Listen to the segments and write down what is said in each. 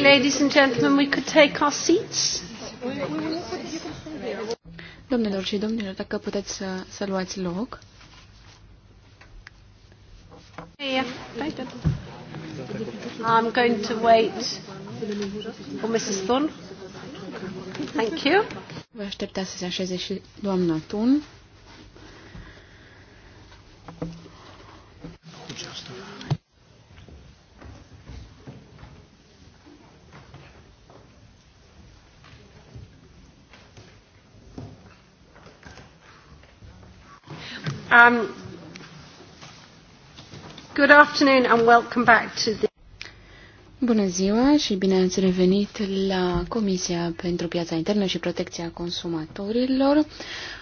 ladies and gentlemen, we could take our seats. Domnilor și domnilor, dacă puteți să, să luați loc. I'm going to wait for Mrs. Thun. Thank you. Vă aștepta să se așeze și doamna Thun. Um, good afternoon and welcome back to the... Bună ziua și bine ați revenit la Comisia pentru Piața Internă și Protecția Consumatorilor.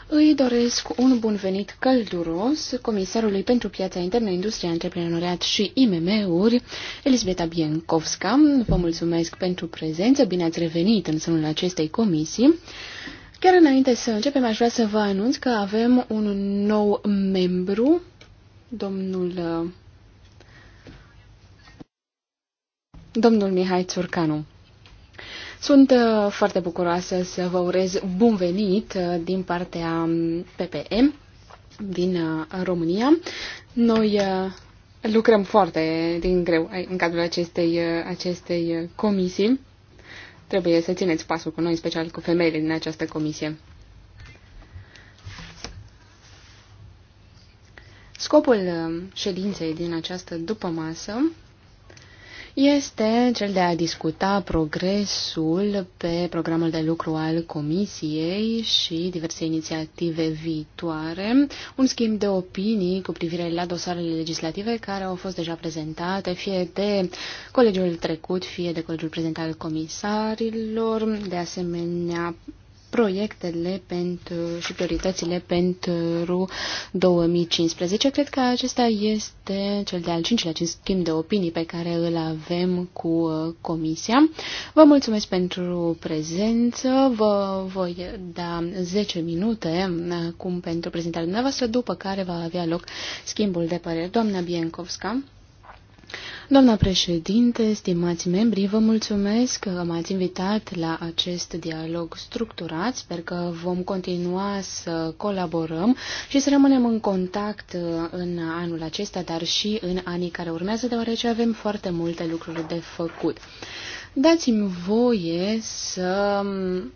Îi doresc un bun venit călduros Comisarului pentru Piața Internă, Industria, Antreprenoriat și IMM-uri, Elisbeta Biencovska. Vă mulțumesc pentru prezență, bine ați revenit în sânul acestei comisii. Chiar înainte să începem, aș vrea să vă anunț că avem un nou membru, domnul, uh, domnul Mihai Țurcanu. Sunt uh, foarte bucuroasă să vă urez bun venit uh, din partea PPM um, din România. Noi lucrăm foarte din greu în cadrul acestei, acestei comisii. Trebuie să țineți pasul cu noi, în special cu femeile din această comisie. Scopul uh, ședinței din această dupămasă este cel de a discuta progresul pe programul de lucru al Comisiei și diverse inițiative viitoare, un schimb de opinii cu privire la dosarele legislative care au fost deja prezentate, fie de colegiul trecut, fie de colegiul prezent al comisarilor, de asemenea proiectele pentru, și prioritățile pentru 2015. Cred că acesta este cel de-al cincilea schimb de opinii pe care îl avem cu uh, Comisia. Vă mulțumesc pentru prezență. Vă voi da 10 minute acum pentru prezentarea dumneavoastră, după care va avea loc schimbul de păreri. Doamna Biencovska. Doamna președinte, stimați membri, vă mulțumesc că m-ați invitat la acest dialog structurat. Sper că vom continua să colaborăm și să rămânem în contact uh, în anul acesta, dar și în anii care urmează, deoarece avem foarte multe lucruri de făcut. Dați-mi voie să um,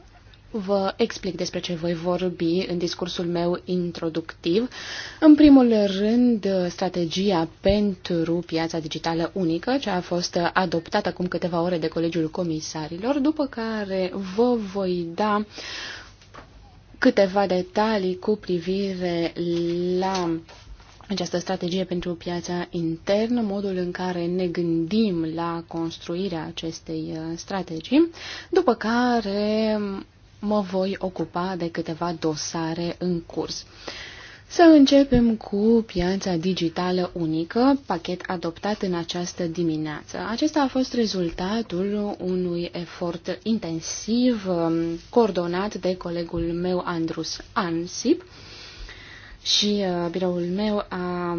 vă explic despre ce voi vorbi în discursul meu introductiv. În primul rând, strategia pentru piața digitală unică, ce a fost adoptată acum câteva ore de Colegiul Comisarilor, după care vă voi da câteva detalii cu privire la această strategie pentru piața internă, modul în care ne gândim la construirea acestei uh, strategii, după care mă voi ocupa de câteva dosare în curs. Să începem cu piața digitală unică, pachet adoptat în această dimineață. Acesta a fost rezultatul unui efort intensiv um, coordonat de colegul meu Andrus Ansip și uh, biroul meu a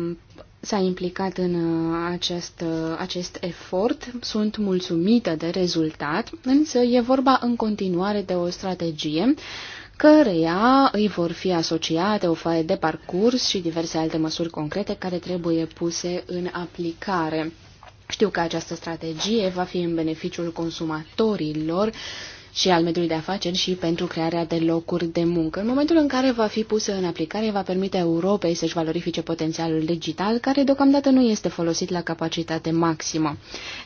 s-a implicat în uh, acest, uh, acest efort. Sunt mulțumită de rezultat, însă e vorba în continuare de o strategie căreia îi vor fi asociate o foaie de parcurs și diverse alte măsuri concrete care trebuie puse în aplicare. Știu că această strategie va fi în beneficiul consumatorilor și al mediului de afaceri și pentru crearea de locuri de muncă. În momentul în care va fi pusă în aplicare, va permite Europei să-și valorifice potențialul digital, care deocamdată nu este folosit la capacitate maximă.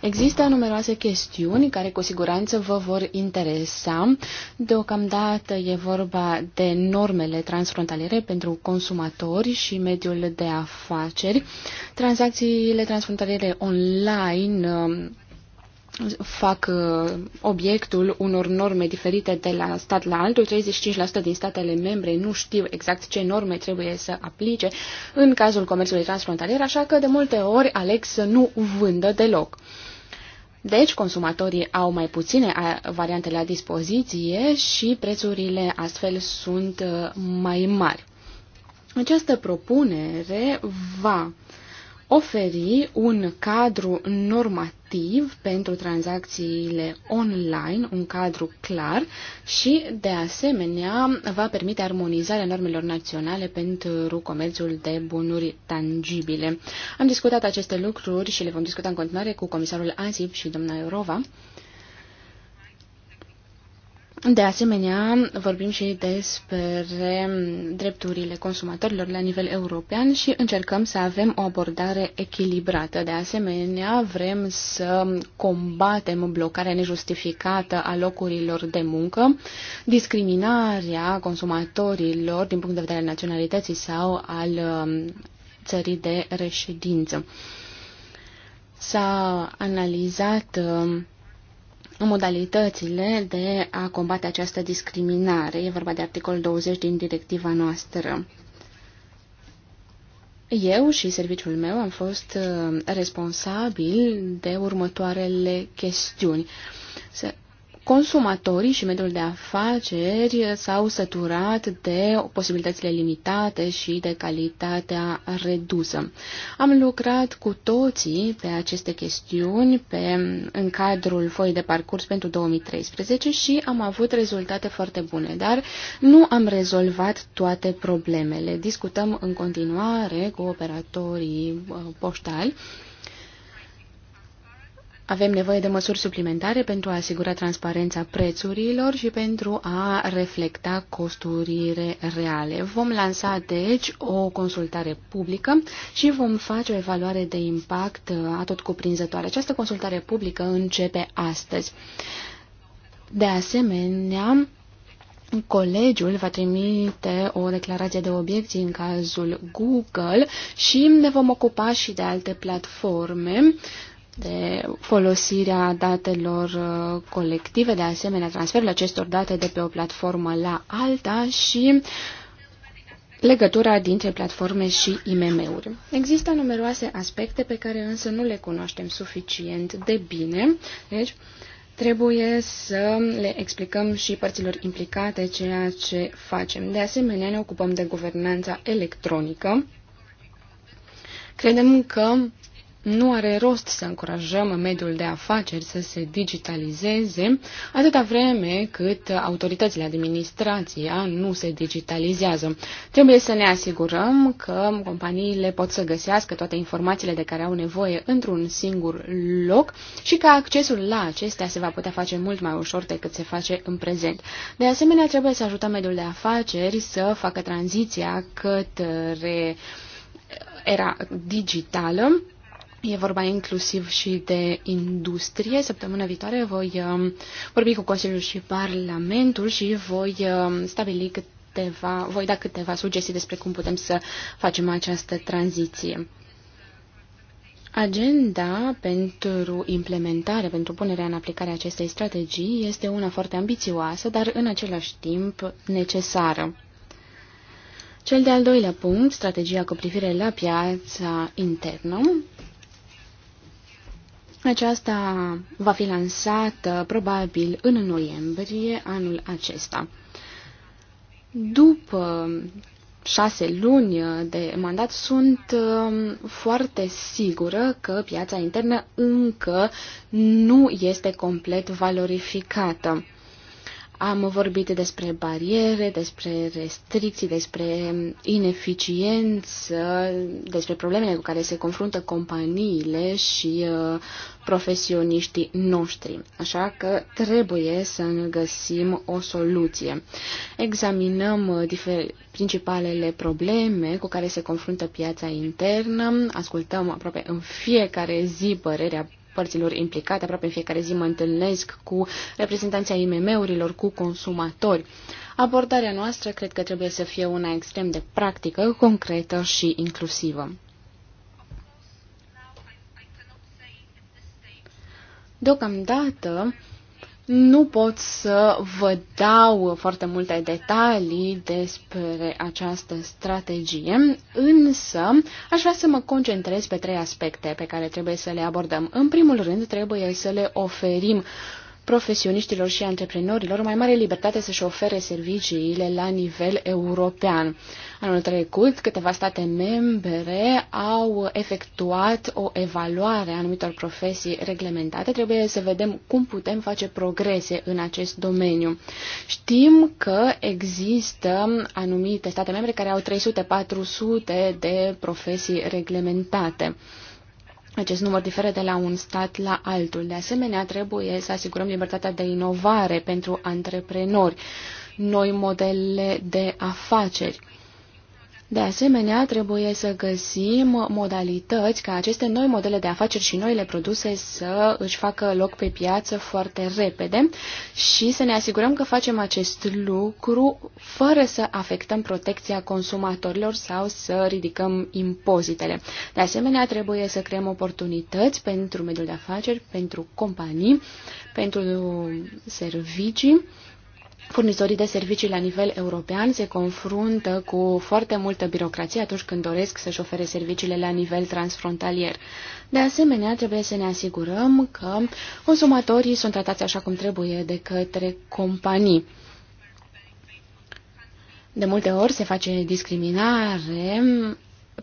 Există numeroase chestiuni care cu siguranță vă vor interesa. Deocamdată e vorba de normele transfrontaliere pentru consumatori și mediul de afaceri, tranzacțiile transfrontaliere online, fac uh, obiectul unor norme diferite de la stat la altul. 35% din statele membre nu știu exact ce norme trebuie să aplice în cazul comerțului transfrontalier, așa că de multe ori aleg să nu vândă deloc. Deci, consumatorii au mai puține uh, variante la dispoziție și prețurile astfel sunt uh, mai mari. Această propunere va oferi un cadru normativ obiectiv pentru tranzacțiile online, un cadru clar și, de asemenea, va permite armonizarea normelor naționale pentru comerțul de bunuri tangibile. Am discutat aceste lucruri și le vom discuta în continuare cu comisarul Ansip și doamna Eurova. De asemenea, vorbim și despre drepturile consumatorilor la nivel european și încercăm să avem o abordare echilibrată. De asemenea, vrem să combatem blocarea nejustificată a locurilor de muncă, discriminarea consumatorilor din punct de vedere al naționalității sau al um, țării de reședință. S-a analizat um, modalitățile de a combate această discriminare. E vorba de articolul 20 din directiva noastră. Eu și serviciul meu am fost uh, responsabil de următoarele chestiuni consumatorii și mediul de afaceri s-au săturat de posibilitățile limitate și de calitatea redusă. Am lucrat cu toții pe aceste chestiuni pe, în cadrul foii de parcurs pentru 2013 și am avut rezultate foarte bune, dar nu am rezolvat toate problemele. Discutăm în continuare cu operatorii uh, poștali avem nevoie de măsuri suplimentare pentru a asigura transparența prețurilor și pentru a reflecta costurile reale. Vom lansa, deci, o consultare publică și vom face o evaluare de impact atot cuprinzătoare. Această consultare publică începe astăzi. De asemenea, Colegiul va trimite o declarație de obiecții în cazul Google și ne vom ocupa și de alte platforme de folosirea datelor uh, colective, de asemenea transferul acestor date de pe o platformă la alta și legătura dintre platforme și IMM-uri. Există numeroase aspecte pe care însă nu le cunoaștem suficient de bine, deci trebuie să le explicăm și părților implicate ceea ce facem. De asemenea, ne ocupăm de guvernanța electronică. Credem că nu are rost să încurajăm mediul de afaceri să se digitalizeze atâta vreme cât autoritățile administrația nu se digitalizează. Trebuie să ne asigurăm că companiile pot să găsească toate informațiile de care au nevoie într-un singur loc și că accesul la acestea se va putea face mult mai ușor decât se face în prezent. De asemenea, trebuie să ajutăm mediul de afaceri să facă tranziția către era digitală E vorba inclusiv și de industrie. Săptămâna viitoare voi um, vorbi cu Consiliul și Parlamentul și voi um, stabili câteva, voi da câteva sugestii despre cum putem să facem această tranziție. Agenda pentru implementare, pentru punerea în aplicare a acestei strategii este una foarte ambițioasă, dar în același timp necesară. Cel de-al doilea punct, strategia cu privire la piața internă, aceasta va fi lansată probabil în noiembrie anul acesta. După șase luni de mandat, sunt um, foarte sigură că piața internă încă nu este complet valorificată. Am vorbit despre bariere, despre restricții, despre ineficiență, despre problemele cu care se confruntă companiile și uh, profesioniștii noștri. Așa că trebuie să găsim o soluție. Examinăm uh, difer- principalele probleme cu care se confruntă piața internă, ascultăm aproape în fiecare zi părerea părților implicate. Aproape în fiecare zi mă întâlnesc cu reprezentanții IMM-urilor, cu consumatori. Abordarea noastră cred că trebuie să fie una extrem de practică, concretă și inclusivă. Deocamdată, nu pot să vă dau foarte multe detalii despre această strategie, însă aș vrea să mă concentrez pe trei aspecte pe care trebuie să le abordăm. În primul rând, trebuie să le oferim uh, profesioniștilor și antreprenorilor o mai mare libertate să-și ofere serviciile la nivel european. Anul trecut, câteva state membre au efectuat o evaluare a anumitor profesii reglementate. Trebuie să vedem cum putem face progrese în acest domeniu. Știm că există anumite state membre care au 300-400 de profesii reglementate acest număr diferă de la un stat la altul. De asemenea, trebuie să asigurăm libertatea de inovare pentru antreprenori, noi modele de afaceri. De asemenea, trebuie să găsim modalități ca aceste noi modele de afaceri și noile produse să își facă loc pe piață foarte repede și să ne asigurăm că facem acest lucru fără să afectăm protecția consumatorilor sau să ridicăm impozitele. De asemenea, trebuie să creăm oportunități pentru mediul de afaceri, pentru companii, pentru servicii furnizorii de servicii la nivel european se confruntă cu foarte multă birocrație atunci când doresc să-și ofere serviciile la nivel transfrontalier. De asemenea, trebuie să ne asigurăm că consumatorii sunt tratați așa cum trebuie de către companii. De multe ori se face discriminare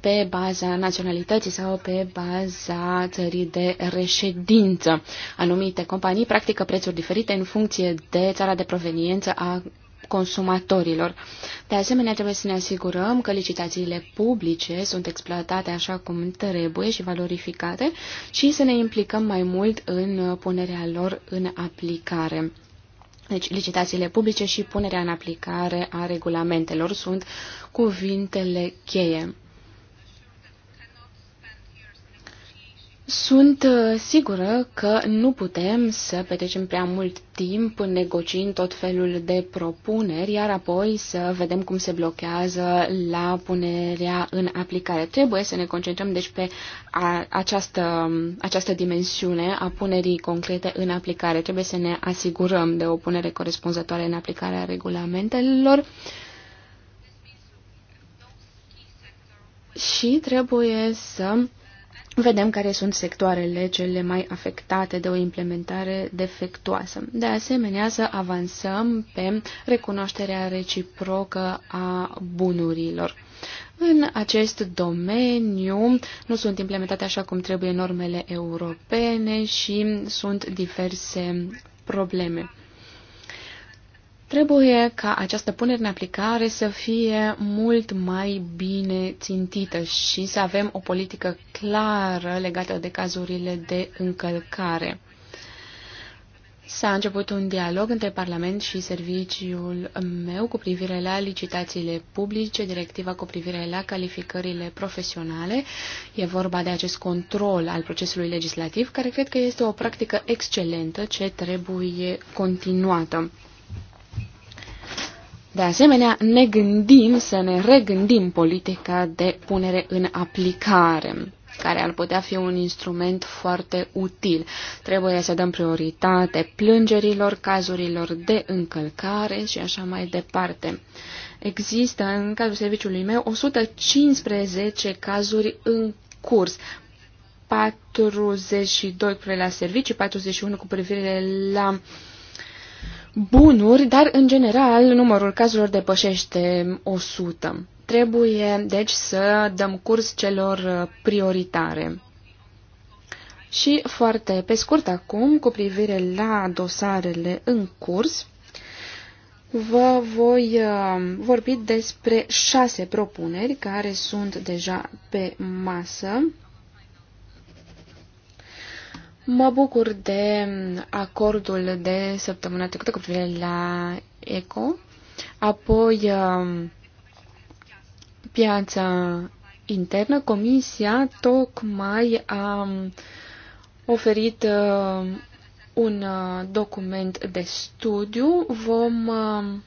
pe baza naționalității sau pe baza țării de reședință. Anumite companii practică prețuri diferite în funcție de țara de proveniență a consumatorilor. De asemenea, trebuie să ne asigurăm că licitațiile publice sunt exploatate așa cum trebuie și valorificate și să ne implicăm mai mult în punerea lor în aplicare. Deci, licitațiile publice și punerea în aplicare a regulamentelor sunt cuvintele cheie. Sunt uh, sigură că nu putem să petrecem prea mult timp negociind tot felul de propuneri, iar apoi să vedem cum se blochează la punerea în aplicare. Trebuie să ne concentrăm deci pe a, această, această dimensiune a punerii concrete în aplicare. Trebuie să ne asigurăm de o punere corespunzătoare în aplicarea regulamentelor. Și trebuie să vedem care sunt sectoarele cele mai afectate de o implementare defectuoasă. De asemenea, să avansăm pe recunoașterea reciprocă a bunurilor. În acest domeniu nu sunt implementate așa cum trebuie normele europene și sunt diverse probleme. Trebuie ca această punere în aplicare să fie mult mai bine țintită și să avem o politică clară legată de cazurile de încălcare. S-a început un dialog între Parlament și serviciul meu cu privire la licitațiile publice, directiva cu privire la calificările profesionale. E vorba de acest control al procesului legislativ, care cred că este o practică excelentă ce trebuie continuată. De asemenea, ne gândim să ne regândim politica de punere în aplicare care ar putea fi un instrument foarte util. Trebuie să dăm prioritate plângerilor, cazurilor de încălcare și așa mai departe. Există, în cadrul serviciului meu, 115 cazuri în curs. 42 cu privire la servicii, 41 cu privire la uh, bunuri, dar în general numărul cazurilor depășește 100. Trebuie, deci, să dăm curs celor prioritare. Și foarte pe scurt acum, cu privire la dosarele în curs, vă voi uh, vorbi despre șase propuneri care sunt deja pe masă Mă bucur de acordul de săptămâna trecută cu privire la ECO, apoi um, piața internă. Comisia tocmai a oferit um, un uh, document de studiu. Vom um,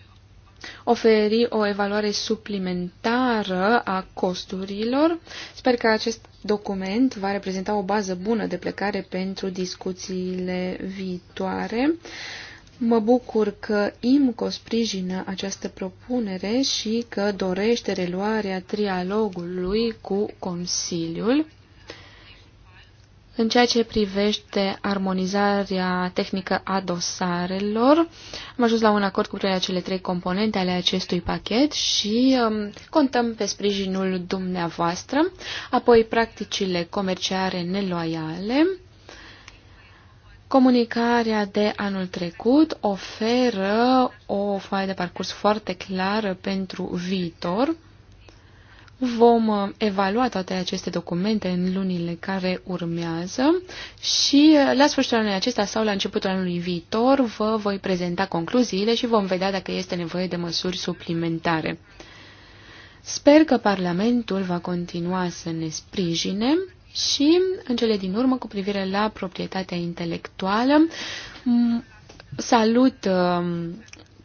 oferi o evaluare suplimentară a costurilor. Sper că acest document va reprezenta o bază bună de plecare pentru discuțiile viitoare. Mă bucur că IMCO sprijină această propunere și că dorește reluarea trialogului cu Consiliul. În ceea ce privește armonizarea tehnică a dosarelor, am ajuns la un acord cu privire la cele trei componente ale acestui pachet și um, contăm pe sprijinul dumneavoastră, apoi practicile comerciare neloiale, Comunicarea de anul trecut oferă o foaie de parcurs foarte clară pentru viitor Vom uh, evalua toate aceste documente în lunile care urmează și uh, la sfârșitul anului acesta sau la începutul anului viitor vă voi prezenta concluziile și vom vedea dacă este nevoie de măsuri suplimentare. Sper că Parlamentul va continua să ne sprijine și, în cele din urmă, cu privire la proprietatea intelectuală, salut uh,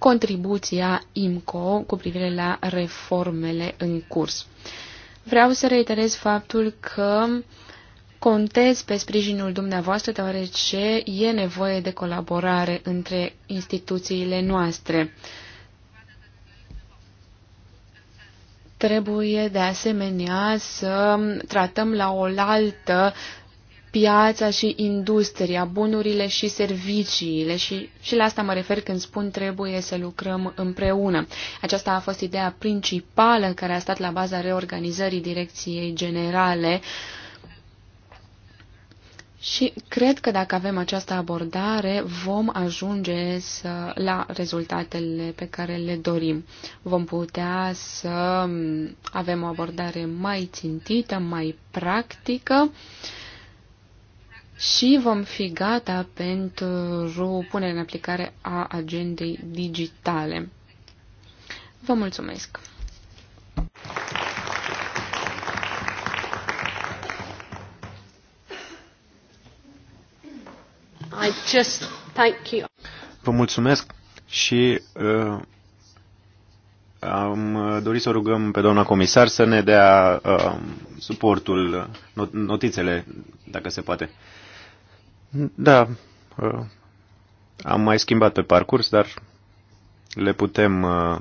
contribuția IMCO cu privire la reformele în curs. Vreau să reiterez faptul că contez pe sprijinul dumneavoastră deoarece e nevoie de colaborare între instituțiile noastre. Trebuie de asemenea să tratăm la oaltă piața și industria, bunurile și serviciile și, și la asta mă refer când spun trebuie să lucrăm împreună. Aceasta a fost ideea principală care a stat la baza reorganizării direcției generale și cred că dacă avem această abordare vom ajunge să, la rezultatele pe care le dorim. Vom putea să avem o abordare mai țintită, mai practică și vom fi gata pentru punerea în aplicare a agendei digitale. Vă mulțumesc! I just thank you. Vă mulțumesc și uh, am dorit să rugăm pe doamna comisar să ne dea uh, suportul, not- notițele, dacă se poate. Da, uh, am mai schimbat pe parcurs, dar le putem uh,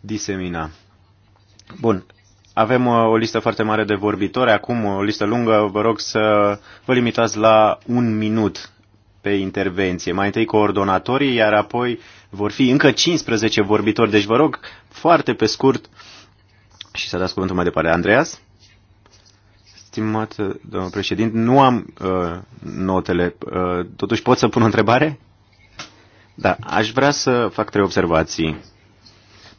disemina. Bun, avem uh, o listă foarte mare de vorbitori, acum o listă lungă, vă rog să vă limitați la un minut pe intervenție. Mai întâi coordonatorii, iar apoi vor fi încă 15 vorbitori, deci vă rog foarte pe scurt și să dați cuvântul mai departe. Andreas? Stimat domnul președinte, nu am uh, notele. Uh, totuși pot să pun o întrebare? Da, aș vrea să fac trei observații.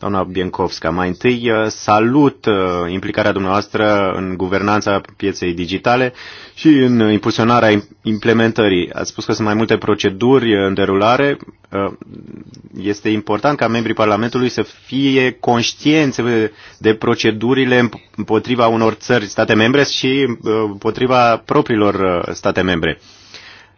Doamna Biencovska, mai întâi uh, salut uh, implicarea dumneavoastră în guvernanța pieței digitale și în impulsionarea implementării. Ați spus că sunt mai multe proceduri în derulare. Uh, este important ca membrii Parlamentului să fie conștienți de procedurile împotriva unor țări, state membre și împotriva propriilor state membre.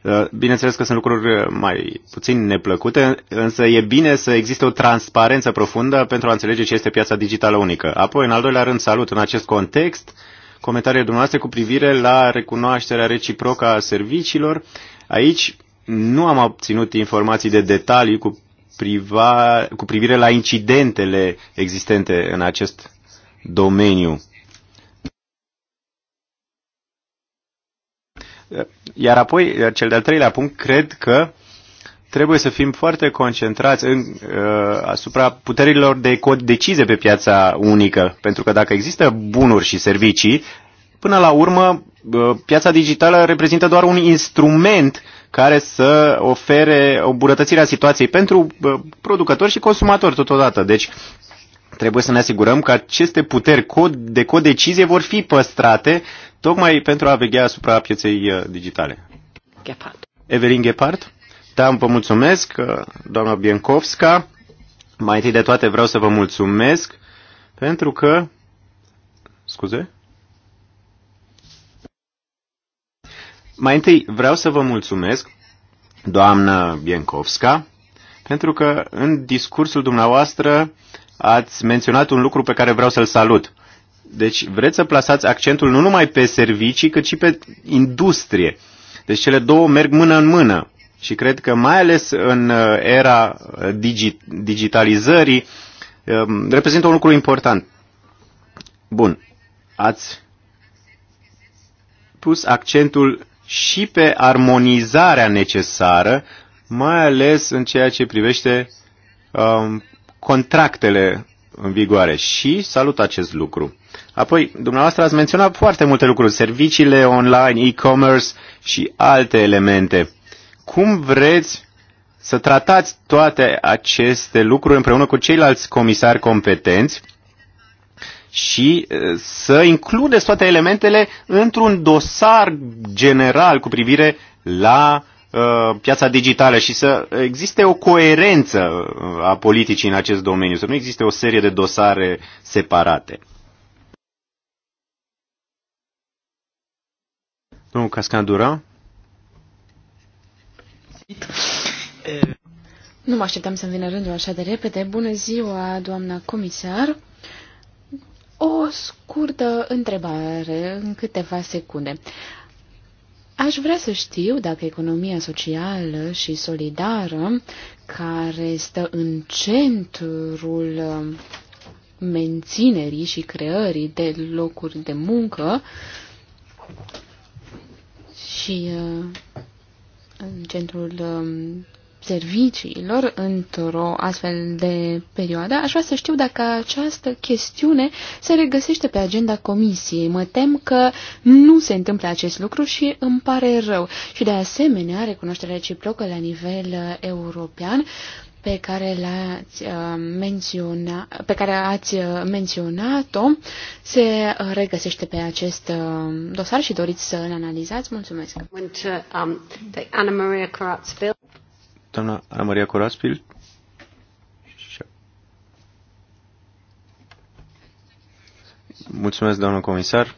Uh, bineînțeles că sunt lucruri mai puțin neplăcute, însă e bine să existe o transparență profundă pentru a înțelege ce este piața digitală unică. Apoi, în al doilea rând, salut în acest context comentariile dumneavoastră cu privire la recunoașterea reciprocă a serviciilor. Aici nu am obținut informații de detalii cu, priva, cu privire la incidentele existente în acest domeniu. Iar apoi, cel de-al treilea punct, cred că trebuie să fim foarte concentrați în, uh, asupra puterilor de decizie pe piața unică, pentru că dacă există bunuri și servicii, până la urmă uh, piața digitală reprezintă doar un instrument care să ofere o bunătățire a situației pentru uh, producători și consumatori totodată. Deci trebuie să ne asigurăm că aceste puteri de codecizie vor fi păstrate tocmai pentru a veghea asupra pieței uh, digitale. Gepard. Evelyn Gepard? Da, vă mulțumesc, uh, doamna Biencovska. Mai întâi de toate vreau să vă mulțumesc pentru că... Scuze? Mai întâi vreau să vă mulțumesc, doamnă Biencovska, pentru că în discursul dumneavoastră ați menționat un lucru pe care vreau să-l salut. Deci vreți să plasați accentul nu numai pe servicii, cât și pe industrie. Deci cele două merg mână în mână. Și cred că mai ales în uh, era uh, digi- digitalizării um, reprezintă un lucru important. Bun. Ați pus accentul și pe armonizarea necesară, mai ales în ceea ce privește um, contractele în vigoare. Și salut acest lucru. Apoi, dumneavoastră ați menționat foarte multe lucruri, serviciile online, e-commerce și alte elemente. Cum vreți să tratați toate aceste lucruri împreună cu ceilalți comisari competenți și eh, să includeți toate elementele într-un dosar general cu privire la eh, piața digitală și să existe o coerență eh, a politicii în acest domeniu, să nu existe o serie de dosare separate. Domnul Cascan Dura. Nu mă așteptam să-mi vină rândul așa de repede. Bună ziua, doamna comisar. O scurtă întrebare în câteva secunde. Aș vrea să știu dacă economia socială și solidară, care stă în centrul um, menținerii și creării de locuri de muncă, și uh, în centrul um, serviciilor într-o astfel de perioadă, aș vrea să știu dacă această chestiune se regăsește pe agenda comisiei. Mă tem că nu se întâmplă acest lucru și îmi pare rău. Și de asemenea, recunoașterea reciprocă la nivel uh, european pe care, l-ați, uh, menționa, pe care ați uh, menționat-o se uh, regăsește pe acest dosar și doriți să l analizați. Mulțumesc. Um, Ana Maria Doamna Ana Maria Corazbil. Mulțumesc, doamnă comisar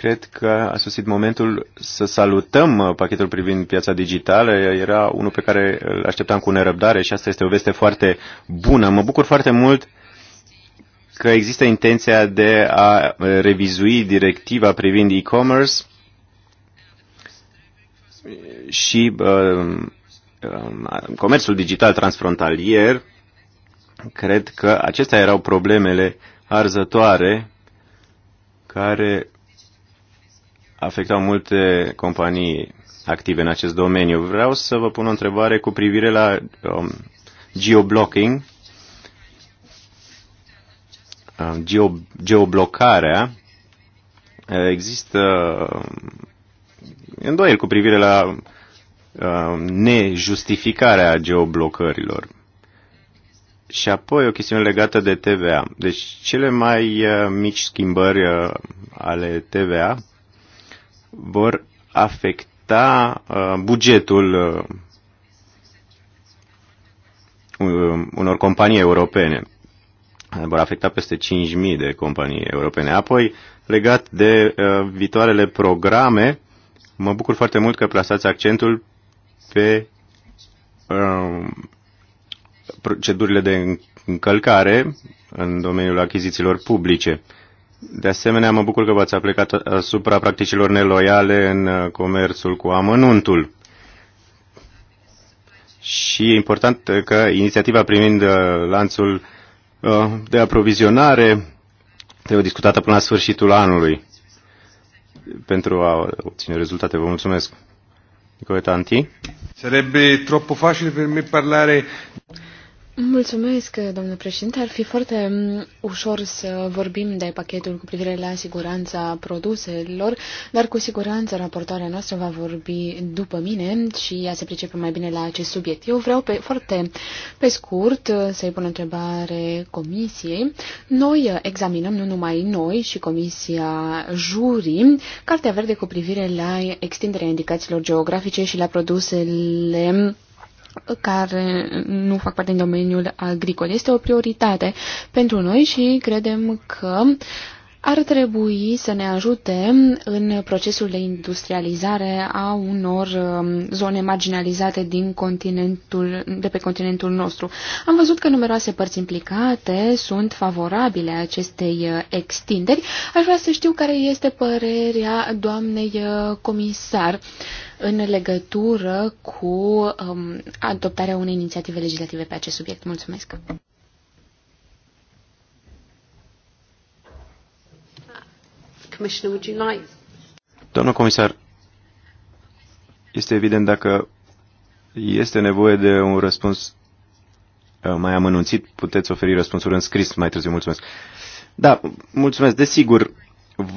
cred că a sosit momentul să salutăm uh, pachetul privind piața digitală. Era unul pe care îl așteptam cu nerăbdare și asta este o veste foarte bună. Mă bucur foarte mult că există intenția de a uh, revizui directiva privind e-commerce și uh, uh, comerțul digital transfrontalier. Cred că acestea erau problemele arzătoare care afectau multe companii active în acest domeniu. Vreau să vă pun o întrebare cu privire la um, geoblocking, um, geo, geoblocarea. Uh, există um, îndoieli cu privire la uh, nejustificarea geoblocărilor. Și apoi o chestiune legată de TVA. Deci cele mai uh, mici schimbări uh, ale TVA vor afecta uh, bugetul uh, um, unor companii europene. Uh, vor afecta peste 5.000 de companii europene. Apoi, legat de viitoarele programe, mă bucur foarte mult că plasați accentul pe um, procedurile de încălcare în domeniul achizițiilor publice. De asemenea, mă bucur că v-ați aplicat asupra practicilor neloiale în uh, comerțul cu amănuntul. Și e important uh, că inițiativa privind uh, lanțul de aprovizionare trebuie discutată până la sfârșitul anului pentru a obține rezultate. Vă mulțumesc. Nicoletanti. Sarebbe troppo facile per me parlare Mulțumesc, domnule președinte. Ar fi foarte mm, ușor să vorbim de pachetul cu privire la siguranța produselor, dar cu siguranță raportoarea noastră va vorbi după mine și ea se pricepe mai bine la acest subiect. Eu vreau pe, foarte pe scurt uh, să-i pun o întrebare comisiei. Noi uh, examinăm, nu numai noi și comisia juri, Cartea Verde cu privire la extinderea indicațiilor geografice și la produsele care nu fac parte din domeniul agricol. Este o prioritate pentru noi și credem că ar trebui să ne ajute în procesul de industrializare a unor um, zone marginalizate din continentul, de pe continentul nostru. Am văzut că numeroase părți implicate sunt favorabile acestei uh, extinderi. Aș vrea să știu care este părerea doamnei uh, comisar în legătură cu um, adoptarea unei inițiative legislative pe acest subiect. Mulțumesc! Commissioner, Doamnă comisar, este evident dacă este nevoie de un răspuns uh, mai amănunțit, puteți oferi răspunsuri în scris mai târziu. Mulțumesc. Da, mulțumesc. Desigur,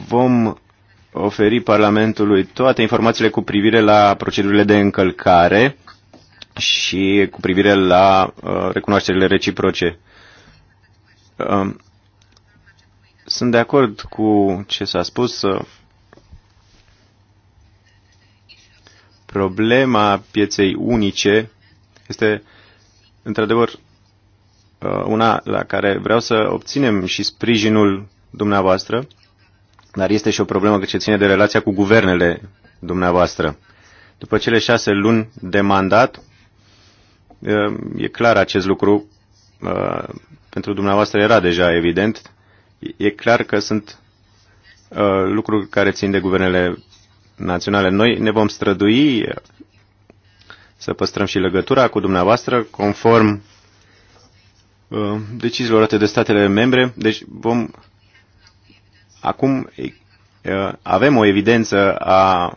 vom oferi Parlamentului toate informațiile cu privire la procedurile de încălcare și cu privire la uh, recunoașterile reciproce. Um, sunt de acord cu ce s-a spus. Problema pieței unice este, într-adevăr, uh, una la care vreau să obținem și sprijinul dumneavoastră dar este și o problemă ce ține de relația cu guvernele dumneavoastră. După cele șase luni de mandat, uh, e clar acest lucru, uh, pentru dumneavoastră era deja evident, e clar că sunt uh, lucruri care țin de guvernele naționale. Noi ne vom strădui să păstrăm și legătura cu dumneavoastră conform deciziilor luate de statele membre, deci vom Acum avem o evidență a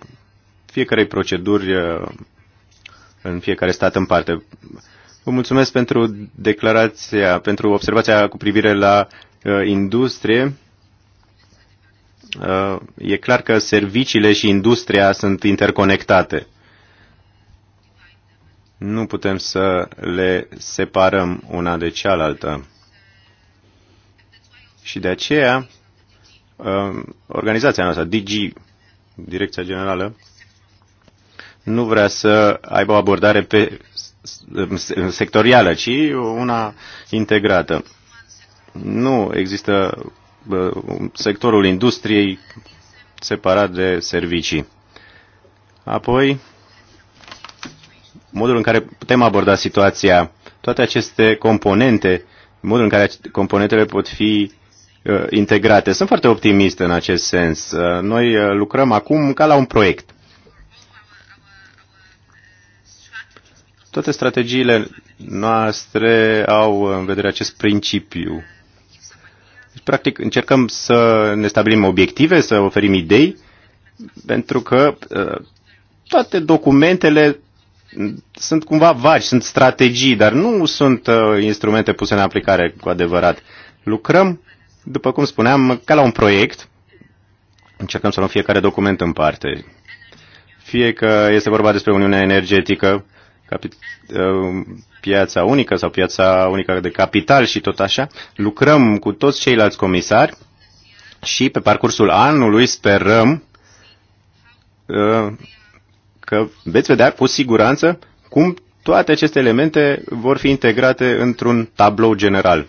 fiecarei proceduri în fiecare stat în parte. Vă mulțumesc pentru declarația, pentru observația cu privire la industrie. e clar că serviciile și industria sunt interconectate. Nu putem să le separăm una de cealaltă. Și de aceea Ehm, organizația noastră, DG, Direcția Generală, nu vrea să aibă o abordare pe sectorială, ci una integrată. Nu există sectorul industriei separat de servicii. Apoi, modul în care putem aborda situația, toate aceste componente, modul în care componentele pot fi Uh, integrate. Sunt foarte optimist în acest sens. Uh, noi uh, lucrăm acum ca la un proiect. Toate strategiile noastre au în vedere acest principiu. Deci, practic, încercăm să ne stabilim obiective, să oferim idei, pentru că toate documentele sunt cumva vagi, sunt strategii, dar nu sunt instrumente puse în aplicare cu adevărat. Lucrăm după cum spuneam, ca la un proiect, încercăm să luăm fiecare document în parte. Fie că este vorba despre Uniunea Energetică, uh, piața unică sau piața unică de capital și tot așa, lucrăm cu toți ceilalți comisari și pe parcursul anului sperăm uh, că veți vedea cu siguranță cum toate aceste elemente vor fi integrate într-un tablou general.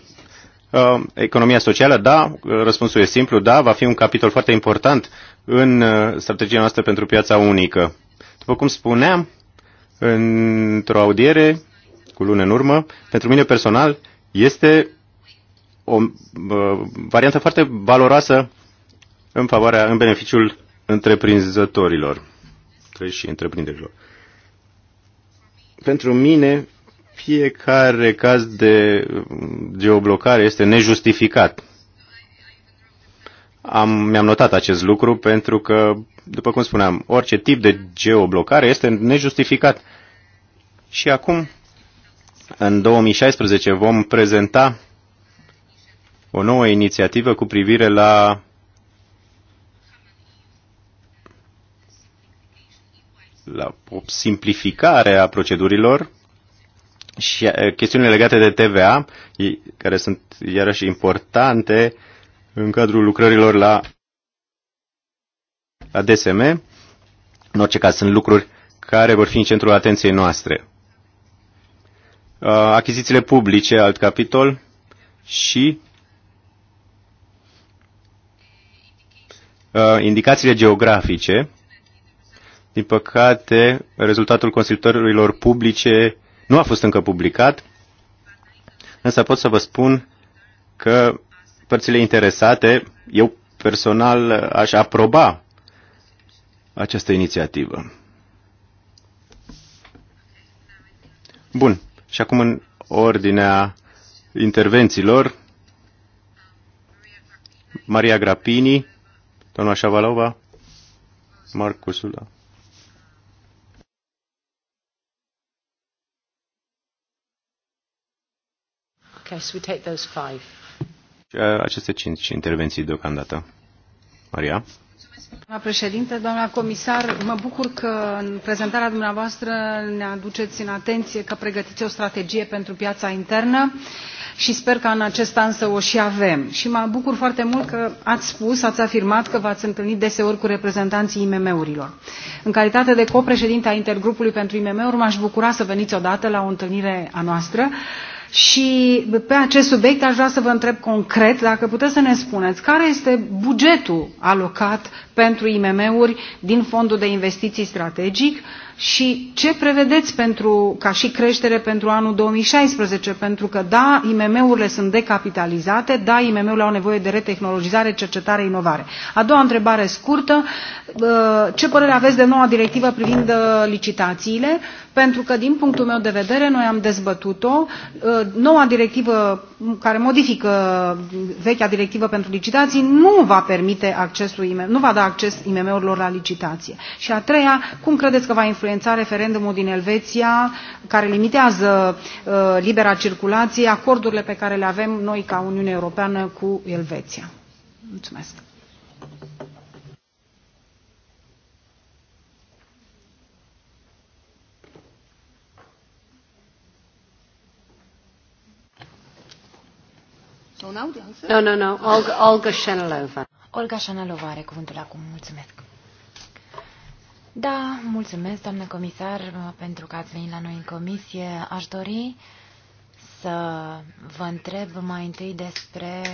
Uh, economia socială, da, răspunsul e simplu, da, va fi un capitol foarte important în uh, strategia noastră pentru piața unică. După cum spuneam, într-o audiere cu luni în urmă, pentru mine personal este o uh, variantă foarte valoroasă în favoarea, în beneficiul întreprinzătorilor și întreprinderilor. Pentru mine fiecare caz de geoblocare este nejustificat. Am, mi-am notat acest lucru pentru că, după cum spuneam, orice tip de geoblocare este nejustificat. Și acum, în 2016, vom prezenta o nouă inițiativă cu privire la la o simplificare a procedurilor și chestiunile legate de TVA, care sunt iarăși importante în cadrul lucrărilor la, la DSM, în orice caz sunt lucruri care vor fi în centrul atenției noastre. Uh, achizițiile publice, alt capitol, și uh, indicațiile geografice. Din păcate, rezultatul consultărilor publice nu a fost încă publicat, însă pot să vă spun că părțile interesate, eu personal aș aproba această inițiativă. Bun. Și acum în ordinea intervențiilor, Maria Grapini, doamna Șavalova, Marcusula. Da. Okay, so we take those five. Uh, aceste cinci intervenții deocamdată. Maria? Doamna președintă, doamna comisar, mă bucur că în prezentarea dumneavoastră ne aduceți în atenție că pregătiți o strategie pentru piața internă și sper că în acest an să o și avem. Și mă bucur foarte mult că ați spus, ați afirmat că v-ați întâlnit deseori cu reprezentanții IMM-urilor. În calitate de copreședinte a intergrupului pentru IMM-uri, m-aș bucura să veniți odată la o întâlnire a noastră și pe acest subiect aș vrea să vă întreb concret dacă puteți să ne spuneți care este bugetul alocat pentru IMM-uri din Fondul de Investiții Strategic și ce prevedeți pentru, ca și creștere pentru anul 2016? Pentru că, da, IMM-urile sunt decapitalizate, da, IMM-urile au nevoie de retehnologizare, cercetare, inovare. A doua întrebare scurtă, ce părere aveți de noua directivă privind licitațiile? Pentru că, din punctul meu de vedere, noi am dezbătut-o, noua directivă care modifică vechea directivă pentru licitații nu va permite accesul, nu va da acces IMM-urilor la licitație. Și a treia, cum credeți că va influența influența referendumul din Elveția, care limitează uh, libera circulație, acordurile pe care le avem noi ca Uniune Europeană cu Elveția. Mulțumesc. No, no, no. Olga, Olga Olga Shenalova are cuvântul acum. Mulțumesc. Da, mulțumesc, doamnă comisar, pentru că ați venit la noi în comisie. Aș dori să vă întreb mai întâi despre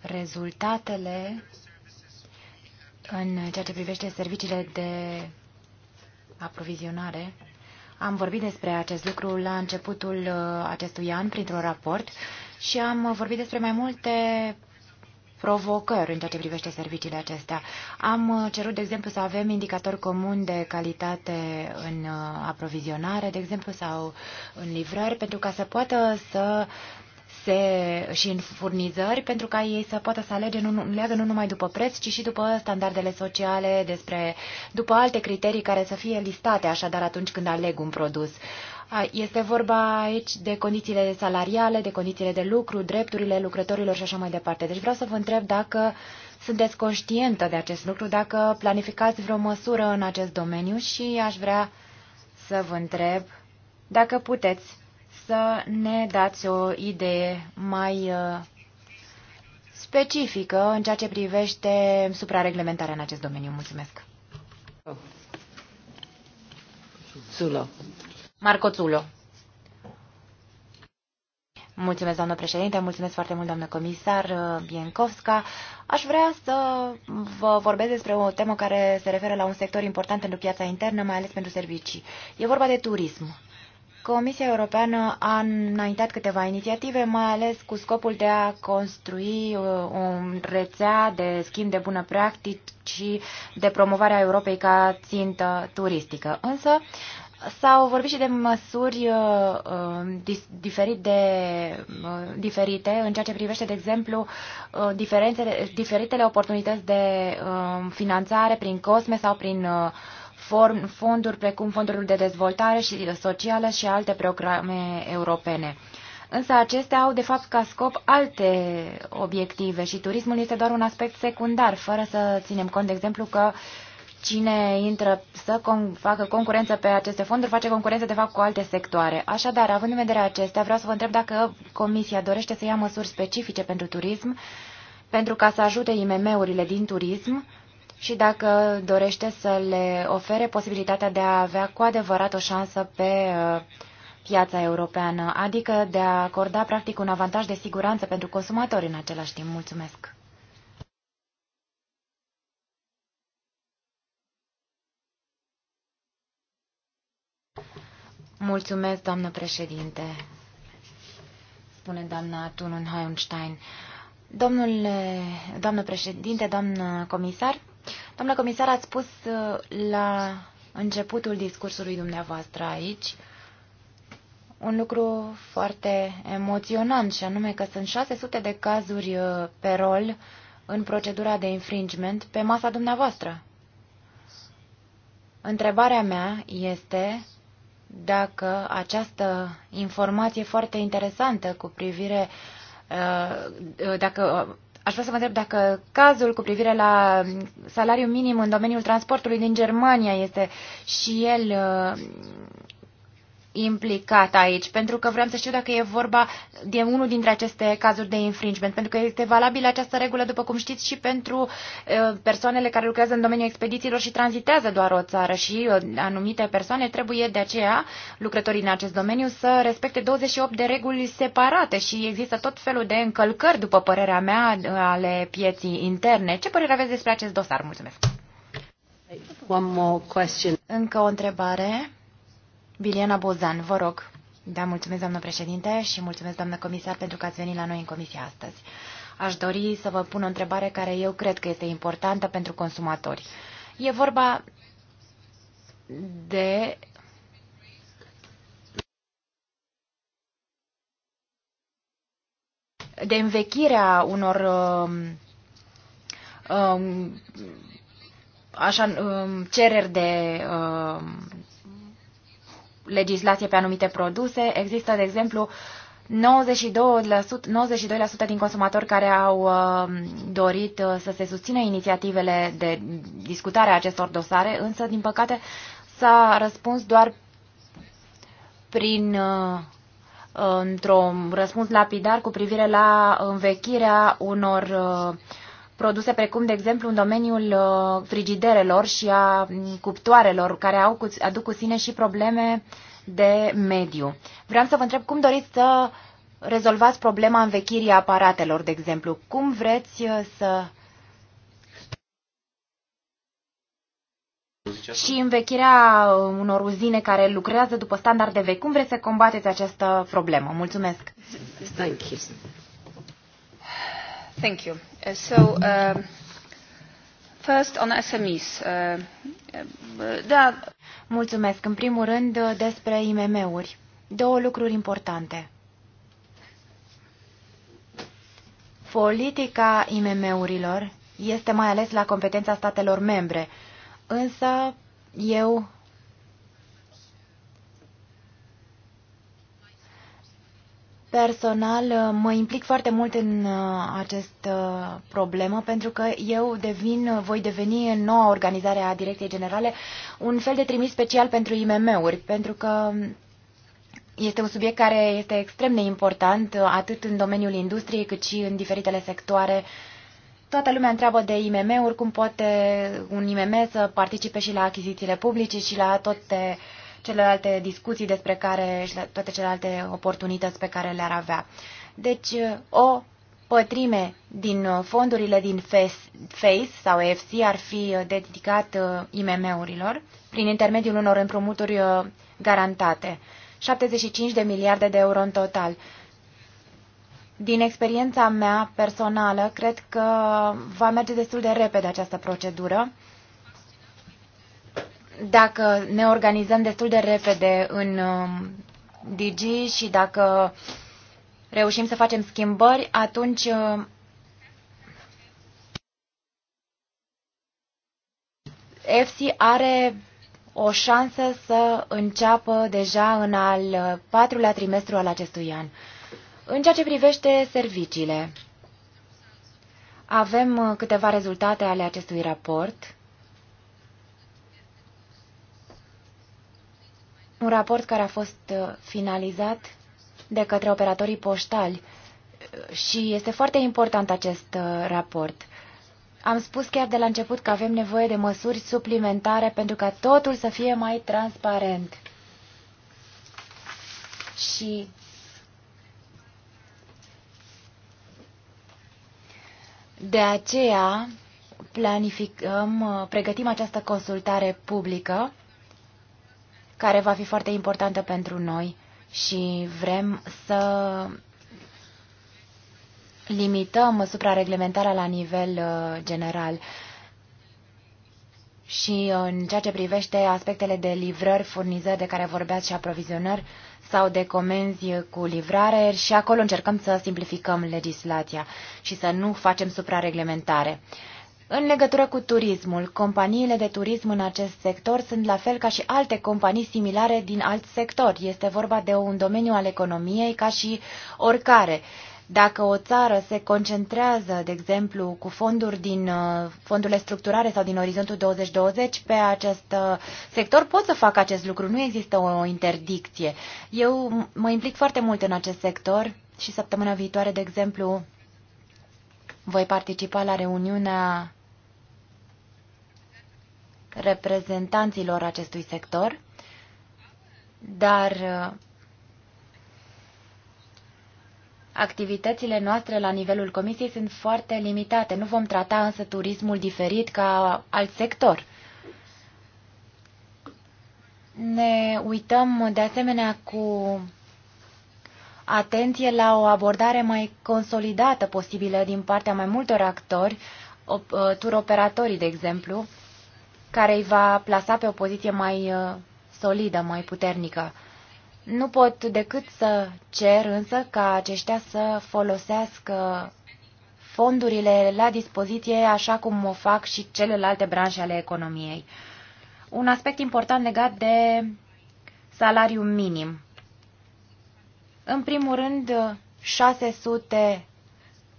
rezultatele în ceea ce privește serviciile de aprovizionare. Am vorbit despre acest lucru la începutul uh, acestui an printr-un raport și am vorbit despre mai multe provocări în ceea ce privește serviciile acestea. Am uh, cerut, de exemplu, să avem indicatori comuni de calitate în uh, aprovizionare, de exemplu, sau în livrări, pentru ca să poată să se, și în furnizări, pentru ca ei să poată să alege, nu, leagă nu numai după preț, ci și după standardele sociale, despre, după alte criterii care să fie listate așadar atunci când aleg un produs. Este vorba aici de condițiile salariale, de condițiile de lucru, drepturile lucrătorilor și așa mai departe. Deci vreau să vă întreb dacă sunteți conștientă de acest lucru, dacă planificați vreo măsură în acest domeniu și aș vrea să vă întreb dacă puteți să ne dați o idee mai uh, specifică în ceea ce privește suprareglementarea în acest domeniu. Mulțumesc. Zulo. Marco Zulo. Mulțumesc, doamnă președinte, mulțumesc foarte mult, doamnă comisar uh, Biencovska. Aș vrea să vă vorbesc despre o temă care se referă la un sector important pentru piața internă, mai ales pentru servicii. E vorba de turism. Comisia Europeană a înaintat câteva inițiative, mai ales cu scopul de a construi uh, o rețea de schimb de bună practici și de promovarea Europei ca țintă turistică. Însă, S-au vorbit și de măsuri uh, uh diferit de, uh, diferite în ceea ce privește, de exemplu, uh, diferențele, diferitele oportunități de uh, finanțare prin COSME sau prin uh, form, fonduri precum fondurile de dezvoltare și uh, socială și alte programe europene. Însă acestea au de fapt ca scop alte obiective și turismul este doar un aspect secundar, fără să ținem cont, de exemplu, că uh, cine intră să con facă concurență pe aceste fonduri, face concurență de fapt cu alte sectoare. Așadar, având în vedere acestea, vreau să vă întreb dacă Comisia dorește să ia măsuri specifice pentru turism, pentru ca să ajute IMM-urile din turism și dacă dorește să le ofere posibilitatea de a avea cu adevărat o șansă pe uh, piața europeană, adică de a acorda practic un avantaj de siguranță pentru consumatori în același timp. Mulțumesc! Mulțumesc, doamnă președinte, spune doamna Tunun Heuenstein. Domnule, doamnă președinte, doamnă comisar, doamnă comisar, ați spus uh, la începutul discursului dumneavoastră aici un lucru foarte emoționant și anume că sunt 600 de cazuri uh, pe rol în procedura de infringement pe masa dumneavoastră. Întrebarea mea este dacă această informație foarte interesantă cu privire uh, dacă uh, Aș vrea să vă întreb dacă cazul cu privire la salariul minim în domeniul transportului din Germania este și el uh, implicat aici, pentru că vreau să știu dacă e vorba de unul dintre aceste cazuri de infringement, pentru că este valabilă această regulă, după cum știți, și pentru persoanele care lucrează în domeniul expedițiilor și tranzitează doar o țară și anumite persoane trebuie de aceea, lucrătorii în acest domeniu, să respecte 28 de reguli separate și există tot felul de încălcări, după părerea mea, ale pieții interne. Ce părere aveți despre acest dosar? Mulțumesc! One more question. Încă o întrebare. Biliana Bozan, vă rog. Da, mulțumesc, doamnă președinte, și mulțumesc, doamnă comisar, pentru că ați venit la noi în comisie astăzi. Aș dori să vă pun o întrebare care eu cred că este importantă pentru consumatori. E vorba de de învechirea unor um, um așa, um, cereri de um, legislație pe anumite produse. Există, de exemplu, 92%, 92% din consumatori care au uh, dorit uh, să se susțină inițiativele de discutare a acestor dosare, însă, din păcate, s-a răspuns doar prin uh, într-un răspuns lapidar cu privire la învechirea unor uh, produse precum, de exemplu, în domeniul uh, frigiderelor și a mm, cuptoarelor, care au, aduc cu sine și probleme de mediu. Vreau să vă întreb cum doriți să rezolvați problema învechirii aparatelor, de exemplu. Cum vreți uh, să... Și învechirea uh, unor uzine care lucrează după standarde vechi. Cum vreți să combateți această problemă? Mulțumesc! Thank you. Thank you. Uh, so, uh, first on SMEs. Uh, da. Mulțumesc. În primul rând, uh, despre IMM-uri. Două lucruri importante. Politica IMM-urilor este mai ales la competența statelor membre, însă eu Personal uh, mă implic foarte mult în uh, această problemă pentru că eu devin, uh, voi deveni în noua organizare a Direcției Generale un fel de trimis special pentru IMM-uri, pentru că este un subiect care este extrem de important atât în domeniul industriei cât și în diferitele sectoare toată lumea întreabă de IMM-uri, cum poate un IMM să participe și la achizițiile publice și la toate celelalte discuții despre care și toate celelalte oportunități pe care le-ar avea. Deci, o pătrime din fondurile din FACE sau EFC ar fi dedicat uh, IMM-urilor prin intermediul unor împrumuturi uh, garantate, 75 de miliarde de euro în total. Din experiența mea personală, cred că va merge destul de repede această procedură dacă ne organizăm destul de repede în um, Digi și dacă reușim să facem schimbări, atunci EFSI um, are o șansă să înceapă deja în al patrulea trimestru al acestui an. În ceea ce privește serviciile, avem câteva rezultate ale acestui raport. un raport care a fost uh, finalizat de către operatorii poștali uh, și este foarte important acest uh, raport. Am spus chiar de la început că avem nevoie de măsuri suplimentare pentru ca totul să fie mai transparent. Și de aceea planificăm, pregătim această consultare publică care va fi foarte importantă pentru noi și vrem să limităm suprareglementarea la nivel uh, general. Și uh, în ceea ce privește aspectele de livrări, furnizări de care vorbeați și aprovizionări sau de comenzi cu livrare și acolo încercăm să simplificăm legislația și să nu facem suprareglementare. reglementare în legătură cu turismul, companiile de turism în acest sector sunt la fel ca și alte companii similare din alt sector. Este vorba de un domeniu al economiei ca și oricare. Dacă o țară se concentrează, de exemplu, cu fonduri din uh, fondurile structurare sau din orizontul 2020 pe acest uh, sector, pot să fac acest lucru. Nu există o interdicție. Eu mă implic foarte mult în acest sector și săptămâna viitoare, de exemplu, voi participa la reuniunea reprezentanților acestui sector, dar uh, activitățile noastre la nivelul comisiei sunt foarte limitate. Nu vom trata însă turismul diferit ca alt sector. Ne uităm de asemenea cu atenție la o abordare mai consolidată posibilă din partea mai multor actori, uh, tur operatorii, de exemplu, care îi va plasa pe o poziție mai uh, solidă, mai puternică. Nu pot decât să cer însă ca aceștia să folosească fondurile la dispoziție așa cum o fac și celelalte branșe ale economiei. Un aspect important legat de salariul minim. În primul rând, 600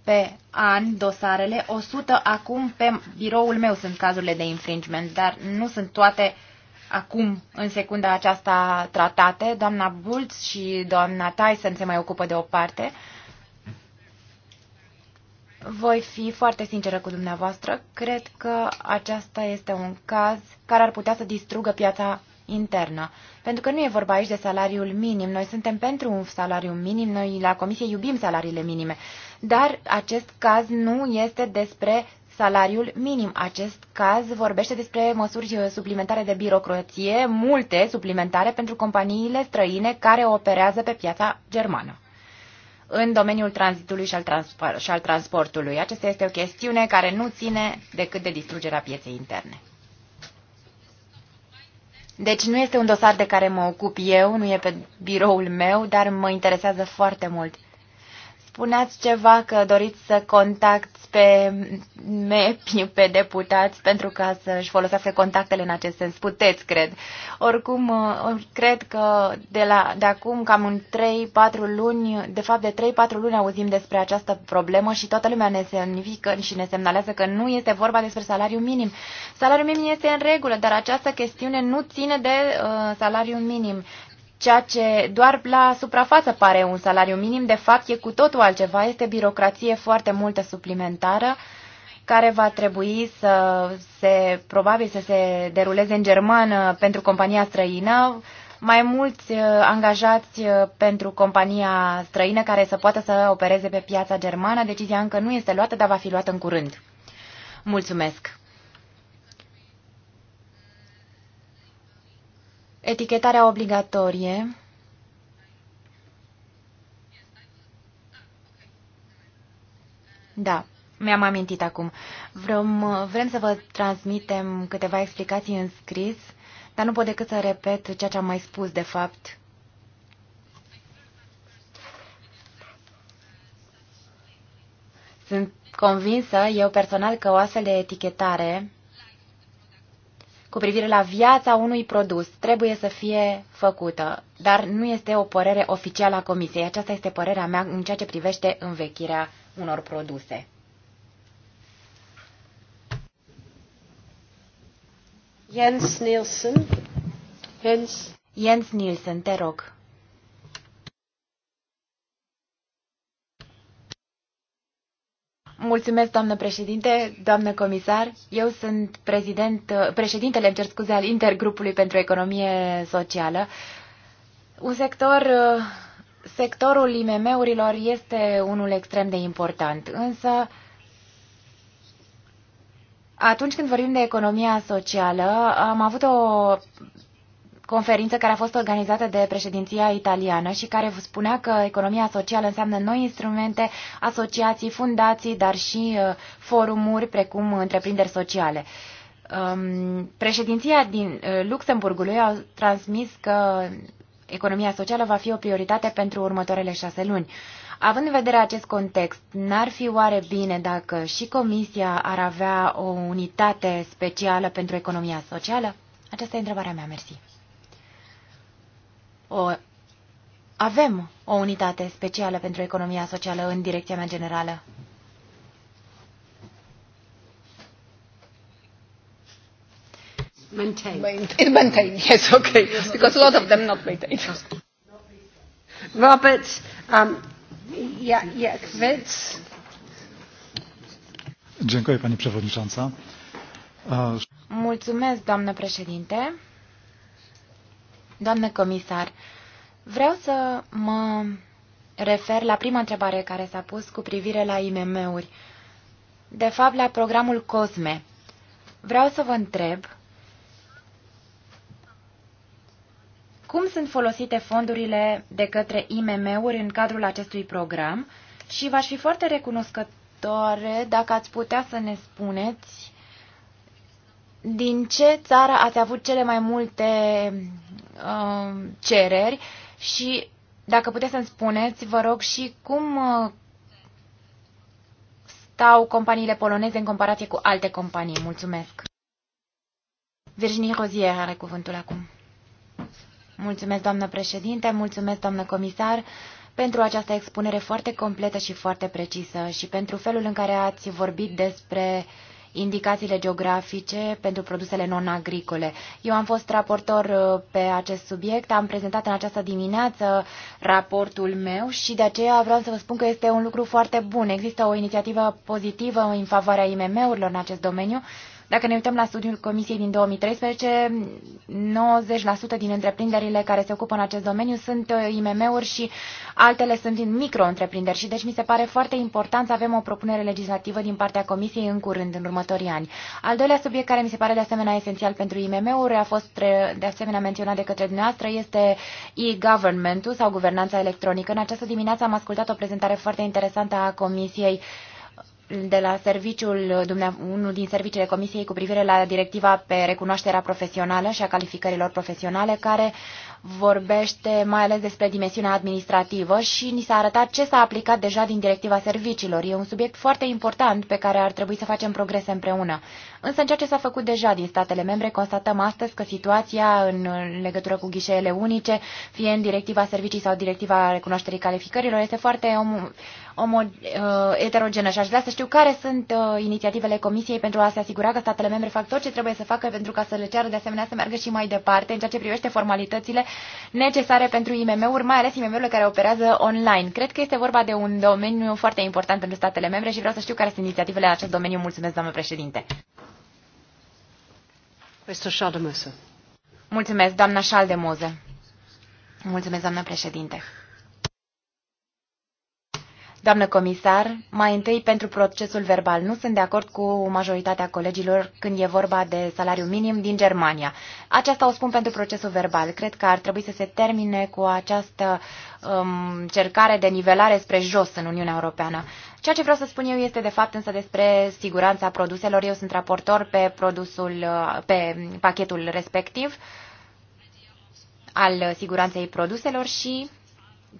pe an dosarele, 100 acum pe biroul meu sunt cazurile de infringement, dar nu sunt toate acum, în secunda aceasta, tratate. Doamna Bulț și doamna Tyson se mai ocupă de o parte. Voi fi foarte sinceră cu dumneavoastră. Cred că aceasta este un caz care ar putea să distrugă piața internă. Pentru că nu e vorba aici de salariul minim. Noi suntem pentru un salariu minim, noi la Comisie iubim salariile minime. Dar acest caz nu este despre salariul minim. Acest caz vorbește despre măsuri suplimentare de birocrație, multe suplimentare pentru companiile străine care operează pe piața germană în domeniul tranzitului și al, transpor- și al transportului. Aceasta este o chestiune care nu ține decât de distrugerea pieței interne. Deci nu este un dosar de care mă ocup eu, nu e pe biroul meu, dar mă interesează foarte mult. Spuneați ceva că doriți să contacti pe MEP, pe deputați, pentru ca să-și folosească contactele în acest sens. Puteți, cred. Oricum, uh, cred că de, la, de acum cam în 3-4 luni, de fapt de 3-4 luni auzim despre această problemă și toată lumea ne semnifică și ne semnalează că nu este vorba despre salariu minim. Salariul minim este în regulă, dar această chestiune nu ține de uh, salariul minim ceea ce doar la suprafață pare un salariu minim, de fapt e cu totul altceva, este birocrație foarte multă suplimentară care va trebui să se, probabil să se deruleze în germană pentru compania străină, mai mulți uh, angajați uh, pentru compania străină care să poată să opereze pe piața germană. Decizia încă nu este luată, dar va fi luată în curând. Mulțumesc! Etichetarea obligatorie. Da, mi-am amintit acum. Vrem, vrem să vă transmitem câteva explicații în scris, dar nu pot decât să repet ceea ce am mai spus, de fapt. Sunt convinsă, eu personal, că o astfel de etichetare cu privire la viața unui produs trebuie să fie făcută, dar nu este o părere oficială a Comisiei. Aceasta este părerea mea în ceea ce privește învechirea unor produse. Jens Nielsen. Jens. Jens Nielsen, te rog. Mulțumesc, doamnă președinte, doamnă comisar. Eu sunt prezident, președintele, îmi cer scuze, al Intergrupului pentru Economie Socială. Un sector, sectorul IMM-urilor este unul extrem de important, însă atunci când vorbim de economia socială, am avut o conferință care a fost organizată de președinția italiană și care spunea că economia socială înseamnă noi instrumente, asociații, fundații, dar și uh, forumuri precum întreprinderi sociale. Um, președinția din uh, Luxemburgului a transmis că economia socială va fi o prioritate pentru următoarele șase luni. Având în vedere acest context, n-ar fi oare bine dacă și Comisia ar avea o unitate specială pentru economia socială? Aceasta e întrebarea mea, mersi o, avem o unitate specială pentru economia socială în direcția mea generală. Maintain. It's maintained, yes, okay, because a lot of them not maintained. Robert, um, yeah, yeah, Kvitz. Dziękuję, Pani Przewodnicząca. Mulțumesc, doamnă președinte. Doamnă comisar, vreau să mă refer la prima întrebare care s-a pus cu privire la IMM-uri. De fapt, la programul COSME. Vreau să vă întreb cum sunt folosite fondurile de către IMM-uri în cadrul acestui program și v-aș fi foarte recunoscătoare dacă ați putea să ne spuneți din ce țară ați avut cele mai multe Um, cereri și dacă puteți să-mi spuneți, vă rog, și cum uh, stau companiile poloneze în comparație cu alte companii. Mulțumesc. Virginie Rozier are cuvântul acum. Mulțumesc, doamnă președinte, mulțumesc, doamnă comisar, pentru această expunere foarte completă și foarte precisă și pentru felul în care ați vorbit despre uh, indicațiile geografice pentru produsele non-agricole. Eu am fost raportor uh, pe acest subiect, am prezentat în această dimineață raportul meu și de aceea vreau să vă spun că este un lucru foarte bun. Există o inițiativă pozitivă în favoarea IMM-urilor în acest domeniu dacă ne uităm la studiul Comisiei din 2013, 90% din întreprinderile care se ocupă în acest domeniu sunt uh, IMM-uri și altele sunt din micro-întreprinderi și deci mi se pare foarte important să avem o propunere legislativă din partea Comisiei în curând, în următorii ani. Al doilea subiect care mi se pare de asemenea esențial pentru IMM-uri a fost uh, de asemenea menționat de către dumneavoastră este e-governmentul sau guvernanța electronică. În această dimineață am ascultat o prezentare foarte interesantă a Comisiei uh, de la serviciul, unul din serviciile Comisiei cu privire la directiva pe recunoașterea profesională și a calificărilor profesionale, care vorbește mai ales despre dimensiunea administrativă și ni s-a arătat ce s-a aplicat deja din directiva serviciilor. E un subiect foarte important pe care ar trebui să facem progrese împreună. Însă în ceea ce s-a făcut deja din statele membre, constatăm astăzi că situația în legătură cu ghișeele unice, fie în directiva servicii sau directiva recunoașterii calificărilor, este foarte Uh, eterogenă și aș vrea să știu care sunt uh, inițiativele Comisiei pentru a se asigura că statele membre fac tot ce trebuie să facă pentru ca să le ceară de asemenea să meargă și mai departe în ceea ce privește formalitățile necesare pentru IMM-uri, mai ales IMM-urile care operează online. Cred că este vorba de un domeniu foarte important pentru statele membre și vreau să știu care sunt inițiativele în acest domeniu. Mulțumesc, doamnă președinte. Mulțumesc, doamna Șaldemoze. Mulțumesc, doamna președinte. Doamnă comisar, mai întâi pentru procesul verbal. Nu sunt de acord cu majoritatea colegilor când e vorba de salariu minim din Germania. Aceasta o spun pentru procesul verbal. Cred că ar trebui să se termine cu această um, cercare de nivelare spre jos în Uniunea Europeană. Ceea ce vreau să spun eu este de fapt însă despre siguranța produselor. Eu sunt raportor pe, produsul, uh, pe pachetul respectiv al siguranței produselor și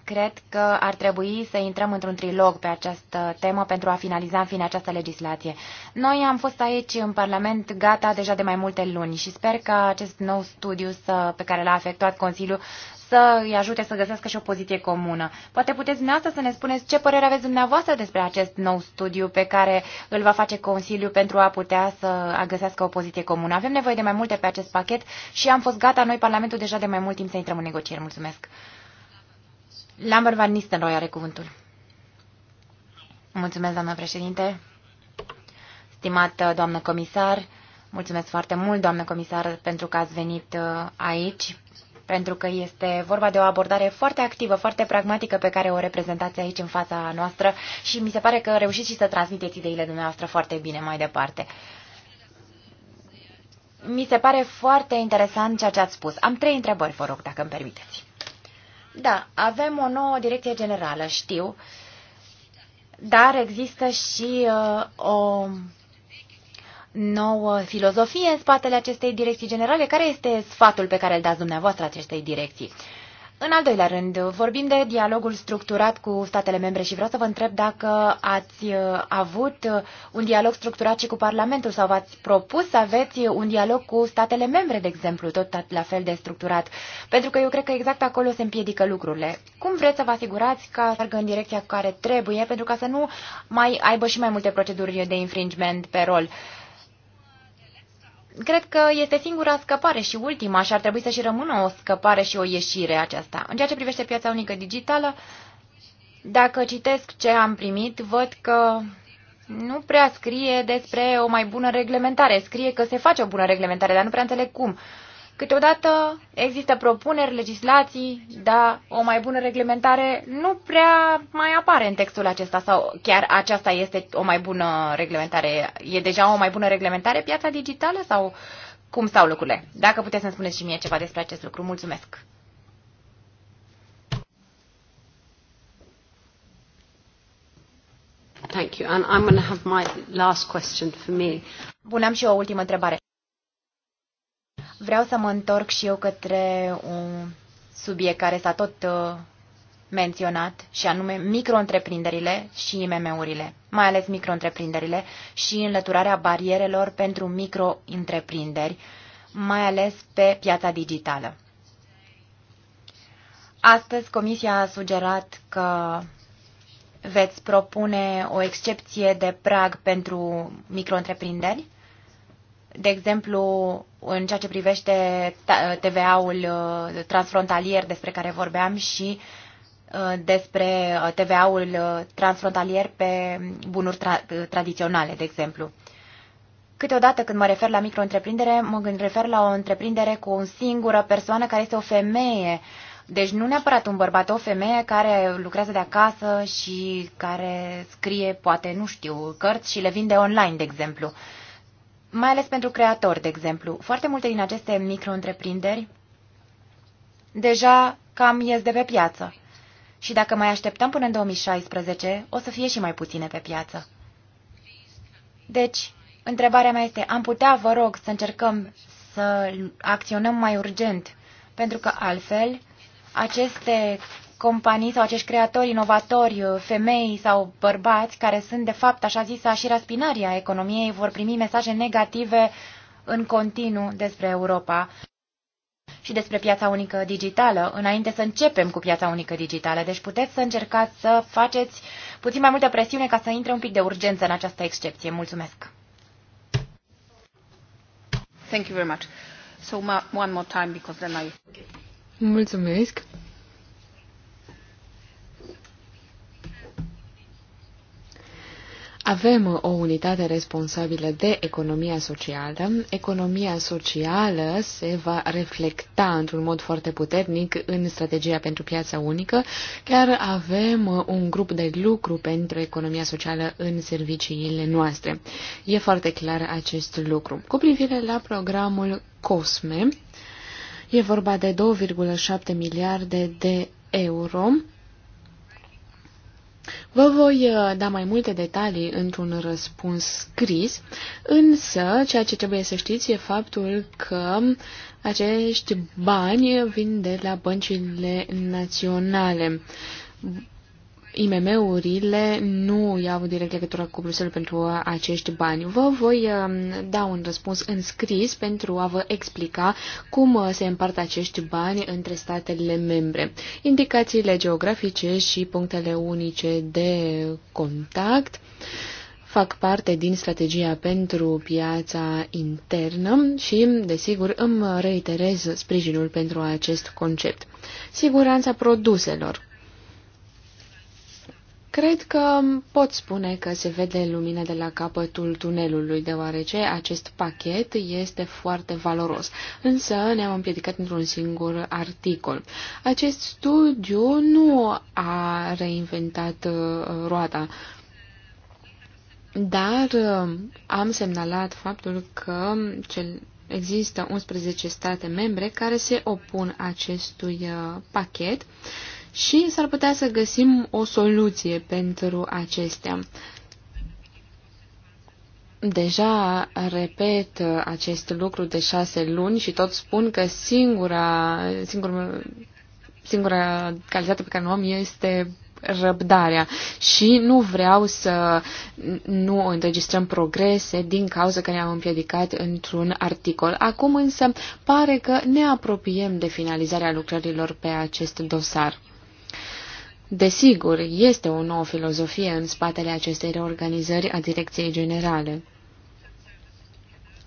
cred că ar trebui să intrăm într-un trilog pe această temă pentru a finaliza în fine această legislație. Noi am fost aici în Parlament gata deja de mai multe luni și sper că acest nou studiu să, pe care l-a efectuat Consiliul să îi ajute să găsească și o poziție comună. Poate puteți dumneavoastră să ne spuneți ce părere aveți dumneavoastră despre acest nou studiu pe care îl va face Consiliu pentru a putea să a găsească o poziție comună. Avem nevoie de mai multe pe acest pachet și am fost gata noi, Parlamentul, deja de mai mult timp să intrăm în negocieri. Mulțumesc! Lambert Van Nistelrooy are cuvântul. Mulțumesc, doamnă președinte. Stimată uh, doamnă comisar, mulțumesc foarte mult, doamnă comisar, pentru că ați venit uh, aici, pentru că este vorba de o abordare foarte activă, foarte pragmatică pe care o reprezentați aici în fața noastră și mi se pare că reușiți și să transmiteți ideile dumneavoastră foarte bine mai departe. Mi se pare foarte interesant ceea ce ați spus. Am trei întrebări, vă rog, dacă îmi permiteți. Da, avem o nouă direcție generală, știu, dar există și uh, o nouă filozofie în spatele acestei direcții generale. Care este sfatul pe care îl dați dumneavoastră acestei direcții? Uh, în al doilea rând, vorbim de dialogul structurat cu statele membre și vreau să vă întreb dacă ați uh, avut uh, un dialog structurat și cu Parlamentul sau v-ați propus să aveți un dialog cu statele membre, de exemplu, tot la fel de structurat, pentru că eu cred că exact acolo se împiedică lucrurile. Cum vreți să vă asigurați că meargă în direcția care trebuie, pentru ca să nu mai aibă și mai multe proceduri de infringement pe rol? cred că este singura scăpare și ultima și ar trebui să și rămână o scăpare și o ieșire aceasta. În ceea ce privește piața unică digitală, dacă citesc ce am primit, văd că nu prea scrie despre o mai bună reglementare. Scrie că se face o bună reglementare, dar nu prea înțeleg cum. Uh, Câteodată există propuneri, legislații, dar o mai bună reglementare nu prea mai apare în textul acesta sau chiar aceasta este o mai bună reglementare. E deja o mai bună reglementare piața digitală sau cum stau lucrurile? Dacă puteți să-mi spuneți și mie ceva despre acest lucru, mulțumesc! Thank you. And I'm going to have my last question for me. Bun, am și eu o ultimă întrebare. Vreau să mă întorc și eu către un subiect care s-a tot uh, menționat, și anume micro-întreprinderile și IMM-urile, mai ales micro-întreprinderile și înlăturarea barierelor pentru micro-întreprinderi, mai ales pe piața digitală. Astăzi Comisia a sugerat că veți propune o excepție de prag pentru micro-întreprinderi de exemplu, în ceea ce privește TVA-ul uh, transfrontalier despre care vorbeam și uh, despre uh, TVA-ul transfrontalier pe bunuri tra- tradiționale, de exemplu. Câteodată când mă refer la micro-întreprindere, mă refer la o întreprindere cu o singură persoană care este o femeie. Deci nu neapărat un bărbat, o femeie care lucrează de acasă și care scrie, poate, nu știu, cărți și le vinde online, de exemplu. Uh, mai ales pentru creatori, de exemplu. Foarte multe din aceste micro-întreprinderi deja cam ies de pe piață. Și dacă mai așteptăm până în 2016, o să fie și mai puține pe piață. Deci, întrebarea mea este, am putea, vă rog, să încercăm să acționăm mai urgent, pentru că altfel aceste companii sau acești creatori inovatori, uh, femei sau bărbați, care sunt de fapt, așa zisa, și raspinarea economiei, vor primi mesaje negative în continuu despre Europa și despre piața unică digitală, înainte să începem cu piața unică digitală. Deci puteți să încercați să faceți puțin mai multă presiune ca să intre un pic de urgență în această excepție. Mulțumesc! Thank you very much. So one more time because then I... Mulțumesc! Avem o unitate responsabilă de economia socială. Economia socială se va reflecta într-un mod foarte puternic în strategia pentru piața unică. Chiar avem un grup de lucru pentru economia socială în serviciile noastre. E foarte clar acest lucru. Cu privire la programul COSME, e vorba de 2,7 miliarde de euro Vă voi uh, da mai multe detalii într-un răspuns scris, însă ceea ce trebuie să știți e faptul că acești bani vin de la băncile naționale. IMM-urile nu iau direct legătură cu Bruxelles pentru acești bani. Vă voi um, da un răspuns în scris pentru a vă explica cum uh, se împart acești bani între statele membre. Indicațiile geografice și punctele unice de contact fac parte din strategia pentru piața internă și, desigur, îmi reiterez sprijinul pentru acest concept. Siguranța produselor Cred că pot spune că se vede lumină de la capătul tunelului, deoarece acest pachet este foarte valoros, însă ne-am împiedicat într-un singur articol. Acest studiu nu a reinventat uh, roata, dar uh, am semnalat faptul că cel există 11 state membre care se opun acestui uh, pachet și s-ar putea să găsim o soluție pentru acestea. Deja repet acest lucru de șase luni și tot spun că singura, singura, singura calitate pe care nu am este răbdarea și nu vreau să nu înregistrăm progrese din cauza că ne-am împiedicat într-un articol. Acum însă pare că ne apropiem de finalizarea lucrărilor pe acest dosar. Desigur, este o nouă filozofie în spatele acestei reorganizări a direcției generale.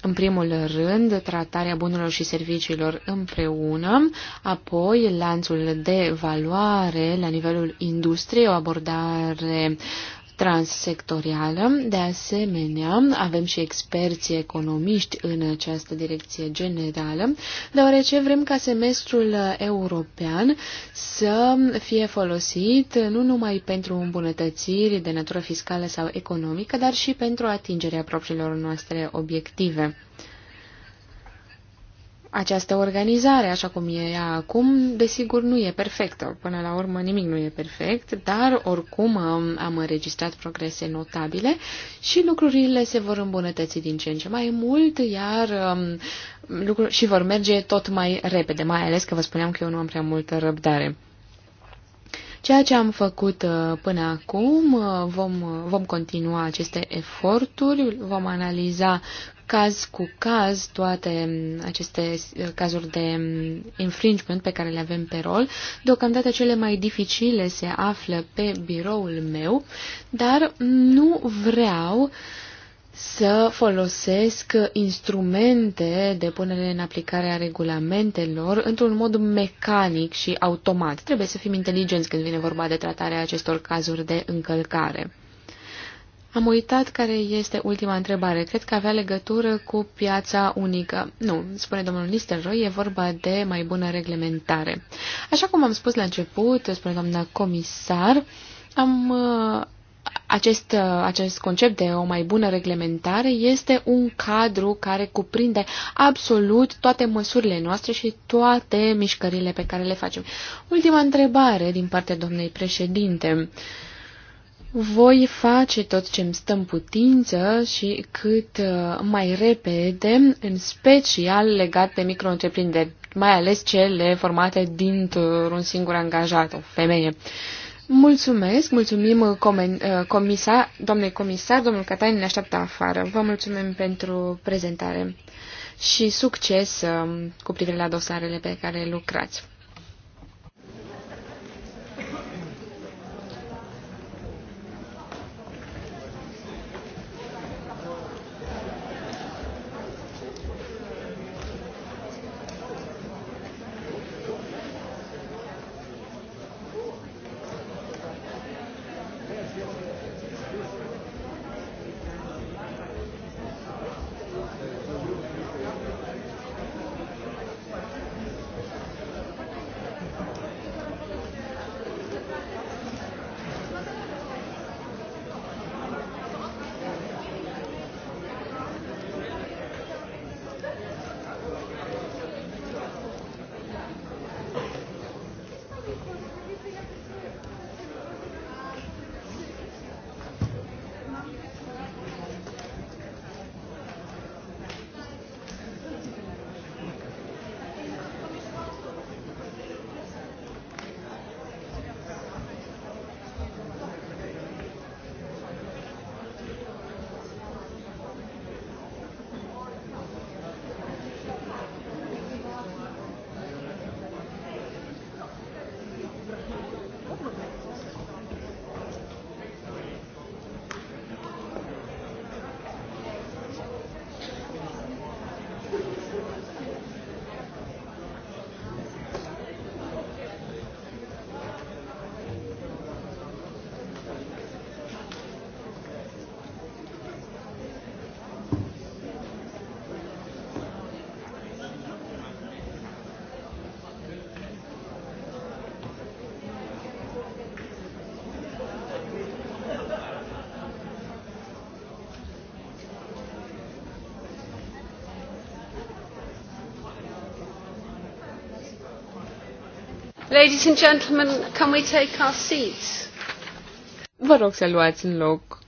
În primul rând, tratarea bunurilor și serviciilor împreună, apoi lanțul de valoare la nivelul industriei, o abordare transsectorială. De asemenea, avem și experți economiști în această direcție generală, deoarece vrem ca semestrul european să fie folosit nu numai pentru îmbunătățiri de natură fiscală sau economică, dar și pentru atingerea propriilor noastre obiective. Această organizare, așa cum e ea acum, desigur nu e perfectă. Până la urmă nimic nu e perfect, dar oricum am, am înregistrat progrese notabile și lucrurile se vor îmbunătăți din ce în ce mai mult, iar um, lucru, și vor merge tot mai repede, mai ales că vă spuneam că eu nu am prea multă răbdare. Ceea ce am făcut uh, până acum, uh, vom, uh, vom continua aceste eforturi, vom analiza caz cu caz toate um, aceste cazuri de um, infringement pe care le avem pe rol. Deocamdată cele mai dificile se află pe biroul meu, dar nu vreau uh, să folosesc instrumente de punere în aplicare a regulamentelor într-un mod mecanic și automat. Trebuie să fim inteligenți când vine vorba de tratarea acestor cazuri de încălcare. Am uitat care este ultima întrebare. Cred că avea legătură cu piața unică. Nu, spune domnul Nistelrooy, e vorba de mai bună reglementare. Așa cum am spus la început, spune doamna comisar, am acest, uh, acest concept de o mai bună reglementare este un cadru care cuprinde absolut toate măsurile noastre și toate mișcările pe care le facem. Ultima întrebare din partea domnei președinte. Voi face tot ce îmi stă în putință și cât uh, mai repede, în special legat de micro mai ales cele formate dintr-un singur angajat, o femeie. Uh, Mulțumesc, mulțumim uh, uh, comisar, domnule comisar, domnul Catainen ne așteaptă afară. Vă mulțumim pentru prezentare și succes um, cu privire la dosarele pe care lucrați. Ladies and gentlemen, can we take our seats? Vă rog să luați în loc.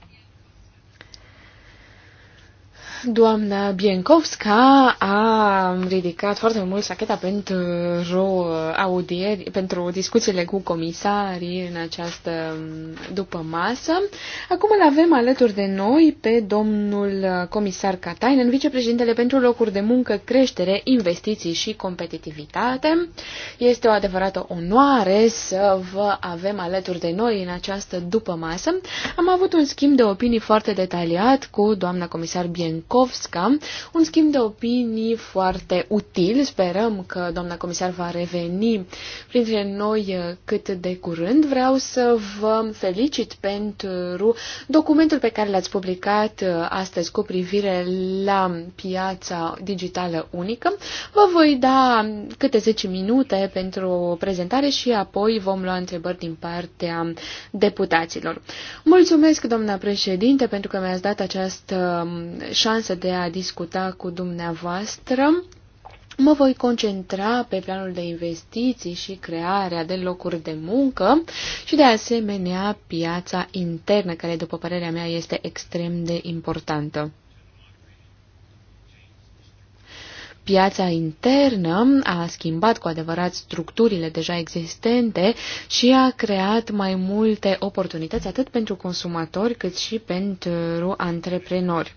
Doamna Biencovska a ridicat foarte mult sacheta pentru audieri, pentru discuțiile cu comisarii în această după masă. Acum îl avem alături de noi pe domnul comisar Katainen, vicepreședintele pentru locuri de muncă, creștere, investiții și competitivitate. Este o adevărată onoare să vă avem alături de noi în această după masă. Am avut un schimb de opinii foarte detaliat cu doamna comisar Biencovska Bienkovska. Un schimb de opinii foarte util. Sperăm că doamna comisar va reveni printre noi uh, cât de curând. Vreau să vă felicit pentru documentul pe care l-ați publicat uh, astăzi cu privire la piața digitală unică. Vă voi da câte 10 minute pentru o prezentare și apoi vom lua întrebări din partea deputaților. Mulțumesc, doamna președinte, pentru că mi-ați dat această șansă bucuroasă de a discuta cu dumneavoastră. Mă voi concentra pe planul de investiții și crearea de locuri de muncă și, de asemenea, piața internă, care, după părerea mea, este extrem de importantă. Piața internă a schimbat cu adevărat structurile deja existente și a creat mai multe oportunități atât pentru consumatori cât și pentru antreprenori.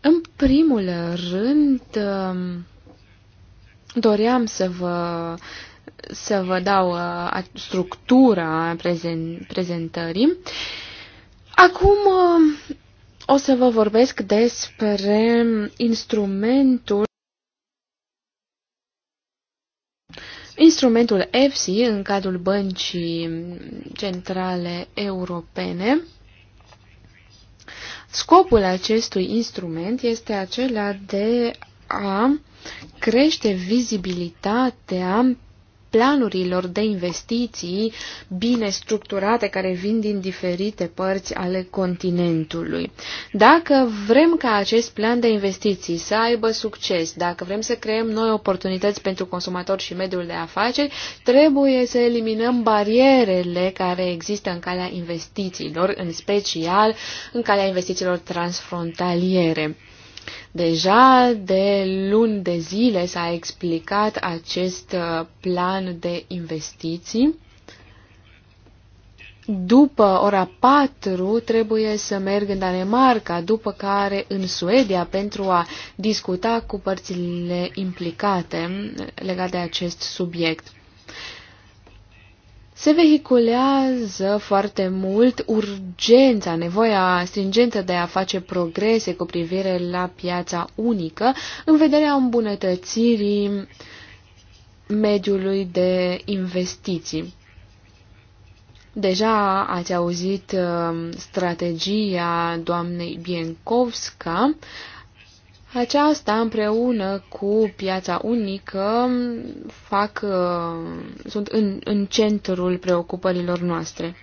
În primul rând, um, doream să vă, să vă dau uh, structura prezentării. Acum um, o să vă vorbesc despre instrumentul instrumentul EFSI în cadrul Băncii Centrale Europene Scopul acestui instrument este acela de a crește vizibilitatea planurilor de investiții bine structurate care vin din diferite părți ale continentului. Dacă vrem ca acest plan de investiții să aibă succes, dacă vrem să creăm noi oportunități pentru consumatori și mediul de afaceri, trebuie să eliminăm barierele care există în calea investițiilor, în special în calea investițiilor transfrontaliere. Deja de luni de zile s-a explicat acest uh, plan de investiții. După ora 4 trebuie să merg în Danemarca, după care în Suedia pentru a discuta cu părțile implicate legate de acest subiect se vehiculează foarte mult urgența, nevoia stringentă de a face progrese cu privire la piața unică în vederea îmbunătățirii mediului de investiții. Deja ați auzit uh, strategia doamnei Biencovska, aceasta împreună cu piața unică fac, uh, sunt în, în centrul preocupărilor noastre.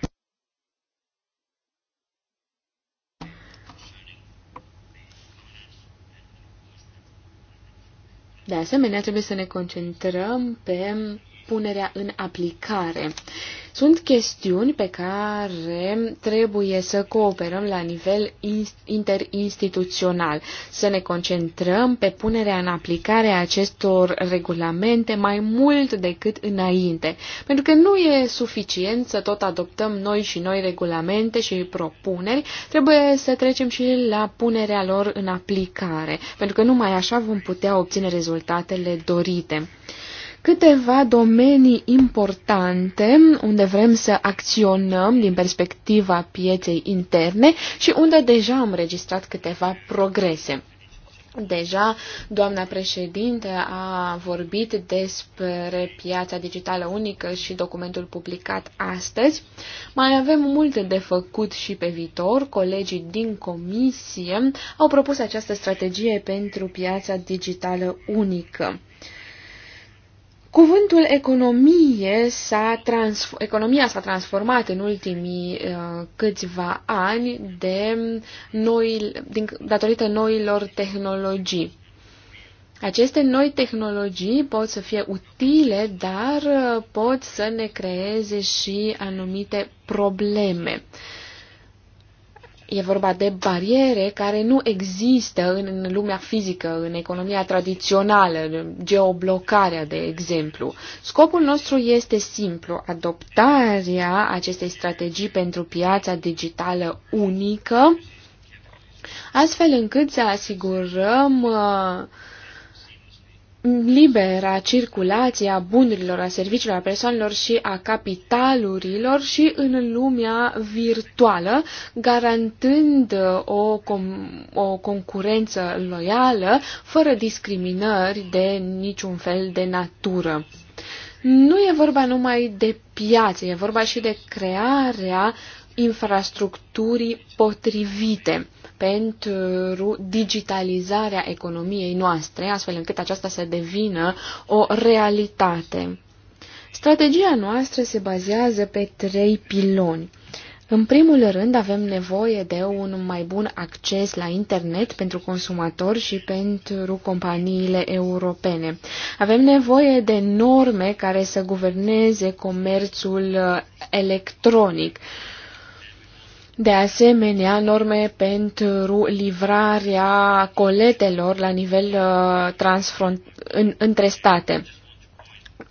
De asemenea, trebuie să ne concentrăm pe punerea în aplicare. Sunt chestiuni pe care trebuie să cooperăm la nivel interinstituțional, să ne concentrăm pe punerea în aplicare a acestor regulamente mai mult decât înainte, pentru că nu e suficient să tot adoptăm noi și noi regulamente și propuneri, trebuie să trecem și la punerea lor în aplicare, pentru că numai așa vom putea obține rezultatele dorite câteva domenii importante unde vrem să acționăm din perspectiva pieței interne și unde deja am registrat câteva progrese. Deja doamna președinte a vorbit despre piața digitală unică și documentul publicat astăzi. Mai avem multe de făcut și pe viitor. Colegii din comisie au propus această strategie pentru piața digitală unică. Cuvântul economie s-a trans, economia s-a transformat în ultimii uh, câțiva ani de noi, din, datorită noilor tehnologii. Aceste noi tehnologii pot să fie utile, dar uh, pot să ne creeze și anumite probleme. Uh, E vorba de bariere care nu există în lumea fizică, în economia tradițională, geoblocarea, de exemplu. Scopul nostru este simplu, adoptarea acestei strategii pentru piața digitală unică, astfel încât să asigurăm uh, libera circulație a bunurilor, a serviciilor, a persoanelor și a capitalurilor și în lumea virtuală, garantând uh, o, com- o concurență loială, fără discriminări de niciun fel de natură. Nu e vorba numai de piață, e vorba și de crearea infrastructurii potrivite pentru digitalizarea economiei noastre, astfel încât aceasta să devină o realitate. Strategia noastră se bazează pe trei piloni. În primul rând, avem nevoie de un mai bun acces la internet pentru consumatori și pentru companiile europene. Avem nevoie de norme care să guverneze comerțul electronic. Uh, de asemenea, norme pentru livrarea coletelor la nivel uh, transfront în, între state.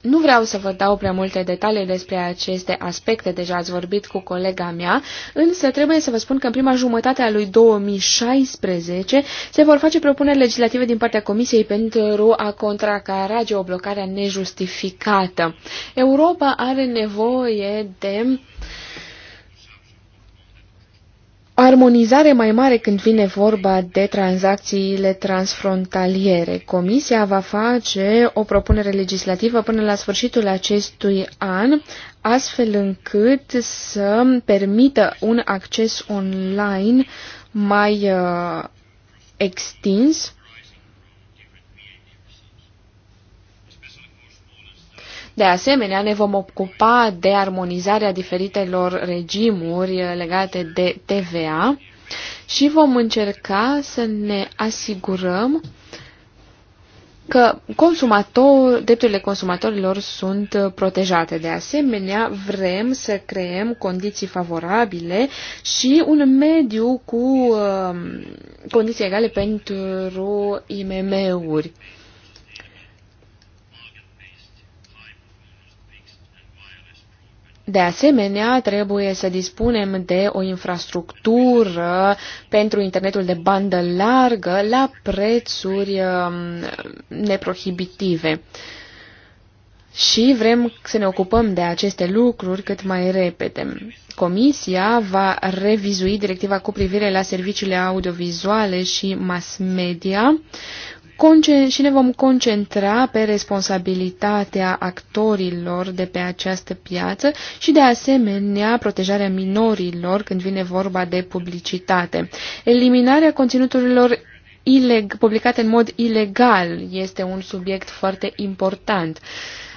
Nu vreau să vă dau prea multe detalii despre aceste aspecte, deja ați vorbit cu colega mea, însă trebuie să vă spun că în prima jumătate a lui 2016 se vor face propuneri legislative din partea Comisiei pentru a contracara geoblocarea nejustificată. Europa are nevoie de uh, armonizare mai mare când vine vorba de tranzacțiile transfrontaliere. Comisia va face o propunere legislativă până la sfârșitul acestui an, astfel încât să permită un acces online mai uh, extins De asemenea, ne vom ocupa de armonizarea diferitelor regimuri legate de TVA și vom încerca să ne asigurăm că consumator, drepturile consumatorilor sunt protejate. De asemenea, vrem să creăm condiții favorabile și un mediu cu uh, condiții egale pentru IMM-uri. De asemenea, trebuie să dispunem de o infrastructură pentru internetul de bandă largă la prețuri um, neprohibitive. Și vrem să ne ocupăm de aceste lucruri cât mai repede. Comisia va revizui directiva cu privire la serviciile audiovizuale și mass media și ne vom concentra pe responsabilitatea actorilor de pe această piață și de asemenea protejarea minorilor când vine vorba de publicitate. Eliminarea conținuturilor ileg publicate în mod ilegal este un subiect foarte important.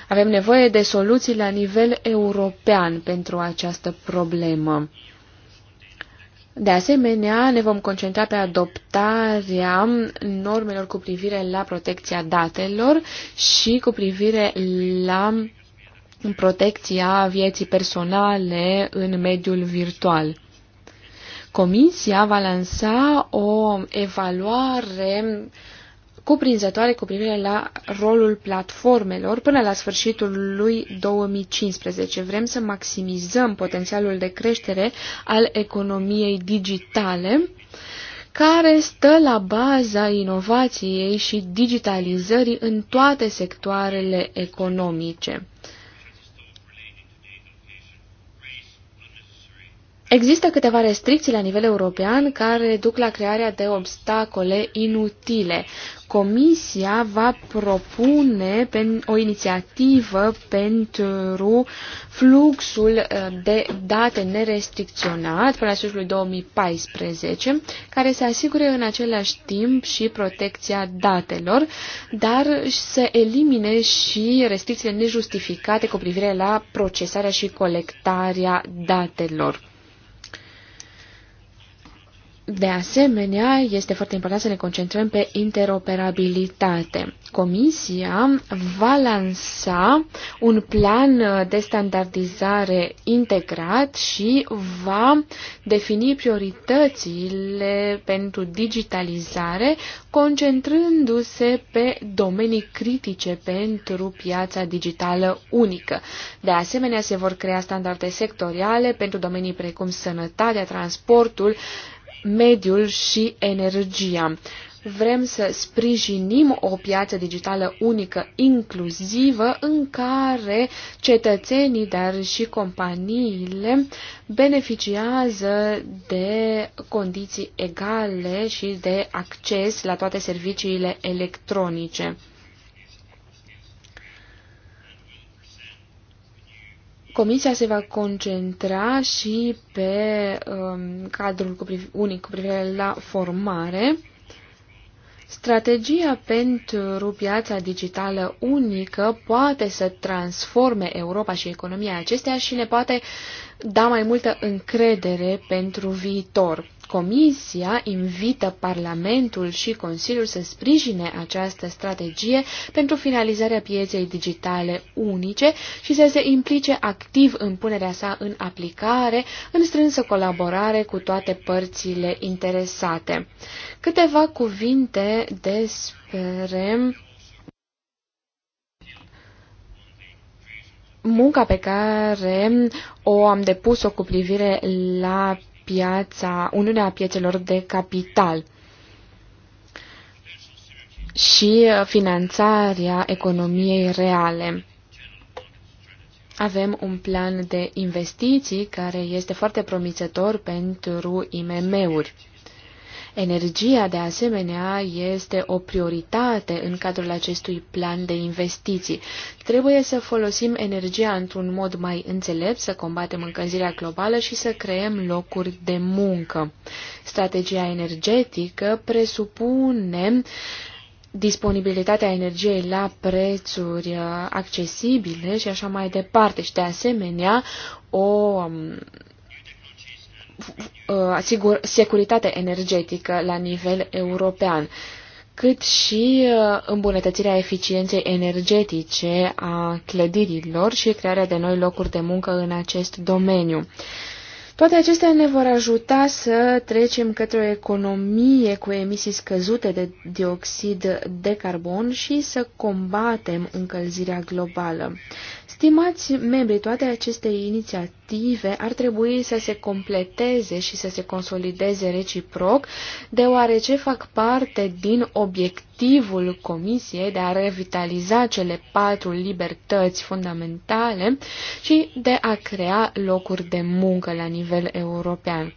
Avem nevoie de soluții la nivel european pentru această problemă. De asemenea, ne vom concentra pe adoptarea normelor cu privire la protecția datelor și cu privire la protecția vieții personale în mediul virtual. Comisia va lansa o evaluare cuprinzătoare cu privire la rolul platformelor până la sfârșitul lui 2015. Vrem să maximizăm potențialul de creștere al economiei digitale care stă la baza inovației și digitalizării în toate sectoarele economice. Există câteva restricții la nivel european care duc la crearea de obstacole inutile. Comisia va propune o inițiativă pentru fluxul eh, de date nerestricționat până la sfârșitul 2014, care să asigure în același timp și protecția datelor, dar să elimine și restricțiile nejustificate cu privire la procesarea și colectarea datelor. De asemenea, este foarte important să ne concentrăm pe interoperabilitate. Comisia va lansa un plan de standardizare integrat și va defini prioritățile pentru digitalizare, concentrându-se pe domenii critice pentru piața digitală unică. De asemenea, se vor crea standarde sectoriale pentru domenii precum sănătatea, transportul, mediul și energia. Vrem să sprijinim o piață digitală unică, inclusivă, în care cetățenii, dar și companiile beneficiază de condiții egale și de acces la toate serviciile electronice. Comisia se va concentra și pe um, cadrul cu unic cu privire la formare. Strategia pentru piața digitală unică poate să transforme Europa și economia acesteia și ne poate da mai multă încredere pentru viitor. Comisia invită Parlamentul și Consiliul să sprijine această strategie pentru finalizarea pieței digitale unice și să se implice activ în punerea sa în aplicare, în strânsă colaborare cu toate părțile interesate. Câteva cuvinte despre munca pe care o am depus-o cu privire la piața, Uniunea Piețelor de Capital și finanțarea economiei reale. Avem un plan de investiții care este foarte promițător pentru IMM-uri. Energia, de asemenea, este o prioritate în cadrul acestui plan de investiții. Trebuie să folosim energia într-un mod mai înțelept, să combatem încălzirea globală și să creăm locuri de muncă. Strategia energetică presupune disponibilitatea energiei la prețuri uh, accesibile și așa mai departe și de asemenea o um, Uh, asigur, securitate energetică la nivel european, cât și uh, îmbunătățirea eficienței energetice a clădirilor și crearea de noi locuri de muncă în acest domeniu. Toate acestea ne vor ajuta să trecem către o economie cu emisii scăzute de dioxid de carbon și să combatem încălzirea globală. Stimați membrii, toate aceste inițiative ar trebui să se completeze și să se consolideze reciproc, deoarece fac parte din obiectivul Comisiei de a revitaliza cele patru libertăți fundamentale și de a crea locuri de muncă la nivel european.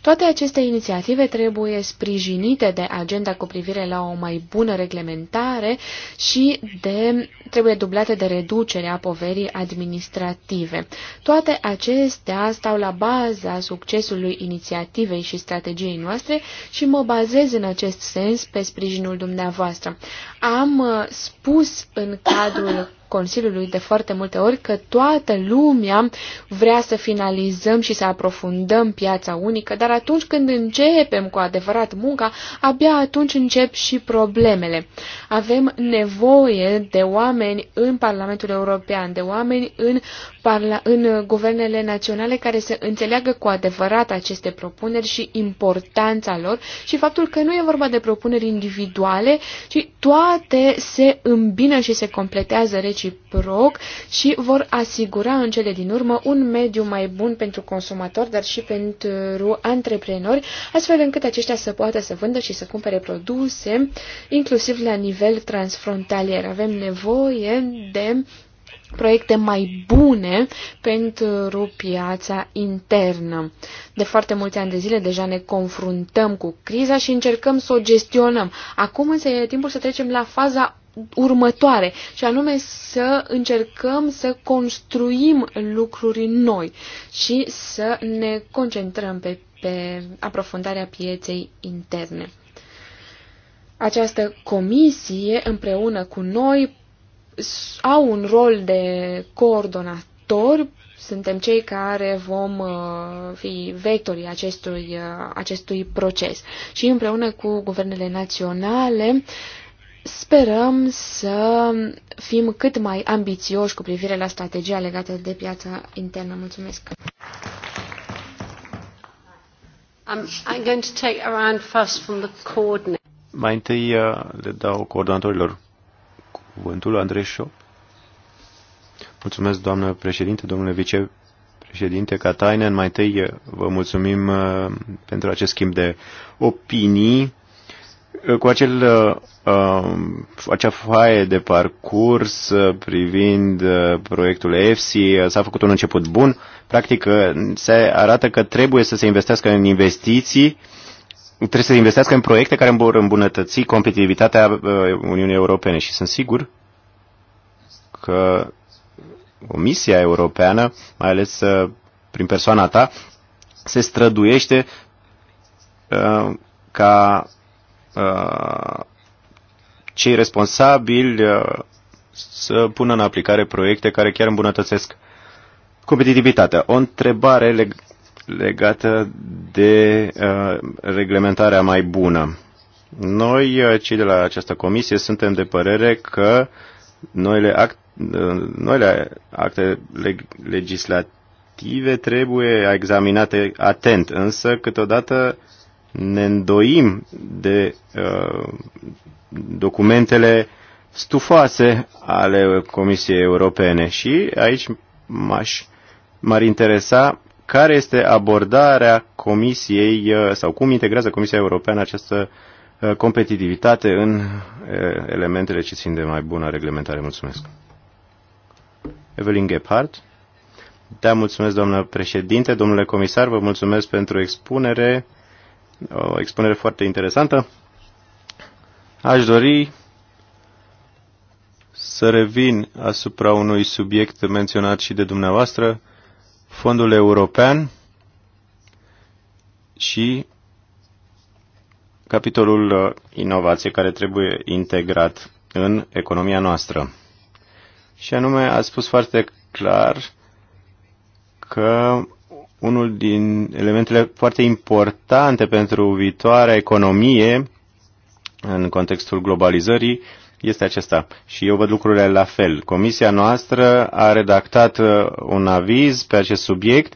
Toate aceste inițiative trebuie sprijinite de agenda cu privire la o mai bună reglementare și de, trebuie dublate de reducerea poverii administrative. Toate acestea stau la baza succesului inițiativei și strategiei noastre și mă bazez în acest sens pe sprijinul dumneavoastră. Am uh, spus în cadrul Consiliului de foarte multe ori că toată lumea vrea să finalizăm și să aprofundăm piața unică, dar atunci când începem cu adevărat munca, abia atunci încep și problemele. Avem nevoie de oameni în Parlamentul European, de oameni în, parla în guvernele naționale care să înțeleagă cu adevărat aceste propuneri și importanța lor și faptul că nu e vorba de propuneri individuale, ci toate se îmbină și se completează reci reciproc și vor asigura în cele din urmă un mediu mai bun pentru consumatori, dar și pentru antreprenori, astfel încât aceștia să poată să vândă și să cumpere produse, inclusiv la nivel transfrontalier. Avem nevoie de proiecte mai bune pentru piața internă. De foarte mulți ani de zile deja ne confruntăm cu criza și încercăm să o gestionăm. Acum însă e timpul să trecem la faza următoare, și anume să încercăm să construim lucruri noi și să ne concentrăm pe, pe aprofundarea pieței interne. Această comisie, împreună cu noi, au un rol de coordonator suntem cei care vom uh, fi vectorii acestui, uh, acestui proces. Și împreună cu guvernele naționale Sperăm să fim cât mai ambițioși cu privire la strategia legată de piața internă. Mulțumesc! Um, I'm going to take a round first from the Mai întâi uh, le dau coordonatorilor cuvântul, Andrei Șop. Mulțumesc, doamnă președinte, domnule vicepreședinte Katainen. Mai întâi uh, vă mulțumim uh, pentru acest schimb de opinii cu acel, uh, acea faie de parcurs uh, privind uh, proiectul EFSI uh, s-a făcut un început bun. Practic, se arată că trebuie să se investească în investiții, trebuie să se investească în proiecte care vor îmbunătăți competitivitatea Uniunii Europene și sunt sigur că Comisia Europeană, mai ales prin persoana ta, se străduiește ca Uh, cei responsabili uh, să pună în aplicare proiecte care chiar îmbunătățesc competitivitatea. O întrebare leg- legată de uh, reglementarea mai bună. Noi, uh, cei de la această comisie, suntem de părere că noile, act, noile acte leg, legislative trebuie examinate atent, însă câteodată ne îndoim de uh, documentele stufoase ale Comisiei Europene și aici m-aș, m-ar interesa care este abordarea Comisiei uh, sau cum integrează Comisia Europeană această uh, competitivitate în uh, elementele ce țin de mai bună reglementare. Mulțumesc. Evelyn Gephardt. Da, mulțumesc, doamnă președinte, domnule comisar, vă mulțumesc pentru expunere o expunere foarte interesantă. Aș dori să revin asupra unui subiect menționat și de dumneavoastră, Fondul European și capitolul uh, inovație care trebuie integrat în economia noastră. Și anume, a spus foarte clar că unul din elementele foarte importante pentru viitoarea economie în contextul globalizării este acesta. Și eu văd lucrurile la fel. Comisia noastră a redactat uh, un aviz pe acest subiect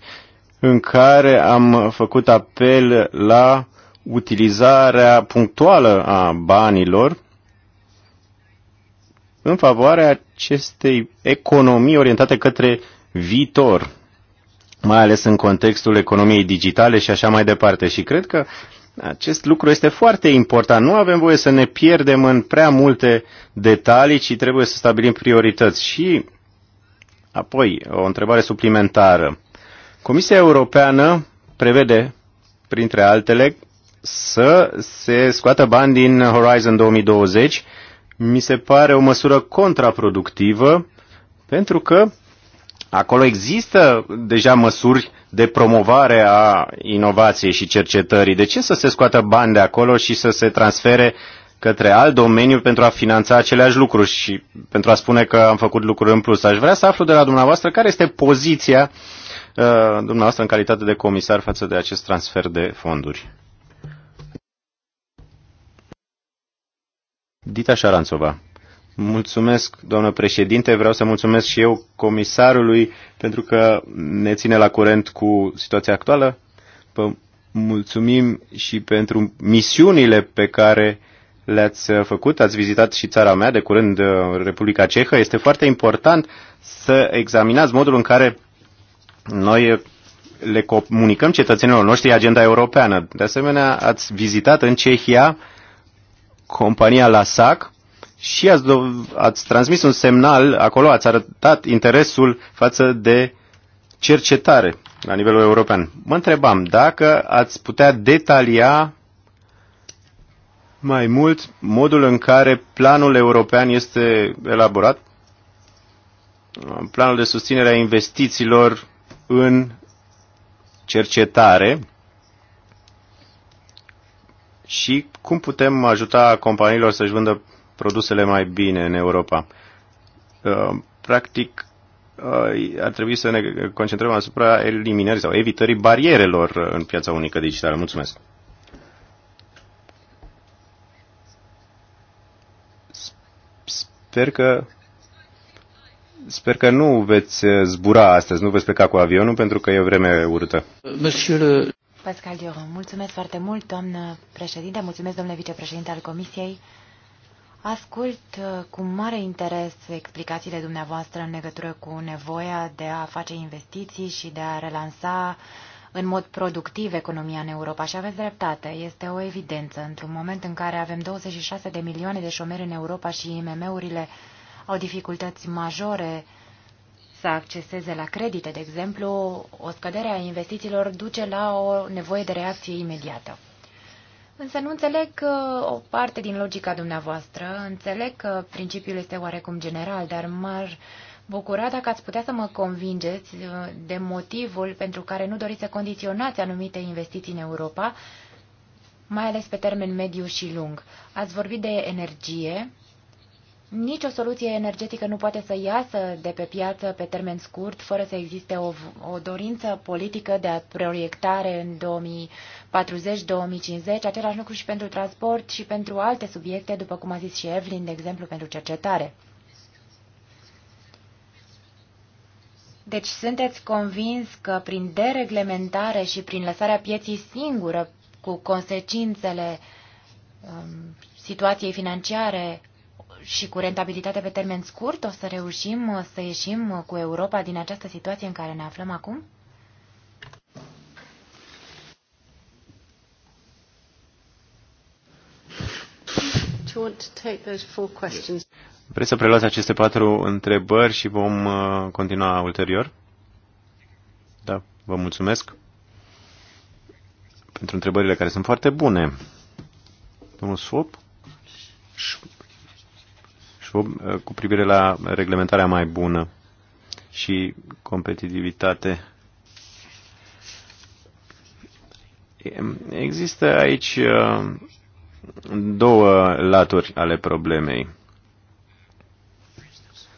în care am făcut apel la utilizarea punctuală a banilor în favoarea acestei economii orientate către viitor mai ales în contextul economiei digitale și așa mai departe. Și cred că acest lucru este foarte important. Nu avem voie să ne pierdem în prea multe detalii, ci trebuie să stabilim priorități. Și apoi, o întrebare suplimentară. Comisia Europeană prevede, printre altele, să se scoată bani din Horizon 2020. Mi se pare o măsură contraproductivă, pentru că Acolo există deja măsuri de promovare a inovației și cercetării. De ce să se scoată bani de acolo și să se transfere către alt domeniu pentru a finanța aceleași lucruri și pentru a spune că am făcut lucruri în plus? Aș vrea să aflu de la dumneavoastră care este poziția uh, dumneavoastră în calitate de comisar față de acest transfer de fonduri. Dita Șaranțova. Mulțumesc, doamnă președinte. Vreau să mulțumesc și eu comisarului pentru că ne ține la curent cu situația actuală. Vă mulțumim și pentru misiunile pe care le-ați făcut. Ați vizitat și țara mea, de curând uh, Republica Cehă. Este foarte important să examinați modul în care noi le comunicăm cetățenilor noștri agenda europeană. De asemenea, ați vizitat în Cehia compania LASAC, și ați, ați transmis un semnal acolo, ați arătat interesul față de cercetare la nivelul european. Mă întrebam dacă ați putea detalia mai mult modul în care planul european este elaborat, planul de susținere a investițiilor în cercetare și cum putem ajuta companiilor să-și vândă produsele mai bine în Europa. Uh, practic, uh, ar trebui să ne concentrăm asupra eliminării sau evitării barierelor în piața unică digitală. Mulțumesc! Sper că Sper că nu veți zbura astăzi, nu veți pleca cu avionul, pentru că e vreme urâtă. Monsieur... Pascal Dior, mulțumesc foarte mult, doamnă președinte, mulțumesc, domnule vicepreședinte al Comisiei. Ascult uh, cu mare interes explicațiile dumneavoastră în legătură cu nevoia de a face investiții și de a relansa în mod productiv economia în Europa și aveți dreptate, este o evidență. Într-un moment în care avem 26 de milioane de șomeri în Europa și IMM-urile au dificultăți majore să acceseze la credite, de exemplu, o scădere a investițiilor duce la o nevoie de reacție imediată. Însă nu înțeleg uh, o parte din logica dumneavoastră. Înțeleg că principiul este oarecum general, dar m-ar bucura dacă ați putea să mă convingeți uh, de motivul pentru care nu doriți să condiționați anumite investiții în Europa, mai ales pe termen mediu și lung. Ați vorbit de energie, nici o soluție energetică nu poate să iasă de pe piață pe termen scurt fără să existe o, o dorință politică de proiectare în 2040-2050, același lucru și pentru transport și pentru alte subiecte, după cum a zis și Evelyn, de exemplu, pentru cercetare. Deci sunteți convins că prin dereglementare și prin lăsarea pieții singură cu consecințele um, situației financiare și cu rentabilitate pe termen scurt o să reușim să ieșim cu Europa din această situație în care ne aflăm acum? Vreți să preluați aceste patru întrebări și vom uh, continua ulterior? Da, vă mulțumesc pentru întrebările care sunt foarte bune. Domnul Swop? și deci, uh, cu privire la reglementarea mai bună și competitivitate. Există aici uh, două laturi ale problemei.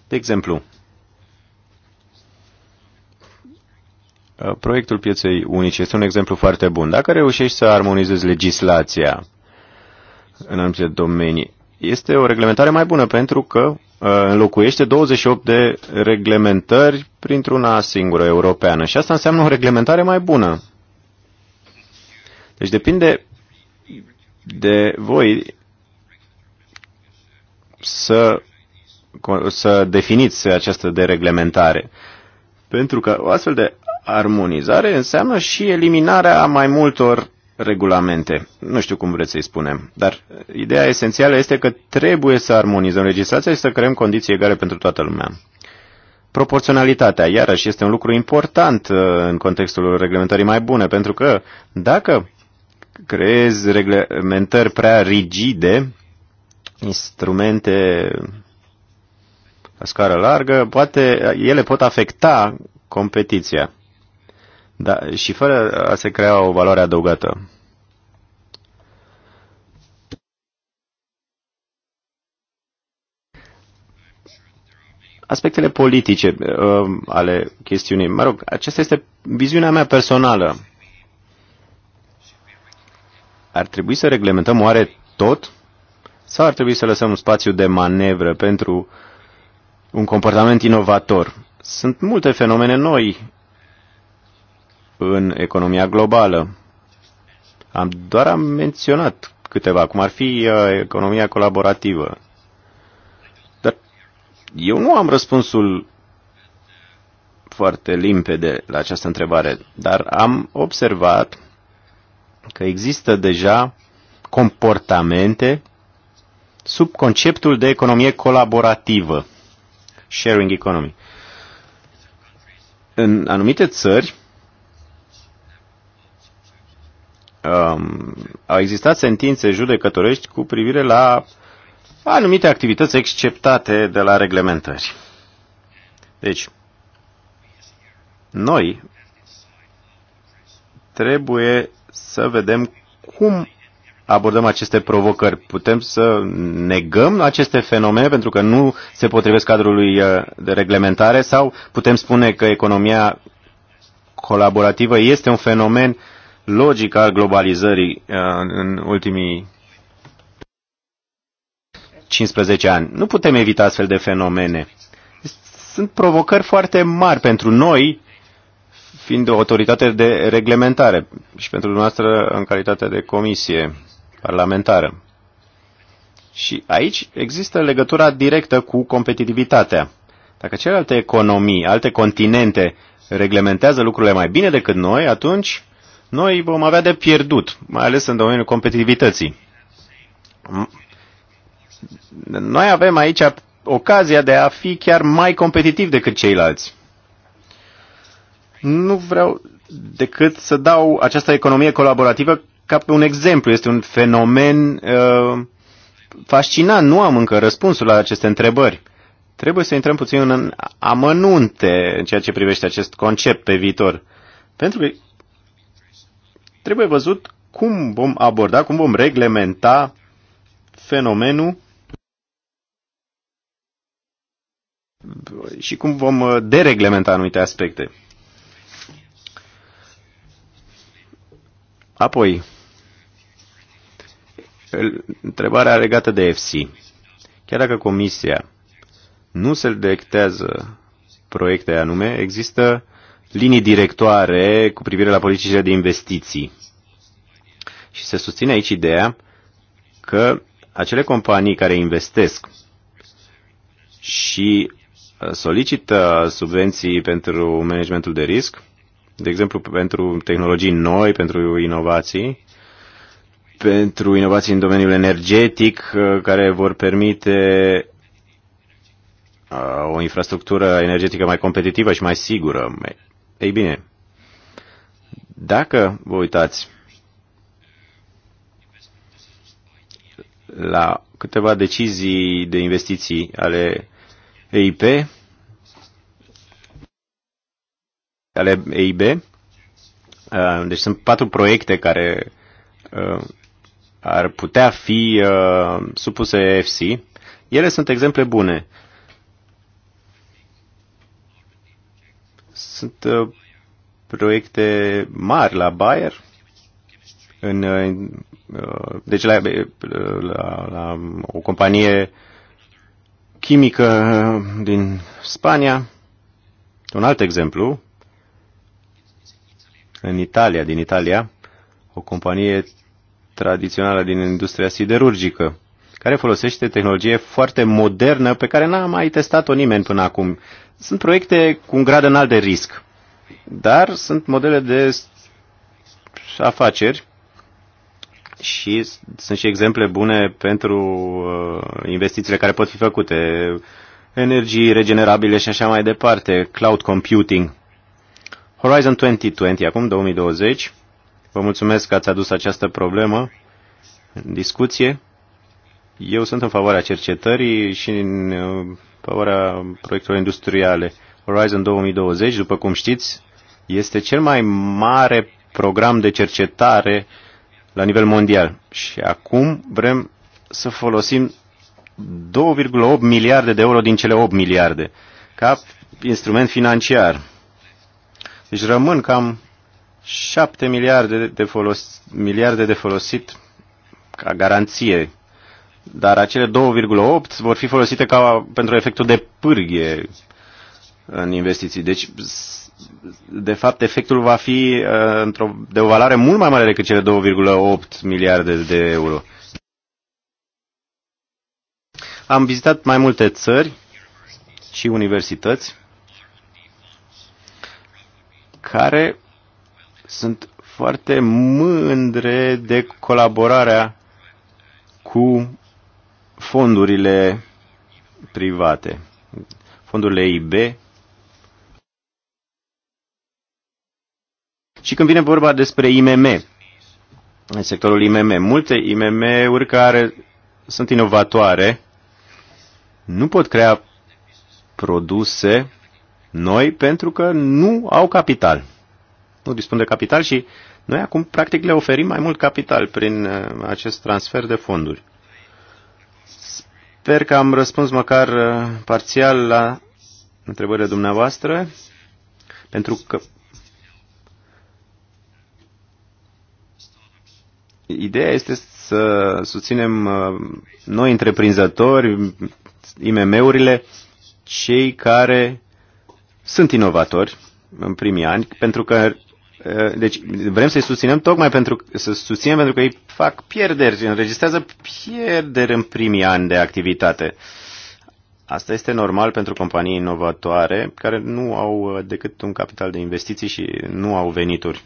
De exemplu, uh, proiectul pieței unice este un exemplu foarte bun. Dacă reușești să armonizezi legislația în anumite domenii, este o reglementare mai bună pentru că uh, înlocuiește 28 de reglementări printr-una singură europeană și asta înseamnă o reglementare mai bună. Deci depinde de voi să, să definiți această dereglementare. Pentru că o astfel de armonizare înseamnă și eliminarea mai multor regulamente. Nu știu cum vreți să-i spunem. Dar ideea esențială este că trebuie să armonizăm legislația și să creăm condiții egale pentru toată lumea. Proporționalitatea, iarăși, este un lucru important uh, în contextul reglementării mai bune, pentru că dacă creezi reglementări prea rigide, instrumente la scară largă, poate ele pot afecta competiția da, și fără a se crea o valoare adăugată. Aspectele politice uh, ale chestiunii, mă rog, aceasta este viziunea mea personală. Ar trebui să reglementăm oare tot sau ar trebui să lăsăm un spațiu de manevră pentru un comportament inovator? Sunt multe fenomene noi în economia globală. Am, doar am menționat câteva, cum ar fi uh, economia colaborativă. Dar eu nu am răspunsul foarte limpede la această întrebare, dar am observat că există deja comportamente sub conceptul de economie colaborativă, sharing economy. În anumite țări, um, au existat sentințe judecătorești cu privire la anumite activități exceptate de la reglementări. Deci, noi trebuie să vedem cum abordăm aceste provocări. Putem să negăm aceste fenomene pentru că nu se potrivesc cadrului uh, de reglementare sau putem spune că economia colaborativă este un fenomen uh, logic al globalizării uh, în ultimii 15 ani. Nu putem evita astfel de fenomene. Sunt provocări foarte mari pentru noi, fiind o autoritate de reglementare și pentru dumneavoastră în calitate de comisie parlamentară. Și aici există legătura directă cu competitivitatea. Dacă celelalte economii, alte continente reglementează lucrurile mai bine decât noi, atunci noi vom avea de pierdut, mai ales în domeniul competitivității. Noi avem aici ocazia de a fi chiar mai competitiv decât ceilalți. Nu vreau decât să dau această economie colaborativă ca pe un exemplu. Este un fenomen uh, fascinant. Nu am încă răspunsul la aceste întrebări. Trebuie să intrăm puțin în amănunte în ceea ce privește acest concept pe viitor. Pentru că trebuie văzut cum vom aborda, cum vom reglementa fenomenul și cum vom uh, dereglementa anumite aspecte. Apoi, întrebarea legată de FC. Chiar dacă Comisia nu selectează proiecte anume, există linii directoare cu privire la politicile de investiții. Și se susține aici ideea că acele companii care investesc și uh, solicită subvenții pentru managementul de risc, de exemplu pentru tehnologii noi, pentru inovații, pentru inovații în domeniul energetic uh, care vor permite uh, o infrastructură energetică mai competitivă și mai sigură, ei bine, dacă vă uitați la câteva decizii de investiții ale EIP, ale EIB, uh, deci sunt patru proiecte care uh, ar putea fi uh, supuse FC. Ele sunt exemple bune. Sunt uh, proiecte mari la Bayer, în, uh, uh, deci la, la, la o companie chimică din Spania. Un alt exemplu, în Italia, din Italia, o companie tradițională din industria siderurgică, care folosește tehnologie foarte modernă pe care n-a mai testat-o nimeni până acum. Sunt proiecte cu un grad înalt de risc, dar sunt modele de afaceri și sunt și exemple bune pentru uh, investițiile care pot fi făcute, energii regenerabile și așa mai departe, cloud computing. Horizon 2020, acum 2020. Vă mulțumesc că ați adus această problemă în discuție. Eu sunt în favoarea cercetării și în uh, favoarea proiectelor industriale. Horizon 2020, după cum știți, este cel mai mare program de cercetare la nivel mondial. Și acum vrem să folosim 2,8 miliarde de euro din cele 8 miliarde ca instrument financiar. Deci rămân cam 7 miliarde de, folos, miliarde de folosit ca garanție dar acele 2,8 vor fi folosite ca pentru efectul de pârghie în investiții. Deci, de fapt, efectul va fi uh, într-o, de o valoare mult mai mare decât cele 2,8 miliarde de euro. Am vizitat mai multe țări și universități care sunt foarte mândre de colaborarea cu fondurile private, fondurile IB. Și când vine vorba despre IMM, în sectorul IMM, multe IMM-uri care sunt inovatoare nu pot crea produse noi pentru că nu au capital. Nu dispun de capital și noi acum practic le oferim mai mult capital prin uh, acest transfer de fonduri. Sper că am răspuns măcar uh, parțial la întrebările dumneavoastră, pentru că ideea este să susținem uh, noi întreprinzători, IMM-urile, cei care sunt inovatori în primii ani, pentru că Eh, deci vrem să-i susținem tocmai pentru, să susținem pentru că ei fac pierderi, înregistrează pierderi în primii ani de activitate. Asta este normal pentru companii inovatoare care nu au eh, decât un capital de investiții și nu au venituri.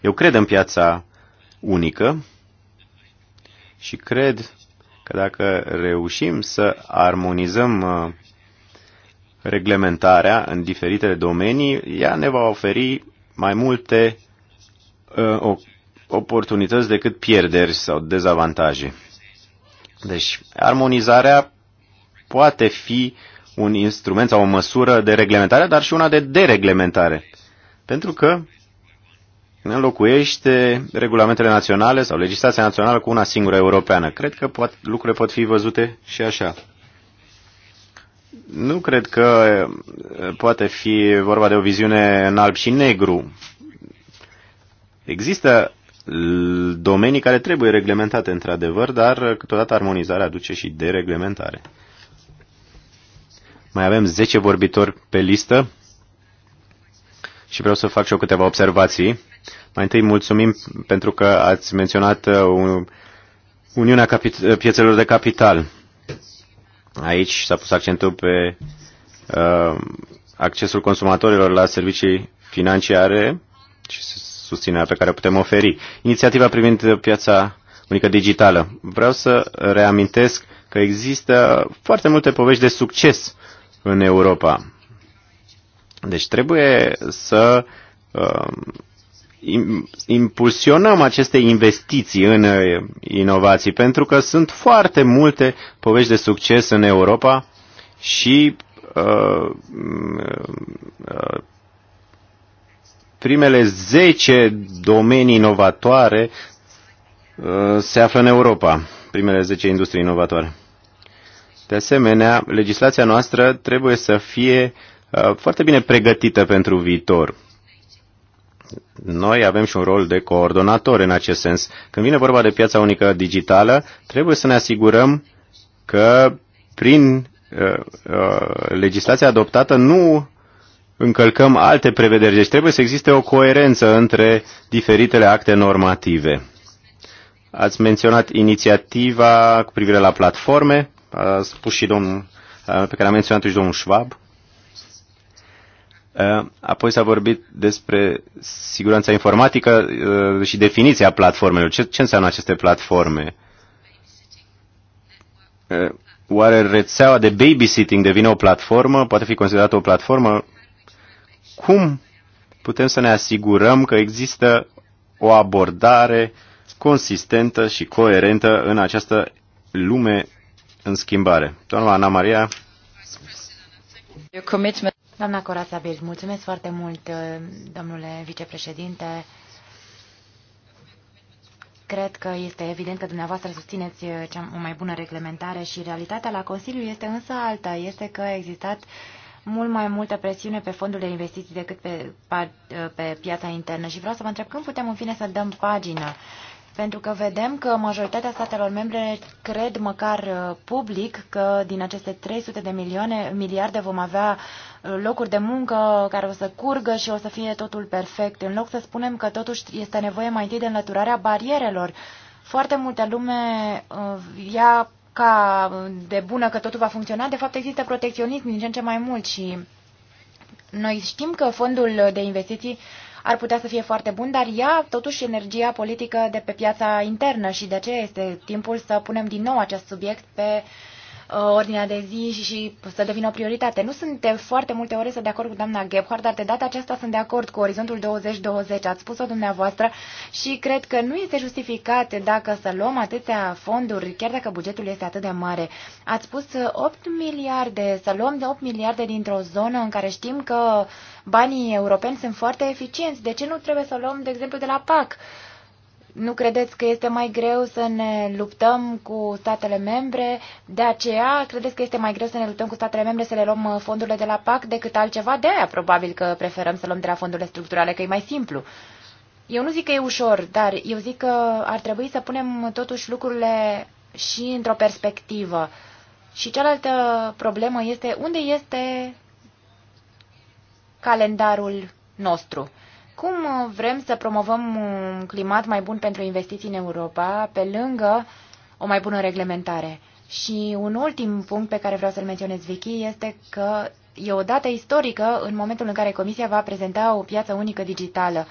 Eu cred în piața unică și cred că dacă reușim să armonizăm eh, reglementarea în diferitele domenii, ea ne va oferi mai multe uh, oportunități decât pierderi sau dezavantaje. Deci, armonizarea poate fi un instrument sau o măsură de reglementare, dar și una de dereglementare. Pentru că înlocuiește regulamentele naționale sau legislația națională cu una singură europeană. Cred că poate, lucrurile pot fi văzute și așa. Nu cred că poate fi vorba de o viziune în alb și negru. Există domenii care trebuie reglementate într-adevăr, dar câteodată armonizarea aduce și dereglementare. Mai avem 10 vorbitori pe listă și vreau să fac și eu câteva observații. Mai întâi mulțumim pentru că ați menționat uh, Uniunea Capit- Piețelor de Capital. Aici s-a pus accentul pe uh, accesul consumatorilor la servicii financiare și susținerea pe care o putem oferi. Inițiativa privind piața unică digitală. Vreau să reamintesc că există foarte multe povești de succes în Europa. Deci trebuie să uh, impulsionăm aceste investiții în uh, inovații, pentru că sunt foarte multe povești de succes în Europa și uh, mm, uh, primele 10 domenii inovatoare se află în Europa, primele 10 industrie inovatoare. De asemenea, legislația noastră trebuie să fie foarte bine pregătită pentru viitor noi avem și un rol de coordonator în acest sens. Când vine vorba de piața unică digitală, trebuie să ne asigurăm că prin uh, uh, legislația adoptată nu încălcăm alte prevederi. Deci trebuie să existe o coerență între diferitele acte normative. Ați menționat inițiativa cu privire la platforme, a spus și domnul, pe care a menționat și domnul Schwab. Apoi s-a vorbit despre siguranța informatică și definiția platformelor. Ce, ce înseamnă aceste platforme? Oare rețeaua de babysitting devine o platformă? Poate fi considerată o platformă? Cum putem să ne asigurăm că există o abordare consistentă și coerentă în această lume în schimbare? Doamna Ana Maria. Doamna Corața Bild, mulțumesc foarte mult, uh, domnule vicepreședinte. Cred că este evident că dumneavoastră susțineți uh, o mai bună reglementare și realitatea la Consiliu este însă alta. Este că a existat mult mai multă presiune pe fondul de investiții decât pe, uh, pe piața internă și vreau să vă întreb când putem în fine să dăm pagină pentru că vedem că majoritatea statelor membre cred măcar uh, public că din aceste 300 de milioane, miliarde vom avea uh, locuri de muncă care o să curgă și o să fie totul perfect. În loc să spunem că totuși este nevoie mai întâi de înlăturarea barierelor. Foarte multă lume uh, ia ca de bună că totul va funcționa. De fapt există protecționism din ce în ce mai mult și noi știm că fondul de investiții ar putea să fie foarte bun, dar ia totuși energia politică de pe piața internă și de aceea este timpul să punem din nou acest subiect pe uh, Uh, ordinea de zi și, și să devină o prioritate. Nu sunt de foarte multe ore să de acord cu doamna Gebhardt, dar de data aceasta sunt de acord cu orizontul 2020, ați spus-o dumneavoastră, și cred că nu este justificat dacă să luăm atâtea fonduri, chiar dacă bugetul este atât de mare. Ați spus 8 miliarde, să luăm de 8 miliarde dintr-o zonă în care știm că banii europeni sunt foarte eficienți. De ce nu trebuie să luăm, de exemplu, de la PAC? Nu credeți că este mai greu să ne luptăm cu statele membre? De aceea, credeți că este mai greu să ne luptăm cu statele membre să le luăm uh, fondurile de la PAC decât altceva? De aia probabil că preferăm să luăm de la fondurile structurale, că e mai simplu. Eu nu zic că e ușor, dar eu zic că ar trebui să punem totuși lucrurile și într-o perspectivă. Și cealaltă problemă este unde este calendarul nostru. Cum uh, vrem să promovăm un climat mai bun pentru investiții în Europa, pe lângă o mai bună reglementare? Și un ultim punct pe care vreau să-l menționez, Vicky, este că e o dată istorică în momentul în care Comisia va prezenta o piață unică digitală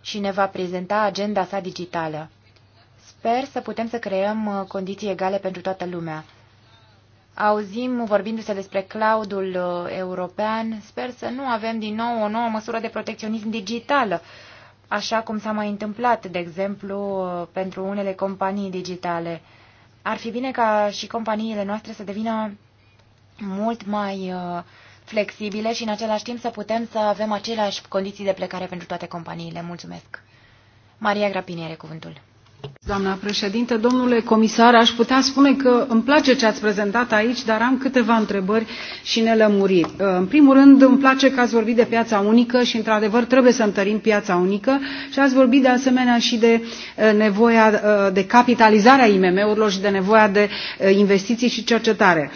și ne va prezenta agenda sa digitală. Sper să putem să creăm uh, condiții egale pentru toată lumea auzim vorbindu-se despre cloudul uh, european, sper să nu avem din nou o nouă măsură de protecționism digitală, așa cum s-a mai întâmplat, de exemplu, uh, pentru unele companii digitale. Ar fi bine ca și companiile noastre să devină mult mai uh, flexibile și în același timp să putem să avem aceleași condiții de plecare pentru toate companiile. Mulțumesc! Maria Grapini are cuvântul. Doamna președintă, domnule comisar, aș putea spune că îmi place ce ați prezentat aici, dar am câteva întrebări și nelămuriri. Uh, în primul rând, îmi place că ați vorbit de piața unică și, într-adevăr, trebuie să întărim piața unică și ați vorbit de asemenea și de uh, nevoia uh, de capitalizare a IMM-urilor și de nevoia de investiții și cercetare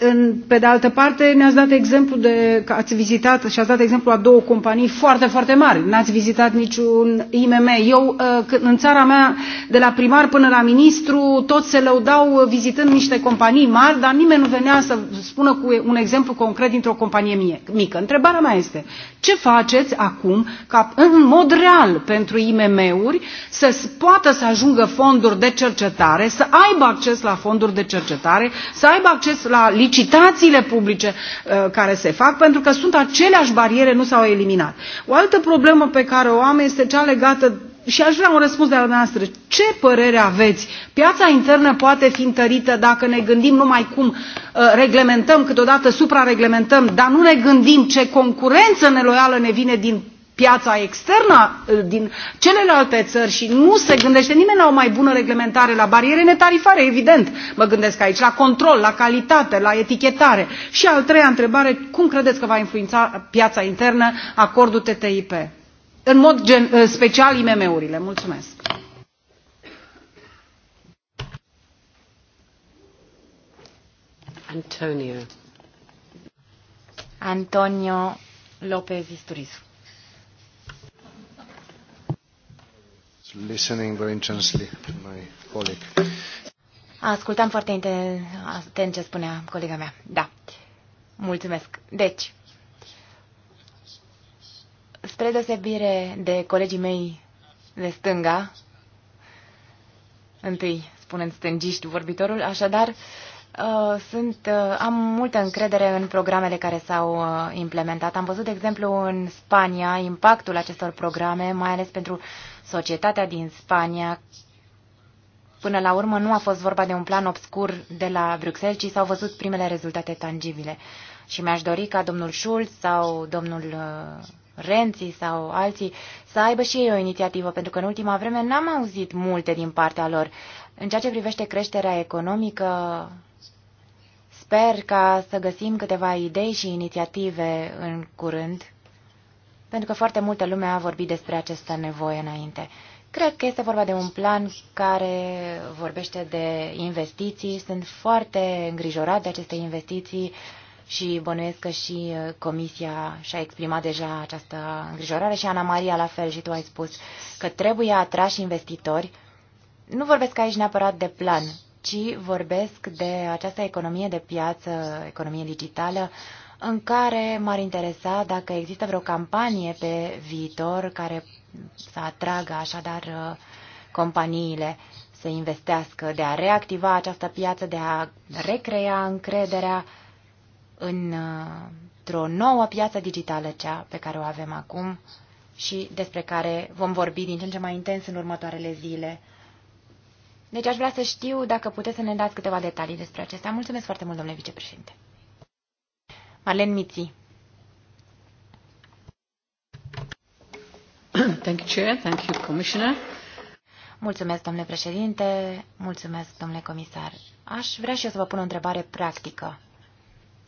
în, pe de altă parte, ne-ați dat exemplu de că ați vizitat și ați dat exemplu a două companii foarte, foarte mari. N-ați vizitat niciun IMM. Eu, uh, în țara mea, de la primar până la ministru, toți se lăudau vizitând niște companii mari, dar nimeni nu venea să spună cu un exemplu concret dintr-o companie mică. Întrebarea mea este, ce faceți acum ca, în mod real, pentru IMM-uri să poată să ajungă fonduri de cercetare, să aibă acces la fonduri de cercetare, să aibă acces la licitațiile publice uh, care se fac, pentru că sunt aceleași bariere, nu s-au eliminat. O altă problemă pe care o am este cea legată și aș vrea un răspuns de la dumneavoastră. Ce părere aveți? Piața internă poate fi întărită dacă ne gândim numai cum uh, reglementăm, câteodată suprareglementăm, dar nu ne gândim ce concurență neloială ne vine din piața externă uh, din celelalte țări și nu se gândește nimeni la o mai bună reglementare, la bariere netarifare, evident, mă gândesc aici, la control, la calitate, la etichetare. Și al treia întrebare, cum credeți că va influența piața internă acordul TTIP? În mod gen, uh, special IMM-urile. Mulțumesc. Antonio. Antonio López Isturizu. listening very intensely to my colleague. Ascultam foarte atent ce spunea colega mea. Da. Mulțumesc. Deci, spre deosebire de colegii mei de stânga, întâi spunând stângiști vorbitorul, așadar, uh, sunt, uh, am multă încredere în programele care s-au uh, implementat. Am văzut, de exemplu, în Spania impactul acestor programe, mai ales pentru societatea din Spania. Până la urmă nu a fost vorba de un plan obscur de la Bruxelles, ci s-au văzut primele rezultate tangibile. Și mi-aș dori ca domnul Schulz sau domnul uh, Renzi sau alții să aibă și ei o inițiativă, pentru că în ultima vreme n-am auzit multe din partea lor. În ceea ce privește creșterea economică, sper ca să găsim câteva idei și inițiative în curând pentru că foarte multă lume a vorbit despre această nevoie înainte. Cred că este vorba de un plan care vorbește de investiții. Sunt foarte îngrijorat de aceste investiții și bănuiesc că și uh, Comisia și-a exprimat deja această îngrijorare și Ana Maria la fel și tu ai spus că trebuie atrași investitori. Nu vorbesc aici neapărat de plan, ci vorbesc de această economie de piață, economie digitală, în care m-ar interesa dacă există vreo campanie pe viitor care să atragă așadar uh, companiile să investească, de a reactiva această piață, de a recrea încrederea uh, într-o nouă piață digitală, cea pe care o avem acum și despre care vom vorbi din ce în ce mai intens în următoarele zile. Deci aș vrea să știu dacă puteți să ne dați câteva detalii despre acestea. Mulțumesc foarte mult, domnule vicepreședinte. Marlen Miții. Thank you, Chair. Thank you, Commissioner. Mulțumesc, domnule președinte. Mulțumesc, domnule comisar. Aș vrea și eu să vă pun o întrebare practică.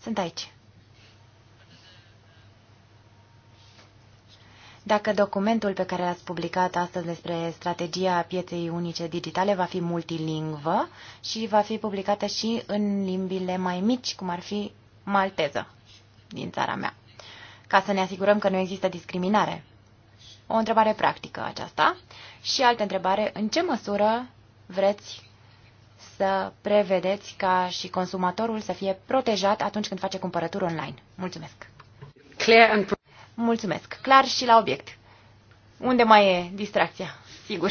Sunt aici. Dacă documentul pe care l-ați publicat astăzi despre strategia pieței unice digitale va fi multilingvă și va fi publicată și în limbile mai mici, cum ar fi malteză din țara mea, ca să ne asigurăm că nu există discriminare. O întrebare practică aceasta și altă întrebare, în ce măsură vreți să prevedeți ca și consumatorul să fie protejat atunci când face cumpărături online? Mulțumesc! Clear and... Mulțumesc! Clar și la obiect. Unde mai e distracția? Sigur.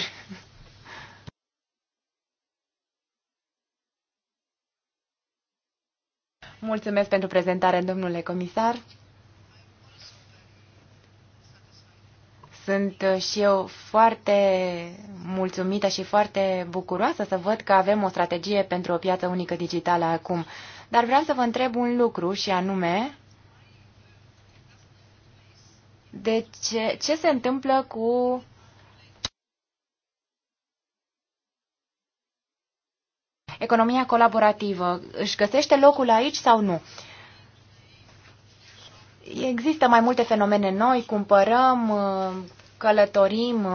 Mulțumesc pentru prezentare, domnule comisar. Sunt și eu foarte mulțumită și foarte bucuroasă să văd că avem o strategie pentru o piață unică digitală acum. Dar vreau să vă întreb un lucru și anume, de ce, ce se întâmplă cu economia colaborativă își găsește locul aici sau nu? Există mai multe fenomene noi, cumpărăm, călătorim,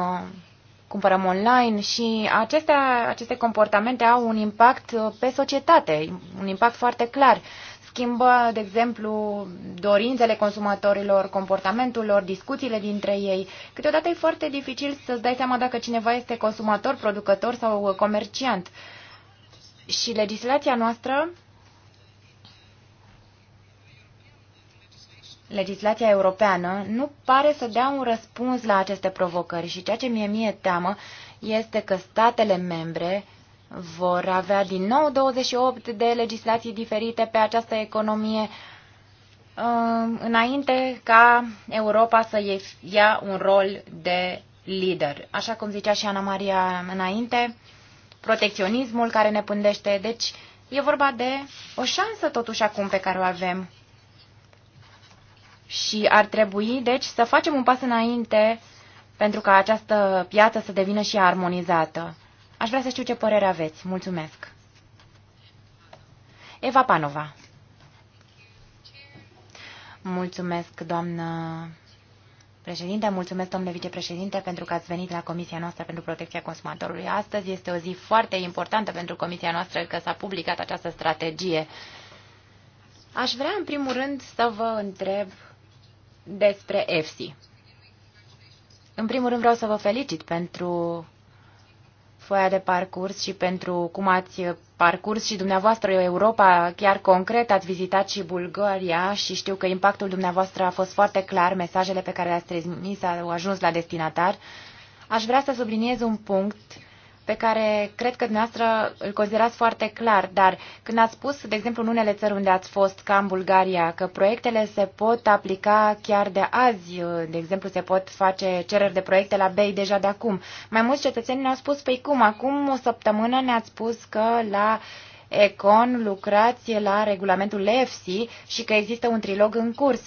cumpărăm online și acestea, aceste comportamente au un impact pe societate, un impact foarte clar. Schimbă, de exemplu, dorințele consumatorilor, comportamentul lor, discuțiile dintre ei. Câteodată e foarte dificil să-ți dai seama dacă cineva este consumator, producător sau comerciant. Uh, și legislația noastră, legislația europeană, nu pare să dea un răspuns la aceste provocări și ceea ce mie mie teamă este că statele membre vor avea din nou 28 de legislații diferite pe această economie um, înainte ca Europa să ia un rol de lider. Așa cum zicea și Ana Maria înainte, protecționismul care ne pândește. Deci e vorba de o șansă totuși acum pe care o avem. Și ar trebui, deci, să facem un pas înainte pentru ca această piață să devină și armonizată. Aș vrea să știu ce părere aveți. Mulțumesc. Eva Panova. Mulțumesc, doamnă Președinte, mulțumesc, domnule vicepreședinte, pentru că ați venit la Comisia noastră pentru protecția consumatorului. Astăzi este o zi foarte importantă pentru Comisia noastră că s-a publicat această strategie. Aș vrea, în primul rând, să vă întreb despre EFSI. În primul rând vreau să vă felicit pentru foaia de parcurs și pentru cum ați parcurs și dumneavoastră Europa, chiar concret ați vizitat și Bulgaria și știu că impactul dumneavoastră a fost foarte clar, mesajele pe care le-ați transmis au ajuns la destinatar. Aș vrea să subliniez un punct pe care cred că dumneavoastră îl considerați foarte clar, dar când ați spus, de exemplu, în unele țări unde ați fost, ca în Bulgaria, că proiectele se pot aplica chiar de azi, de exemplu, se pot face cereri de proiecte la BEI deja de acum, mai mulți cetățeni ne-au spus, păi cum, acum o săptămână ne-ați spus că la Econ lucrați la regulamentul EFSI și că există un trilog în curs.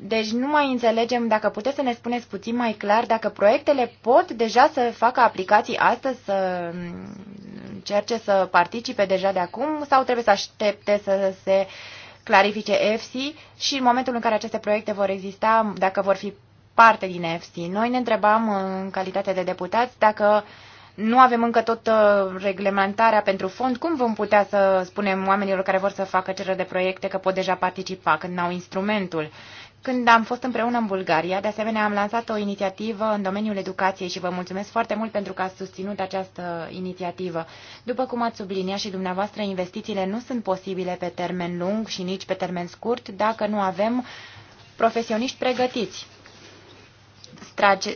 Deci nu mai înțelegem dacă puteți să ne spuneți puțin mai clar dacă proiectele pot deja să facă aplicații astăzi, să încerce să participe deja de acum sau trebuie să aștepte să se clarifice EFSI și în momentul în care aceste proiecte vor exista, dacă vor fi parte din EFSI. Noi ne întrebam în calitate de deputați dacă nu avem încă tot uh, reglementarea pentru fond, cum vom putea să spunem oamenilor care vor să facă cerere de proiecte că pot deja participa când n-au instrumentul? Când am fost împreună în Bulgaria, de asemenea, am lansat o inițiativă în domeniul educației și vă mulțumesc foarte mult pentru că ați susținut această inițiativă. După cum ați subliniat și dumneavoastră, investițiile nu sunt posibile pe termen lung și nici pe termen scurt dacă nu avem profesioniști pregătiți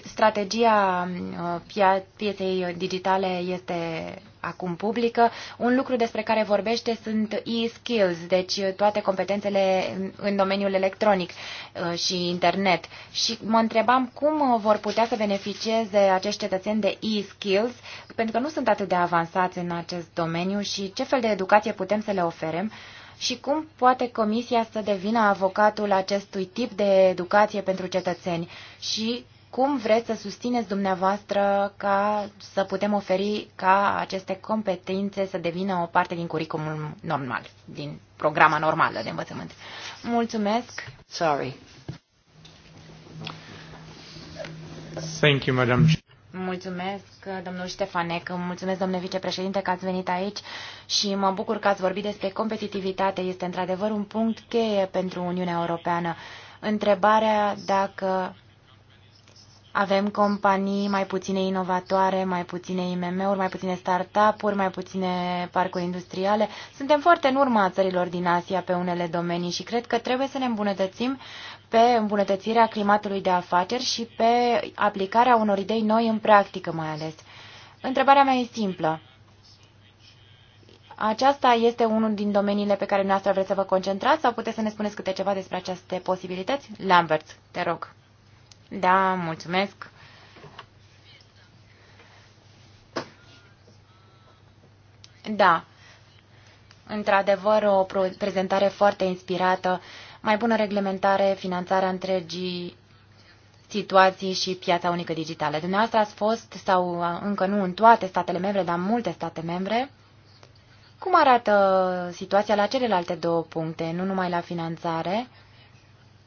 strategia uh, pieței digitale este acum publică. Un lucru despre care vorbește sunt e-skills, deci toate competențele în domeniul electronic uh, și internet. Și mă întrebam cum uh, vor putea să beneficieze acești cetățeni de e-skills, pentru că nu sunt atât de avansați în acest domeniu și ce fel de educație putem să le oferim și cum poate Comisia să devină avocatul acestui tip de educație pentru cetățeni și cum vreți să susțineți dumneavoastră ca să putem oferi ca aceste competențe să devină o parte din curriculumul normal, din programa normală de învățământ? Mulțumesc! Sorry. Thank you, madam. Mulțumesc, domnul Ștefanec, mulțumesc, domnule vicepreședinte, că ați venit aici și mă bucur că ați vorbit despre competitivitate. Este într-adevăr un punct cheie pentru Uniunea Europeană. Întrebarea dacă avem companii mai puține inovatoare, mai puține IMM-uri, mai puține startup-uri, mai puține parcuri industriale. Suntem foarte în urma țărilor din Asia pe unele domenii și cred că trebuie să ne îmbunătățim pe îmbunătățirea climatului de afaceri și pe aplicarea unor idei noi în practică mai ales. Întrebarea mea e simplă. Aceasta este unul din domeniile pe care noastră vreți să vă concentrați sau puteți să ne spuneți câte ceva despre aceste posibilități? Lambert, te rog. Da, mulțumesc. Da, într-adevăr o prezentare foarte inspirată, mai bună reglementare, finanțarea întregii situații și piața unică digitală. Dumneavoastră ați fost, sau încă nu în toate statele membre, dar în multe state membre. Cum arată situația la celelalte două puncte, nu numai la finanțare?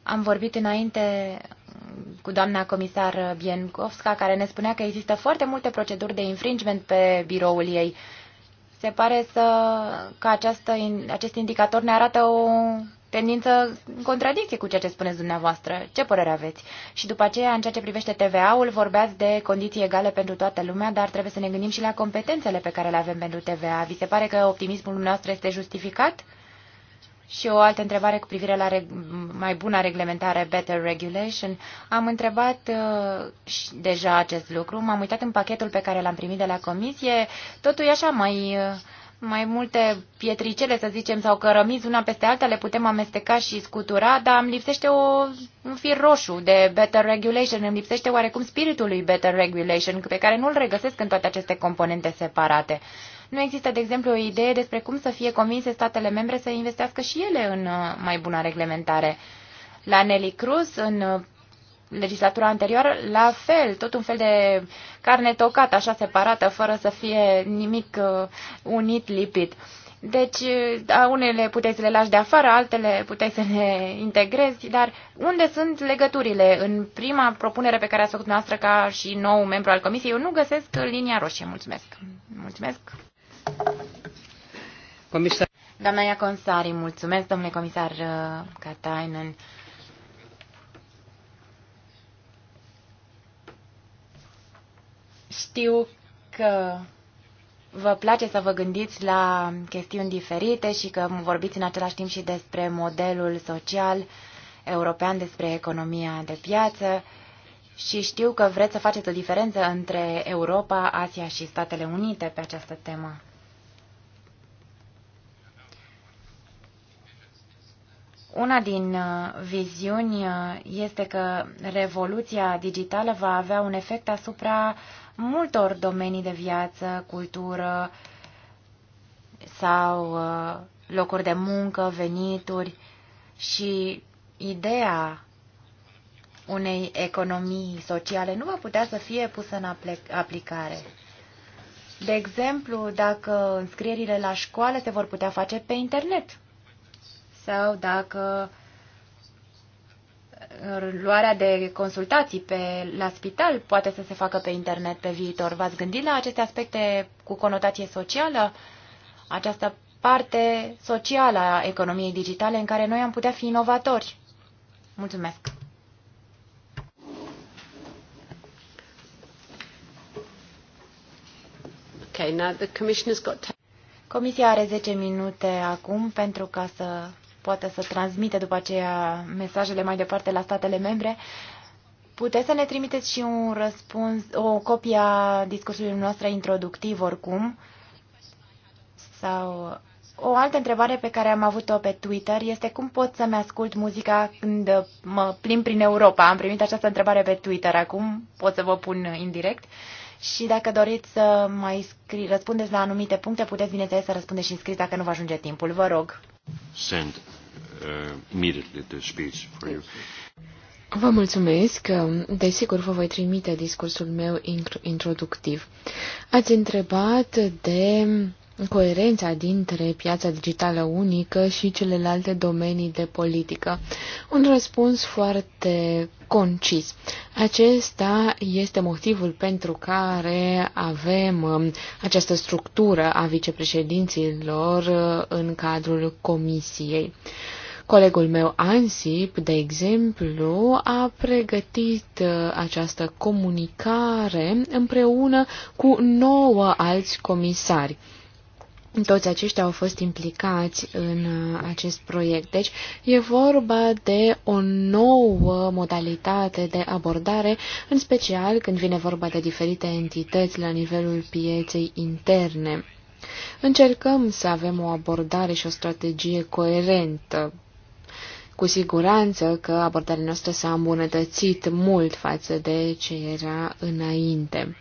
Am vorbit înainte cu doamna comisar Biencovska, care ne spunea că există foarte multe proceduri de infringement pe biroul ei. Se pare să, că această, acest indicator ne arată o tendință în contradicție cu ceea ce spuneți dumneavoastră. Ce părere aveți? Și după aceea, în ceea ce privește TVA-ul, vorbeați de condiții egale pentru toată lumea, dar trebuie să ne gândim și la competențele pe care le avem pentru TVA. Vi se pare că optimismul nostru este justificat? Și o altă întrebare cu privire la mai bună reglementare, better regulation, am întrebat uh, deja acest lucru, m-am uitat în pachetul pe care l-am primit de la comisie, totul e așa mai uh, mai multe pietricele, să zicem, sau cărămizi una peste alta, le putem amesteca și scutura, dar îmi lipsește o, un fir roșu de better regulation, îmi lipsește oarecum spiritul lui better regulation, pe care nu-l regăsesc în toate aceste componente separate. Uh, nu există, de exemplu, o idee despre cum să fie convinse statele membre să investească și ele în uh, mai bună reglementare. La Nelly Cruz, în uh, legislatura anterioară, la fel, tot un fel de carne tocată, așa separată, fără să fie nimic uh, unit, lipit. Deci, unele puteai să le lași de afară, altele puteai să le integrezi, dar unde sunt legăturile? În prima propunere pe care ați făcut noastră ca și nou membru al Comisiei, eu nu găsesc linia roșie. Mulțumesc. Mulțumesc. Comisar. Doamna Iaconsari, mulțumesc, domnule comisar uh, Katainen. Știu că vă place să vă gândiți la chestiuni diferite și că vorbiți în același timp și despre modelul social european, despre economia de piață și știu că vreți să faceți o diferență între Europa, Asia și Statele Unite pe această temă. Una din uh, viziuni uh, este că revoluția digitală va avea un efect asupra multor domenii de viață, cultură sau uh, locuri de muncă, venituri și ideea unei economii sociale nu va putea să fie pusă în aplicare. De exemplu, dacă înscrierile la școală se vor putea face pe internet, sau dacă uh, luarea de consultații pe, la spital poate să se facă pe internet pe viitor. V-ați gândit la aceste aspecte cu conotație socială? Această parte socială a economiei digitale în care noi am putea fi inovatori. Mulțumesc! Okay, now the commissioner's got Comisia are 10 minute acum pentru ca să poată să transmite după aceea mesajele mai departe la statele membre. Puteți să ne trimiteți și un răspuns, o copie a discursului noastră introductiv oricum? Sau o altă întrebare pe care am avut-o pe Twitter este cum pot să-mi ascult muzica când mă plim prin Europa. Am primit această întrebare pe Twitter acum, pot să vă pun indirect. Și dacă doriți să mai scri, răspundeți la anumite puncte, puteți, bineînțeles, să răspundeți și în scris dacă nu vă ajunge timpul. Vă rog send uh, immediately the speech for you. Vă mulțumesc. Desigur, vă voi trimite discursul meu introductiv. Ați întrebat de coerența dintre piața digitală unică și celelalte domenii de politică. Un răspuns foarte concis. Acesta este motivul pentru care avem um, această structură a vicepreședinților uh, în cadrul comisiei. Colegul meu, Ansip, de exemplu, a pregătit uh, această comunicare împreună cu nouă alți comisari toți aceștia au fost implicați în uh, acest proiect. Deci e vorba de o nouă modalitate de abordare, în special când vine vorba de diferite entități la nivelul pieței interne. Încercăm să avem o abordare și o strategie coerentă. Cu siguranță că abordarea noastră s-a îmbunătățit mult față de ce era înainte.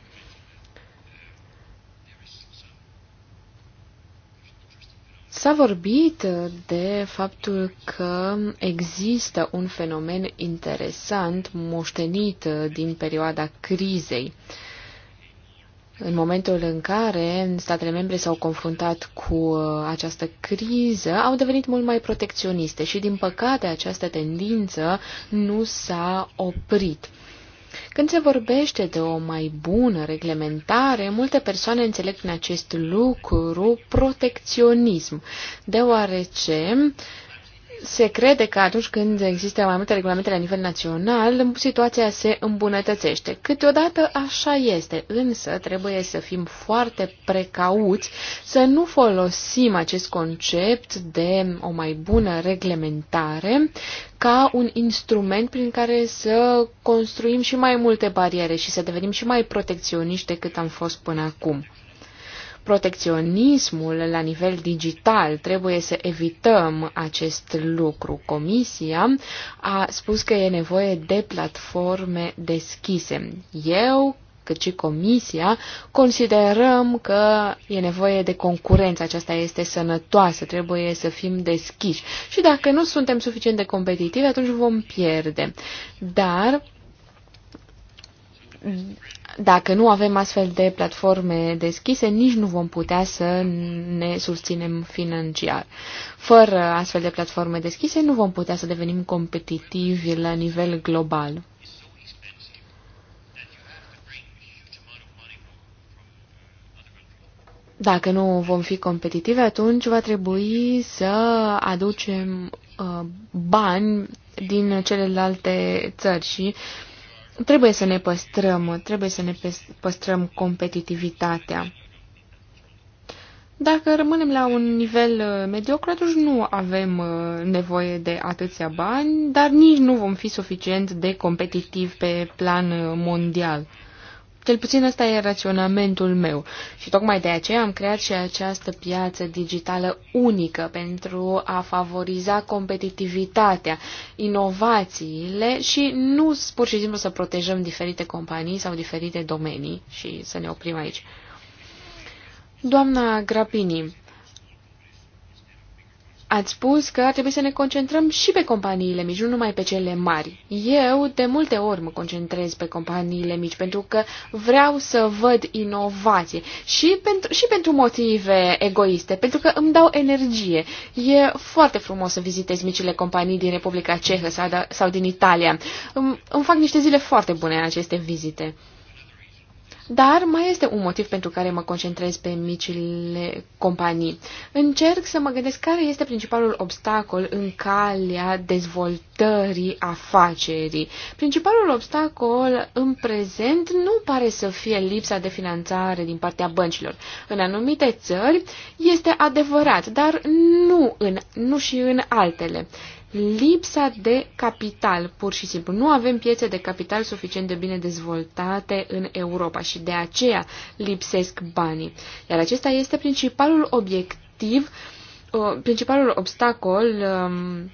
S-a vorbit de faptul că există un fenomen interesant moștenit din perioada crizei. În momentul în care statele membre s-au confruntat cu această criză, au devenit mult mai protecționiste și, din păcate, această tendință nu s-a oprit. Când se vorbește de o mai bună reglementare, multe persoane înțeleg în acest lucru protecționism, deoarece uh, se crede că atunci când există mai multe regulamente la nivel național, situația se îmbunătățește. Câteodată așa este, însă trebuie să fim foarte precauți să nu folosim acest concept de o mai bună reglementare ca un instrument prin care să construim și mai multe bariere și să devenim și mai protecționiști decât am fost până acum protecționismul la nivel digital. Trebuie să evităm acest lucru. Comisia a spus că e nevoie de platforme deschise. Eu cât și Comisia, considerăm că e nevoie de concurență, aceasta este sănătoasă, trebuie să fim deschiși. Și dacă nu suntem suficient de competitivi, atunci vom pierde. Dar dacă nu avem astfel de platforme deschise, nici nu vom putea să ne susținem financiar. Fără astfel de platforme deschise, nu vom putea să devenim competitivi la nivel global. Dacă nu vom fi competitivi, atunci va trebui să aducem uh, bani din celelalte țări și uh, Trebuie să ne păstrăm, trebuie să ne păstrăm competitivitatea. Dacă rămânem la un nivel uh, mediocru, atunci nu avem uh, nevoie de atâția bani, dar nici nu vom fi suficient de competitivi pe plan uh, mondial. Cel puțin ăsta e raționamentul meu și tocmai de aceea am creat și această piață digitală unică pentru a favoriza competitivitatea, inovațiile și nu pur și simplu să protejăm diferite companii sau diferite domenii și să ne oprim aici. Doamna Grapini, Ați spus că ar trebui să ne concentrăm și pe companiile mici, nu numai pe cele mari. Eu de multe ori mă concentrez pe companiile mici pentru că vreau să văd inovație și pentru, și pentru motive egoiste, pentru că îmi dau energie. E foarte frumos să vizitez micile companii din Republica Cehă sau, da, sau din Italia. Îmi, îmi fac niște zile foarte bune aceste vizite. Dar mai este un motiv pentru care mă concentrez pe micile companii. Încerc să mă gândesc care este principalul obstacol în calea dezvoltării afacerii. Principalul obstacol în prezent nu pare să fie lipsa de finanțare din partea băncilor. În anumite țări este adevărat, dar nu, în, nu și în altele lipsa de capital, pur și simplu. Nu avem piețe de capital suficient de bine dezvoltate în Europa și de aceea lipsesc banii. Iar acesta este principalul obiectiv, uh, principalul obstacol um,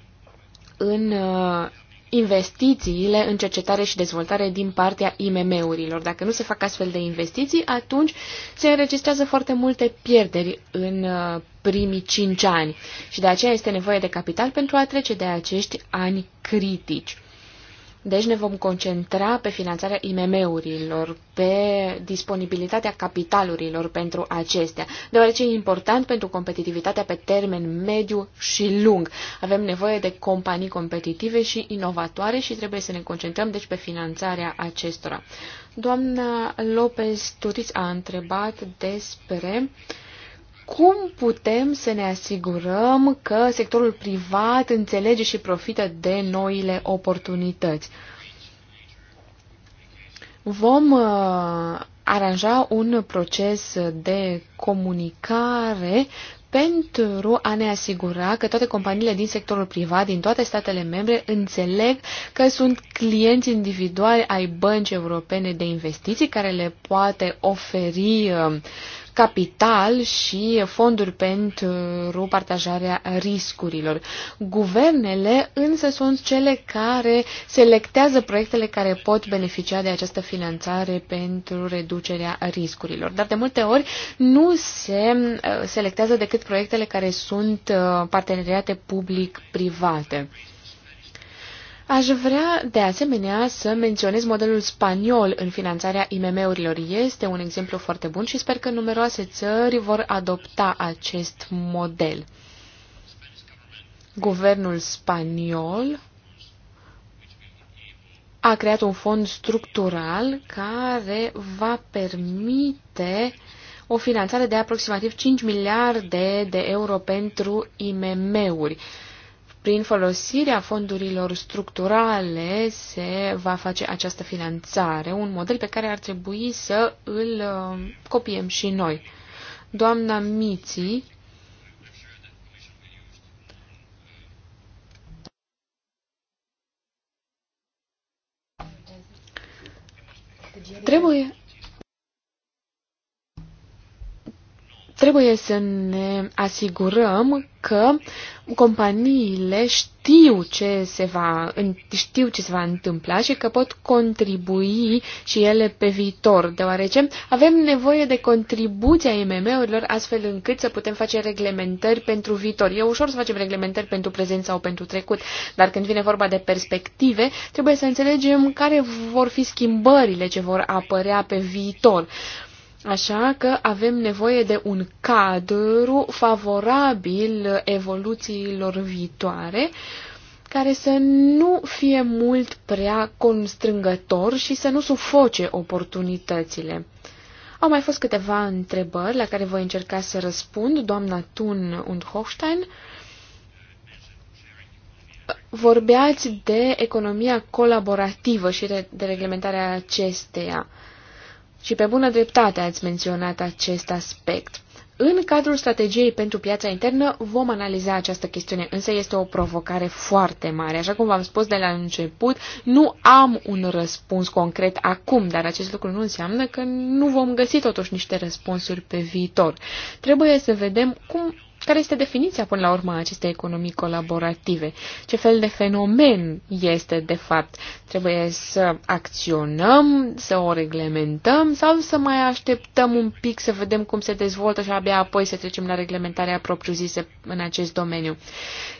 în uh, investițiile în cercetare și dezvoltare din partea IMM-urilor. Dacă nu se fac astfel de investiții, atunci se înregistrează foarte multe pierderi în uh, primii cinci ani și de aceea este nevoie de capital pentru a trece de acești ani critici. Deci ne vom concentra pe finanțarea IMM-urilor, pe disponibilitatea capitalurilor pentru acestea, deoarece e important pentru competitivitatea pe termen mediu și lung. Avem nevoie de companii competitive și inovatoare și trebuie să ne concentrăm deci pe finanțarea acestora. Doamna Lopez Turiț a întrebat despre uh, cum putem să ne asigurăm că sectorul privat înțelege și profită de noile oportunități? Vom uh, aranja un proces de comunicare pentru a ne asigura că toate companiile din sectorul privat, din toate statele membre, înțeleg că sunt clienți individuali ai băncii europene de investiții care le poate oferi uh, capital și fonduri pentru partajarea riscurilor. Guvernele însă sunt cele care selectează proiectele care pot beneficia de această finanțare pentru reducerea riscurilor. Dar de multe ori nu se uh, selectează decât proiectele care sunt uh, parteneriate public-private. Aș vrea, de asemenea, să menționez modelul spaniol în finanțarea IMM-urilor. Este un exemplu foarte bun și sper că numeroase țări vor adopta acest model. Guvernul spaniol a creat un fond structural care va permite o finanțare de aproximativ 5 miliarde de euro pentru IMM-uri prin folosirea fondurilor structurale se va face această finanțare, un model pe care ar trebui să îl um, copiem și noi. Doamna Miții Trebuie Trebuie să ne asigurăm că companiile știu ce se va, știu ce se va întâmpla și că pot contribui și ele pe viitor, deoarece avem nevoie de contribuția IMM-urilor astfel încât să putem face reglementări pentru viitor. E ușor să facem reglementări pentru prezent sau pentru trecut, dar când vine vorba de perspective, trebuie să înțelegem care vor fi schimbările ce vor apărea pe viitor. Așa că avem nevoie de un cadru favorabil evoluțiilor viitoare, care să nu fie mult prea constrângător și să nu sufoce oportunitățile. Au mai fost câteva întrebări la care voi încerca să răspund, doamna Thun und Hochstein. Vorbeați de economia colaborativă și de reglementarea acesteia. Și pe bună dreptate ați menționat acest aspect. În cadrul strategiei pentru piața internă vom analiza această chestiune, însă este o provocare foarte mare. Așa cum v-am spus de la început, nu am un răspuns concret acum, dar acest lucru nu înseamnă că nu vom găsi totuși niște răspunsuri pe viitor. Trebuie să vedem cum care este definiția până la urmă a acestei economii colaborative? Ce fel de fenomen este de fapt? Trebuie să acționăm, să o reglementăm sau să mai așteptăm un pic să vedem cum se dezvoltă și abia apoi să trecem la reglementarea propriu-zisă în acest domeniu?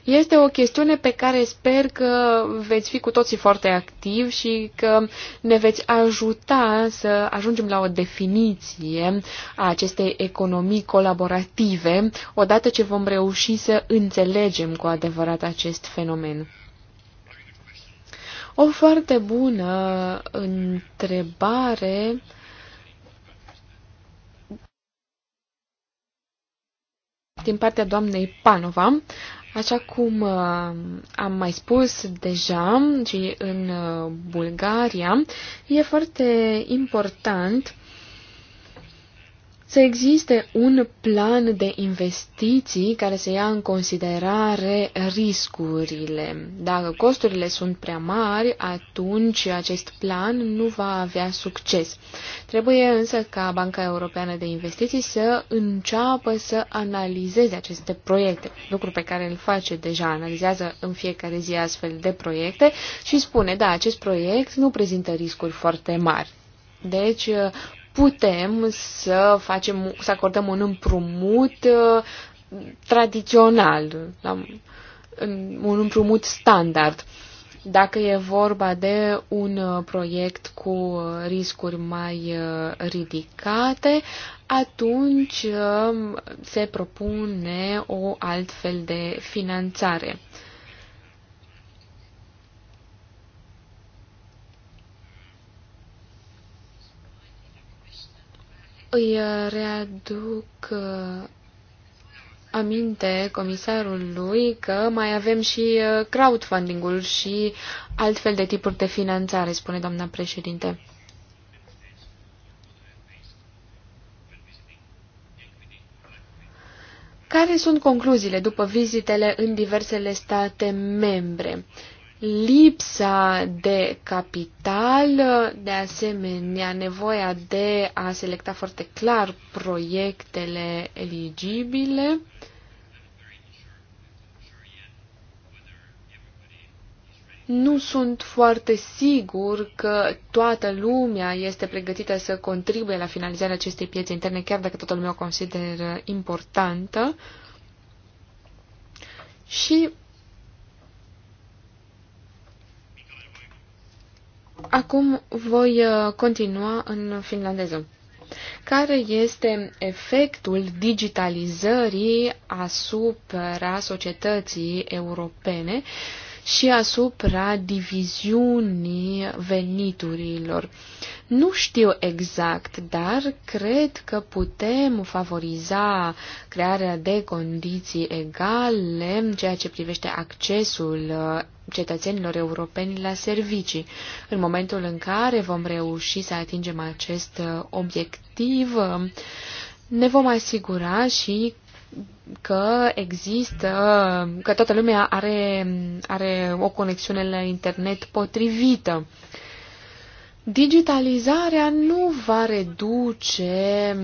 Este o chestiune pe care sper că veți fi cu toții foarte activi și că ne veți ajuta să ajungem la o definiție a acestei economii colaborative odată ce vom reuși să înțelegem cu adevărat acest fenomen. O foarte bună întrebare din partea doamnei Panova. Așa cum uh, am mai spus deja și în uh, Bulgaria, e foarte important să existe un plan de investiții care să ia în considerare riscurile. Dacă costurile sunt prea mari, atunci acest plan nu va avea succes. Trebuie însă ca Banca Europeană de Investiții să înceapă să analizeze aceste proiecte, lucru pe care îl face deja, analizează în fiecare zi astfel de proiecte și spune, da, acest proiect nu prezintă riscuri foarte mari. Deci putem să facem, să acordăm un împrumut uh, tradițional, un împrumut standard. Dacă e vorba de un uh, proiect cu uh, riscuri mai ridicate, atunci se propune o altfel de finanțare. Îi uh, readuc uh, aminte comisarului că mai avem și uh, crowdfunding-ul și altfel de tipuri de finanțare, spune doamna președinte. Care sunt concluziile după vizitele în diversele state membre? lipsa de capital, de asemenea nevoia de a selecta foarte clar proiectele eligibile. Nu sunt foarte sigur că toată lumea este pregătită să contribuie la finalizarea acestei piețe interne, chiar dacă toată lumea o consideră importantă. Și Acum voi uh, continua în finlandeză. Care este efectul digitalizării asupra societății europene uh, și asupra diviziunii veniturilor. Nu știu exact, dar cred că putem favoriza crearea de condiții egale în ceea ce privește accesul uh, cetățenilor europeni la servicii. În momentul în care vom reuși să atingem acest uh, obiectiv, uh, ne vom asigura și că există, că toată lumea are, are o conexiune la internet potrivită. Digitalizarea nu va reduce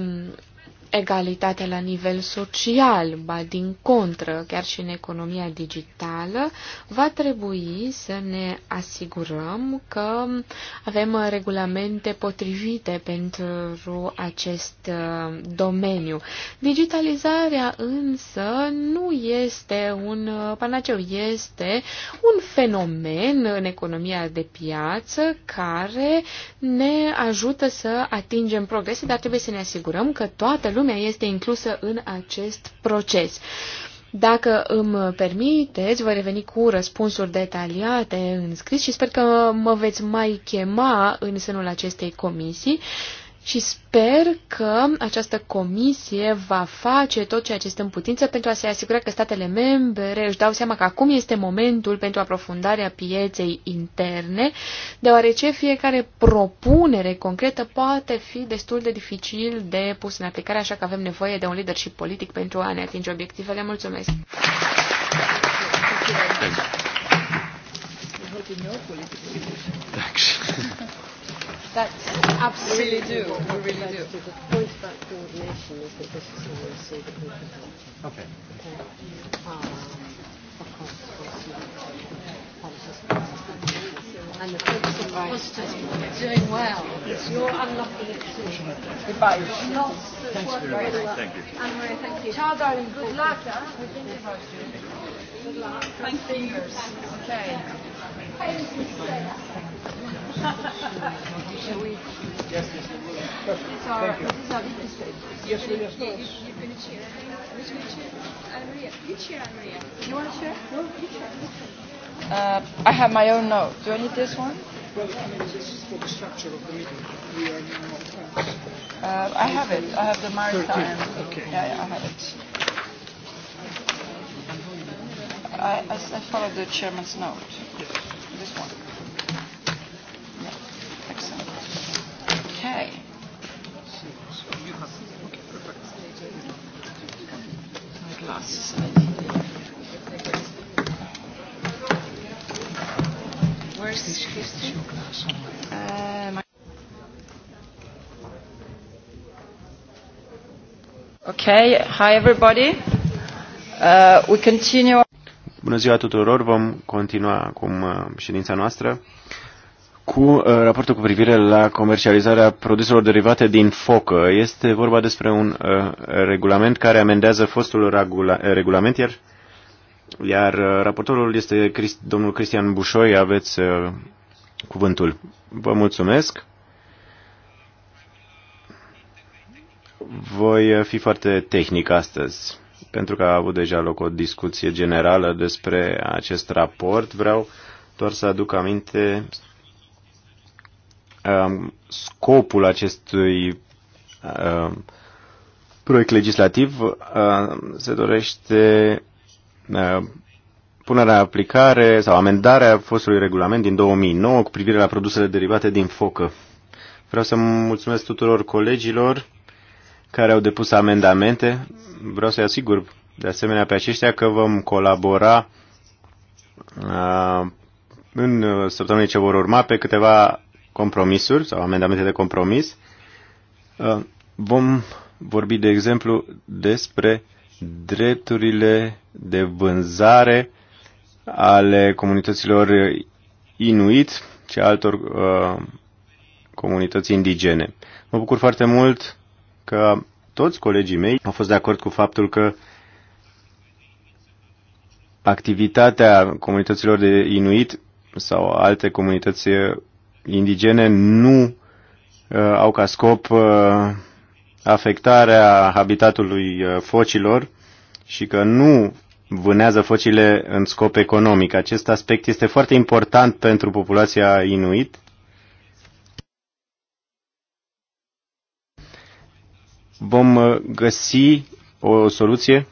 egalitatea la nivel social, ba din contră, chiar și în economia digitală, va trebui să ne asigurăm că avem regulamente potrivite pentru acest uh, domeniu. Digitalizarea însă nu este un uh, panaceu, este un fenomen în economia de piață care ne ajută să atingem progrese, dar trebuie să ne asigurăm că toată lumea lumea este inclusă în acest proces. Dacă îmi permiteți, voi reveni cu răspunsuri detaliate în scris și sper că mă veți mai chema în sânul acestei comisii și sper că această comisie va face tot ceea ce este în putință pentru a se asigura că statele membre își dau seama că acum este momentul pentru aprofundarea pieței interne, deoarece fiecare propunere concretă poate fi destul de dificil de pus în aplicare, așa că avem nevoie de un leadership politic pentru a ne atinge obiectivele. Mulțumesc! Thanks. That's absolutely really do. we really do. The point about coordination is that this is how we see the people. Okay. Okay. Um, of course, policies. And the focus on clusters doing well. Yes. You're unlocking Goodbye. Lots that Thanks work very well. Thank you. Anne-Marie, thank you. Ciao, darling. Good luck. Huh? We think about you. Good luck. Thank you. Okay. Uh, I have my own note. Do I need this one? Well, I mean, this is for the structure of the meeting. We are Uh, I have it. I have the maritime. 13. Okay. Yeah, yeah, I have it. I, I, I follow the chairman's note. Yes. This one. Okay. My glasses. Where's Uh, Okay, hi everybody. Uh, we continue. Bună ziua tuturor, vom continua acum uh, ședința noastră cu uh, raportul cu privire la comercializarea produselor derivate din focă. Este vorba despre un uh, regulament care amendează fostul regula, uh, regulament, iar, iar uh, raportorul este Crist, domnul Cristian Bușoi. Aveți uh, cuvântul. Vă mulțumesc. Voi uh, fi foarte tehnic astăzi, pentru că a avut deja loc o discuție generală despre acest raport. Vreau doar să aduc aminte Um, scopul acestui um, proiect legislativ uh, se dorește uh, punerea în aplicare sau amendarea fostului regulament din 2009 cu privire la produsele derivate din focă. Vreau să mulțumesc tuturor colegilor care au depus amendamente. Vreau să-i asigur de asemenea pe aceștia că vom colabora uh, în săptămânile ce vor urma pe câteva compromisuri sau amendamente de compromis, uh, vom vorbi, de exemplu, despre drepturile de vânzare ale comunităților inuit și altor uh, comunități indigene. Mă bucur foarte mult că toți colegii mei au fost de acord cu faptul că activitatea comunităților de inuit sau alte comunități indigene nu uh, au ca scop uh, afectarea habitatului uh, focilor și că nu vânează focile în scop economic. Acest aspect este foarte important pentru populația inuit. Vom găsi o soluție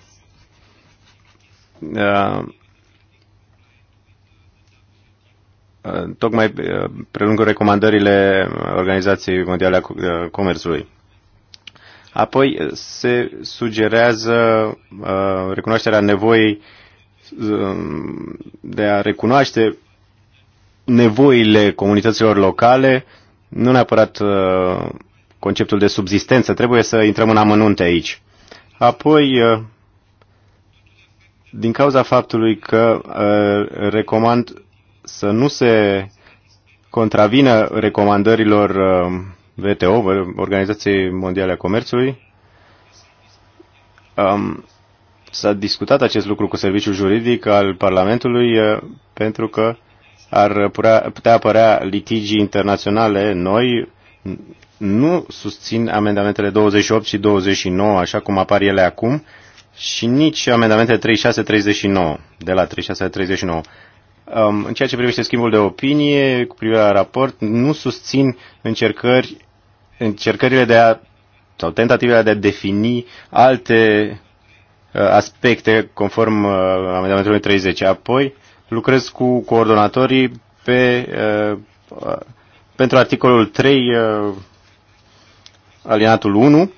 tocmai uh, prelungă recomandările Organizației Mondiale a uh, Comerțului. Apoi uh, se sugerează recunoașterea nevoii um, de a recunoaște nevoile comunităților locale, nu neapărat conceptul de subzistență, trebuie să intrăm în amănunte aici. Apoi, din cauza faptului că recomand să nu se contravină recomandărilor WTO, uh, Organizației Mondiale a Comerțului. Um, s-a discutat acest lucru cu serviciul juridic al Parlamentului uh, pentru că ar putea apărea litigii internaționale noi. Nu susțin amendamentele 28 și 29 așa cum apar ele acum și nici amendamentele 36-39, de la 36-39. Um, în ceea ce privește schimbul de opinie cu privire la raport, nu susțin încercări, încercările de a, sau tentativele de a defini alte uh, aspecte conform uh, amendamentului 30. Apoi lucrez cu coordonatorii pe, uh, pentru articolul 3 alinatul 1.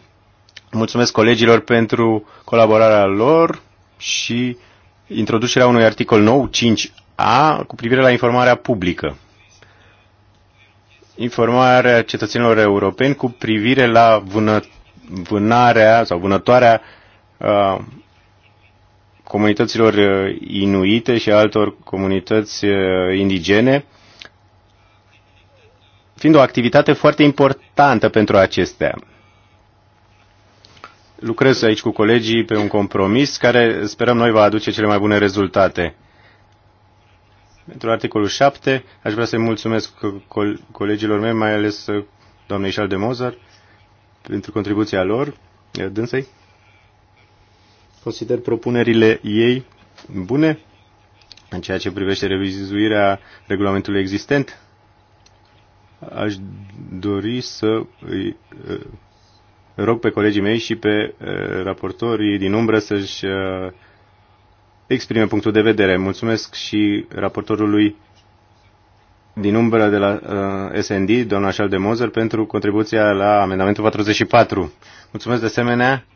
Mulțumesc colegilor pentru colaborarea lor și introducerea unui articol nou, 5 a cu privire la informarea publică. Informarea cetățenilor europeni cu privire la vână, vânarea sau vânătoarea uh, comunităților inuite și altor comunități indigene, fiind o activitate foarte importantă pentru acestea. Lucrez aici cu colegii pe un compromis care sperăm noi va aduce cele mai bune rezultate. Pentru articolul 7, aș vrea să-i mulțumesc colegilor mei, mai ales uh, doamnei Charles de Mozart, pentru contribuția lor, dânsei. Consider propunerile ei bune în ceea ce privește revizuirea regulamentului existent. Aș dori să îi uh, rog pe colegii mei și pe uh, raportorii din umbră să-și exprime punctul de vedere. Mulțumesc și raportorului din umbră de la uh, SND, doamna Charles de Moser, pentru contribuția la amendamentul 44. Mulțumesc de asemenea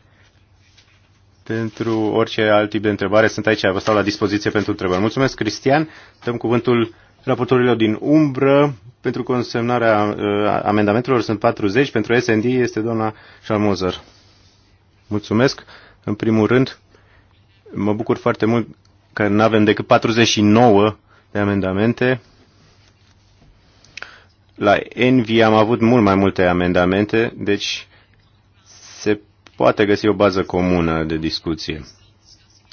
pentru orice alt tip de întrebare. Sunt aici, vă stau la dispoziție pentru întrebări. Mulțumesc, Cristian. Dăm cuvântul raportorilor din umbră pentru consemnarea uh, amendamentelor. Sunt 40. Pentru SND este doamna Charles Moser. Mulțumesc. În primul rând, Mă bucur foarte mult că nu avem decât 49 de amendamente. La Envy am avut mult mai multe amendamente, deci se poate găsi o bază comună de discuție.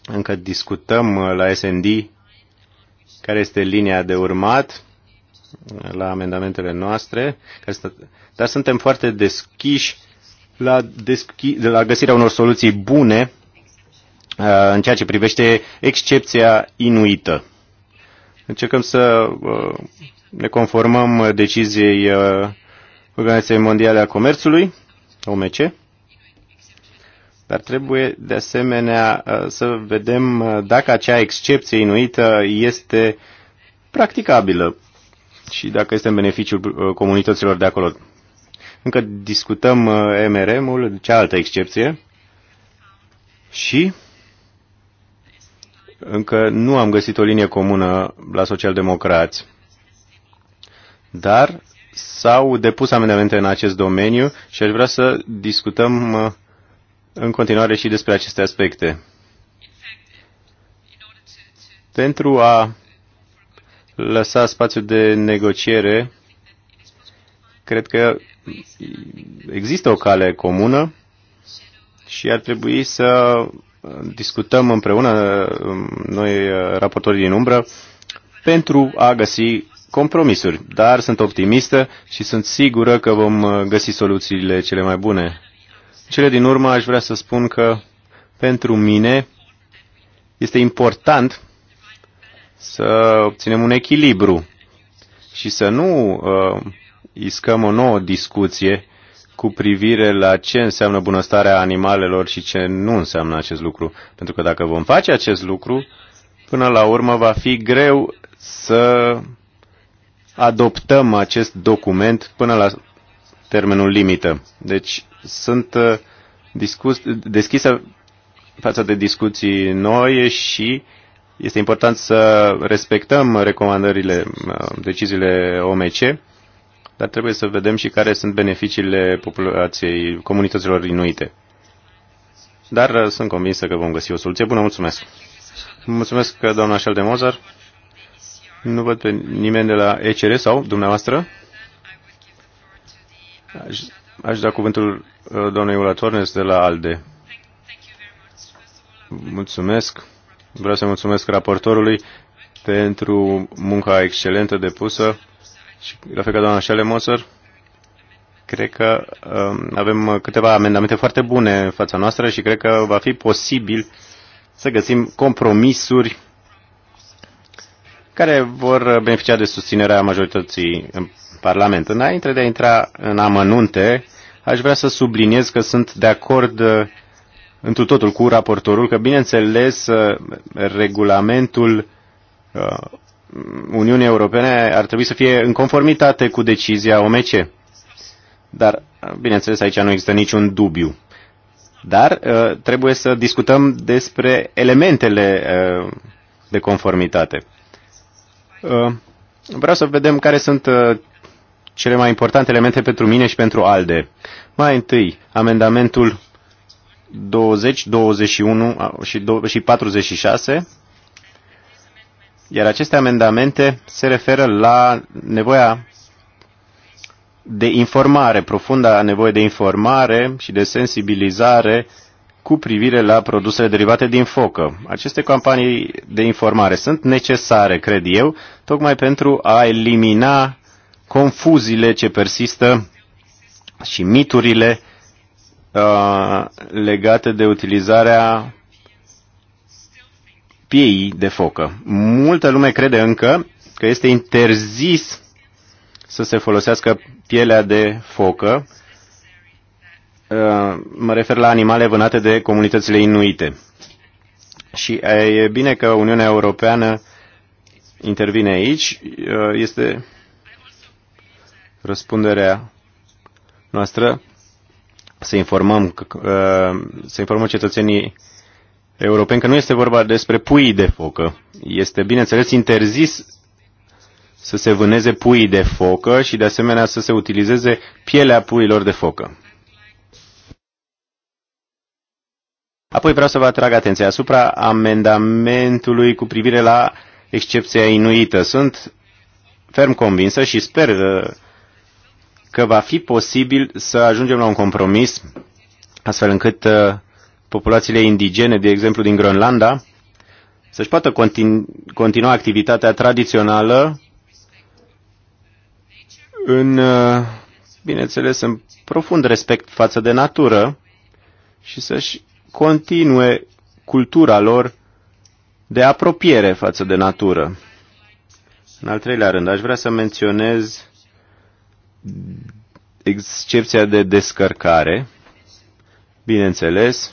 Încă discutăm uh, la SND care este linia de urmat uh, la amendamentele noastre, dar suntem foarte deschiși la, deschi- la găsirea unor soluții bune Uh, în ceea ce privește excepția inuită. Încercăm să uh, ne conformăm deciziei uh, Organizației Mondiale a Comerțului, OMC, dar trebuie de asemenea să vedem dacă acea excepție inuită este practicabilă și dacă este în beneficiul comunităților de acolo. Încă discutăm MRM-ul, cealaltă excepție, și încă nu am găsit o linie comună la socialdemocrați. Dar s-au depus amendamente în acest domeniu și aș vrea să discutăm uh, în continuare și despre aceste aspecte. Pentru a lăsa spațiu de negociere, cred că există o cale comună și ar trebui să discutăm împreună, um, noi uh, raportorii din umbră, pentru a găsi compromisuri. Dar sunt optimistă și sunt sigură că vom uh, găsi soluțiile cele mai bune. Cele din urmă aș vrea să spun că pentru mine este important să obținem un echilibru și să nu uh, iscăm o nouă discuție cu privire la ce înseamnă bunăstarea animalelor și ce nu înseamnă acest lucru. Pentru că dacă vom face acest lucru, până la urmă va fi greu să adoptăm acest document până la termenul limită. Deci sunt uh, discus, deschisă față de discuții noi și este important să respectăm recomandările, uh, deciziile OMC dar trebuie să vedem și care sunt beneficiile populației, comunităților inuite. Dar uh, sunt convinsă că vom găsi o soluție bună. Mulțumesc! Mulțumesc, uh, doamna Șelde Mozar. Nu văd pe nimeni de la ECR sau dumneavoastră. Aș, aș da cuvântul uh, doamnei Ula Tornes de la ALDE. Mulțumesc. Vreau să mulțumesc raportorului pentru munca excelentă depusă și la fel ca doamna Schelemoser, cred că uh, avem câteva amendamente foarte bune în fața noastră și cred că va fi posibil să găsim compromisuri care vor beneficia de susținerea majorității în Parlament. Înainte de a intra în amănunte, aș vrea să subliniez că sunt de acord întru totul cu raportorul, că bineînțeles uh, regulamentul uh, Uniunii Europene ar trebui să fie în conformitate cu decizia OMC. Dar, bineînțeles, aici nu există niciun dubiu. Dar uh, trebuie să discutăm despre elementele uh, de conformitate. Uh, vreau să vedem care sunt cele mai importante elemente pentru mine și pentru ALDE. Mai întâi, amendamentul 20, 21 și 46 iar aceste amendamente se referă la nevoia de informare, profunda nevoie de informare și de sensibilizare cu privire la produsele derivate din focă. Aceste campanii de informare sunt necesare, cred eu, tocmai pentru a elimina confuziile ce persistă și miturile uh, legate de utilizarea piei de focă. Multă lume crede încă că este interzis să se folosească pielea de focă. Uh, mă refer la animale vânate de comunitățile inuite. Și e bine că Uniunea Europeană intervine aici. Uh, este răspunderea noastră să informăm, uh, să informăm cetățenii europeni că nu este vorba despre pui de focă. Este, bineînțeles, interzis să se vâneze pui de focă și, de asemenea, să se utilizeze pielea puilor de focă. Apoi vreau să vă atrag atenția asupra amendamentului cu privire la excepția inuită. Sunt ferm convinsă și sper uh, că va fi posibil să ajungem la un compromis astfel încât uh, populațiile indigene, de exemplu din Groenlanda, să-și poată continu- continua activitatea tradițională în, uh, bineînțeles, în profund respect față de natură și să-și continue cultura lor de apropiere față de natură. În al treilea rând, aș vrea să menționez excepția de descărcare. Bineînțeles,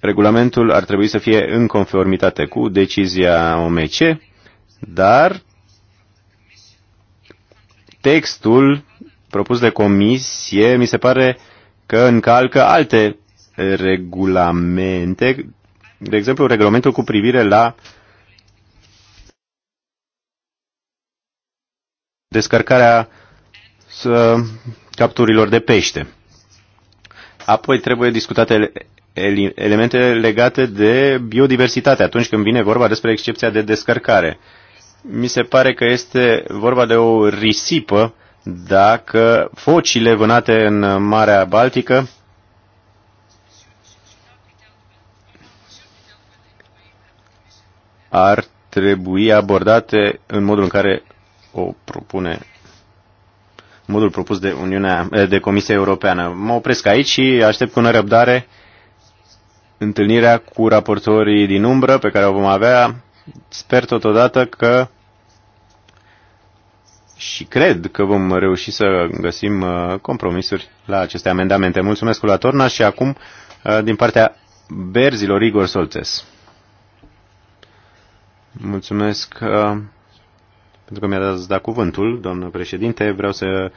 regulamentul ar trebui să fie în conformitate cu decizia OMC, dar textul propus de comisie mi se pare că încalcă alte regulamente, de exemplu regulamentul cu privire la descărcarea capturilor de pește. Apoi trebuie discutate elemente legate de biodiversitate atunci când vine vorba despre excepția de descărcare. Mi se pare că este vorba de o risipă dacă focile vânate în Marea Baltică ar trebui abordate în modul în care o propune modul propus de Uniunea, de Comisia Europeană. Mă opresc aici și aștept cu nerăbdare întâlnirea cu raportorii din umbră pe care o vom avea. Sper totodată că și cred că vom reuși să găsim uh, compromisuri la aceste amendamente. Mulțumesc, la Torna, și acum uh, din partea berzilor Igor Soltes. Mulțumesc uh, pentru că mi a dat cuvântul, doamnă președinte. Vreau să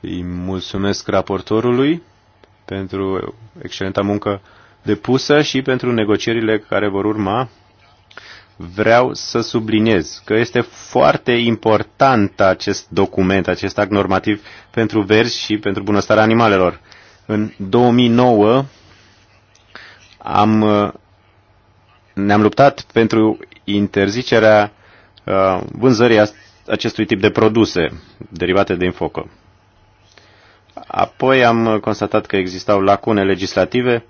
îi mulțumesc raportorului pentru excelenta muncă depusă și pentru negocierile care vor urma, vreau să subliniez că este foarte important acest document, acest act normativ pentru verzi și pentru bunăstarea animalelor. În 2009 am, ne-am luptat pentru interzicerea uh, vânzării acestui tip de produse derivate din focă. Apoi am constatat că existau lacune legislative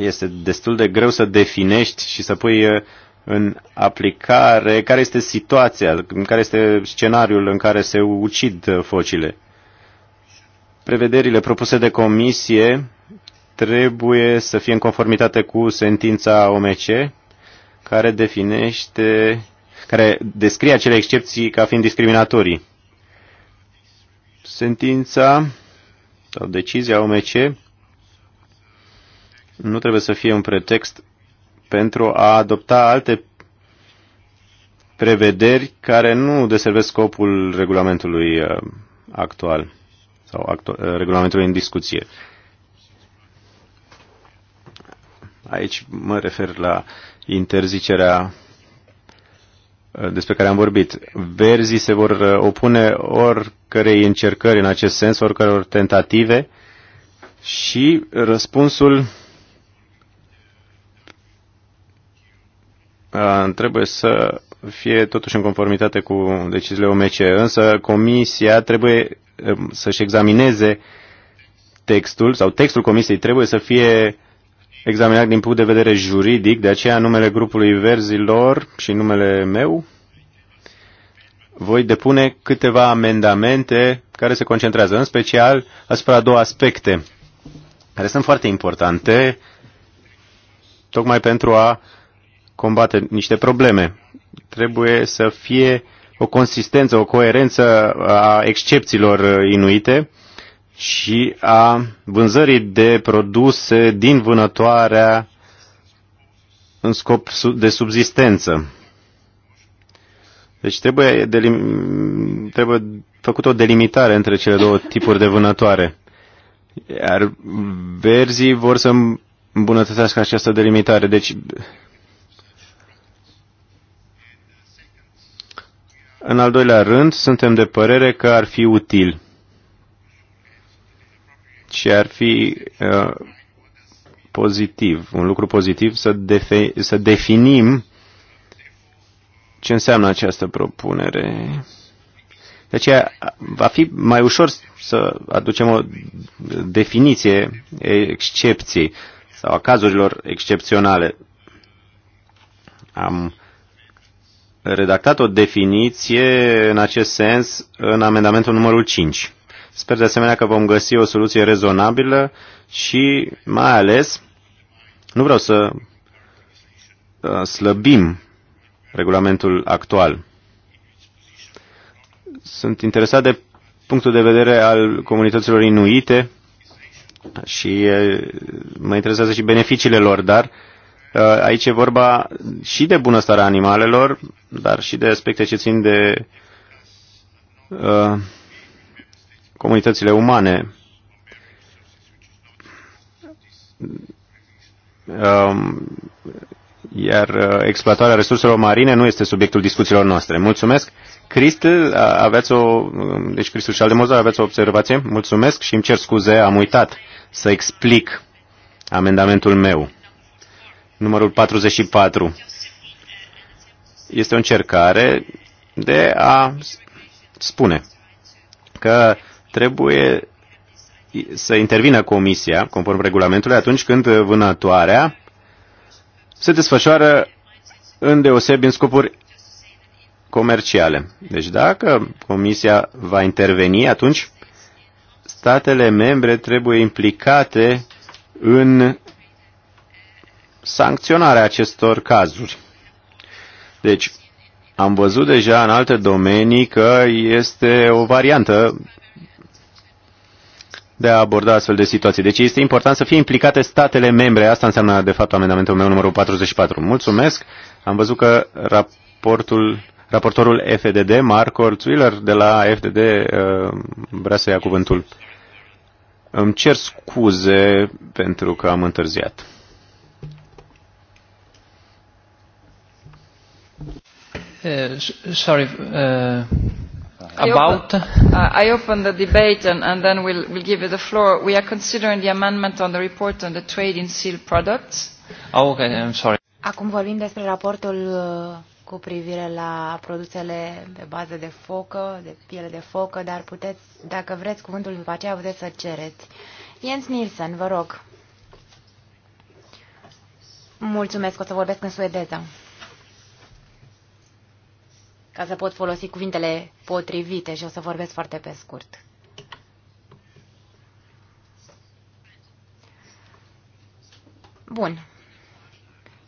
este destul de greu să definești și să pui uh, în aplicare care este situația, care este scenariul în care se ucid uh, focile. Prevederile propuse de comisie trebuie să fie în conformitate cu sentința OMC, care definește, care descrie acele excepții ca fiind discriminatorii. Sentința sau decizia OMC nu trebuie să fie un pretext pentru a adopta alte prevederi care nu deservesc scopul regulamentului uh, actual sau actu- uh, regulamentului în discuție. Aici mă refer la interzicerea uh, despre care am vorbit. Verzii se vor opune oricărei încercări în acest sens, oricăror tentative și răspunsul Uh, trebuie să fie totuși în conformitate cu deciziile OMC, însă Comisia trebuie um, să-și examineze textul sau textul Comisiei trebuie să fie examinat din punct de vedere juridic, de aceea numele grupului verzilor și numele meu voi depune câteva amendamente care se concentrează în special asupra două aspecte care sunt foarte importante tocmai pentru a uh, combate niște probleme. Trebuie să fie o consistență, o coerență a excepțiilor inuite și a vânzării de produse din vânătoarea în scop de subzistență. Deci trebuie, delim- trebuie făcut o delimitare între cele două tipuri de vânătoare. Iar verzii vor să îmbunătățească această delimitare. Deci În al doilea rând, suntem de părere că ar fi util și ar fi uh, pozitiv, un lucru pozitiv să, defi- să definim ce înseamnă această propunere. De aceea va fi mai ușor să aducem o definiție excepției sau a cazurilor excepționale. Am redactat o definiție în acest sens în amendamentul numărul 5. Sper de asemenea că vom găsi o soluție rezonabilă și mai ales nu vreau să uh, slăbim regulamentul actual. Sunt interesat de punctul de vedere al comunităților inuite și uh, mă interesează și beneficiile lor, dar uh, Uh, aici e vorba și de bunăstarea animalelor, dar și de aspecte ce țin de uh, comunitățile umane. Um, iar uh, exploatarea resurselor marine nu este subiectul discuțiilor noastre. Mulțumesc. Crist, aveți o, um, deci Cristul și Aldemozar, aveți o observație? Mulțumesc și îmi cer scuze, am uitat să explic amendamentul meu numărul 44. Este o încercare de a spune că trebuie să intervină comisia, conform regulamentului, atunci când vânătoarea se desfășoară îndeosebi în scopuri comerciale. Deci dacă comisia va interveni, atunci statele membre trebuie implicate în sancționarea acestor cazuri. Deci, am văzut deja în alte domenii că este o variantă de a aborda astfel de situații. Deci este important să fie implicate statele membre. Asta înseamnă, de fapt, amendamentul meu numărul 44. Mulțumesc. Am văzut că raportul, raportorul FDD, Marco Zuiller, de la FDD, uh, vrea să ia cuvântul. Îmi cer scuze pentru că am întârziat. Uh, sorry, uh, about. I open, the debate and, and then we'll, we'll give you the floor. We are considering the amendment on the report on the trade in seal products. Oh, okay, I'm sorry. Acum vorbim despre raportul uh, cu privire la produsele pe bază de focă, de piele de focă, dar puteți, dacă vreți cuvântul după aceea, puteți să cereți. Jens Nielsen, vă rog. Mulțumesc, o să vorbesc în suedeză ca să pot folosi cuvintele potrivite și o să vorbesc foarte pe scurt. Bun.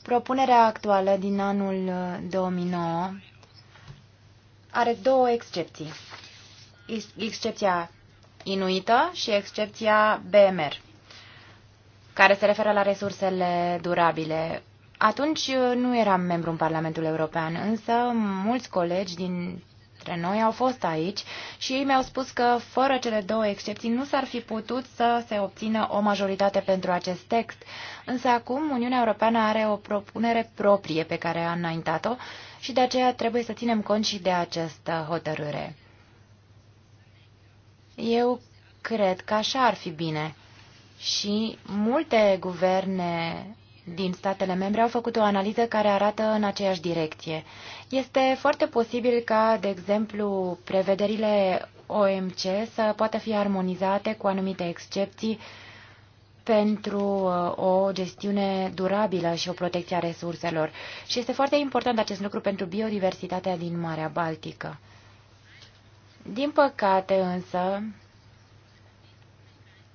Propunerea actuală din anul 2009 uh, are două excepții. Excepția inuită și excepția BMR, care se referă la resursele durabile. Atunci uh, nu eram membru în Parlamentul European, însă mulți colegi din dintre noi au fost aici și ei mi-au spus că, fără cele două excepții, nu s-ar fi putut să se obțină o majoritate pentru acest text. Însă acum Uniunea Europeană are o propunere proprie pe care a înaintat-o și de aceea trebuie să ținem cont și de această hotărâre. Eu cred că așa ar fi bine. Și multe guverne din statele membre au făcut o analiză care arată în aceeași direcție. Este foarte posibil ca, de exemplu, prevederile OMC să poată fi armonizate cu anumite excepții pentru uh, o gestiune durabilă și o protecție a resurselor. Și este foarte important acest lucru pentru biodiversitatea din Marea Baltică. Din păcate însă,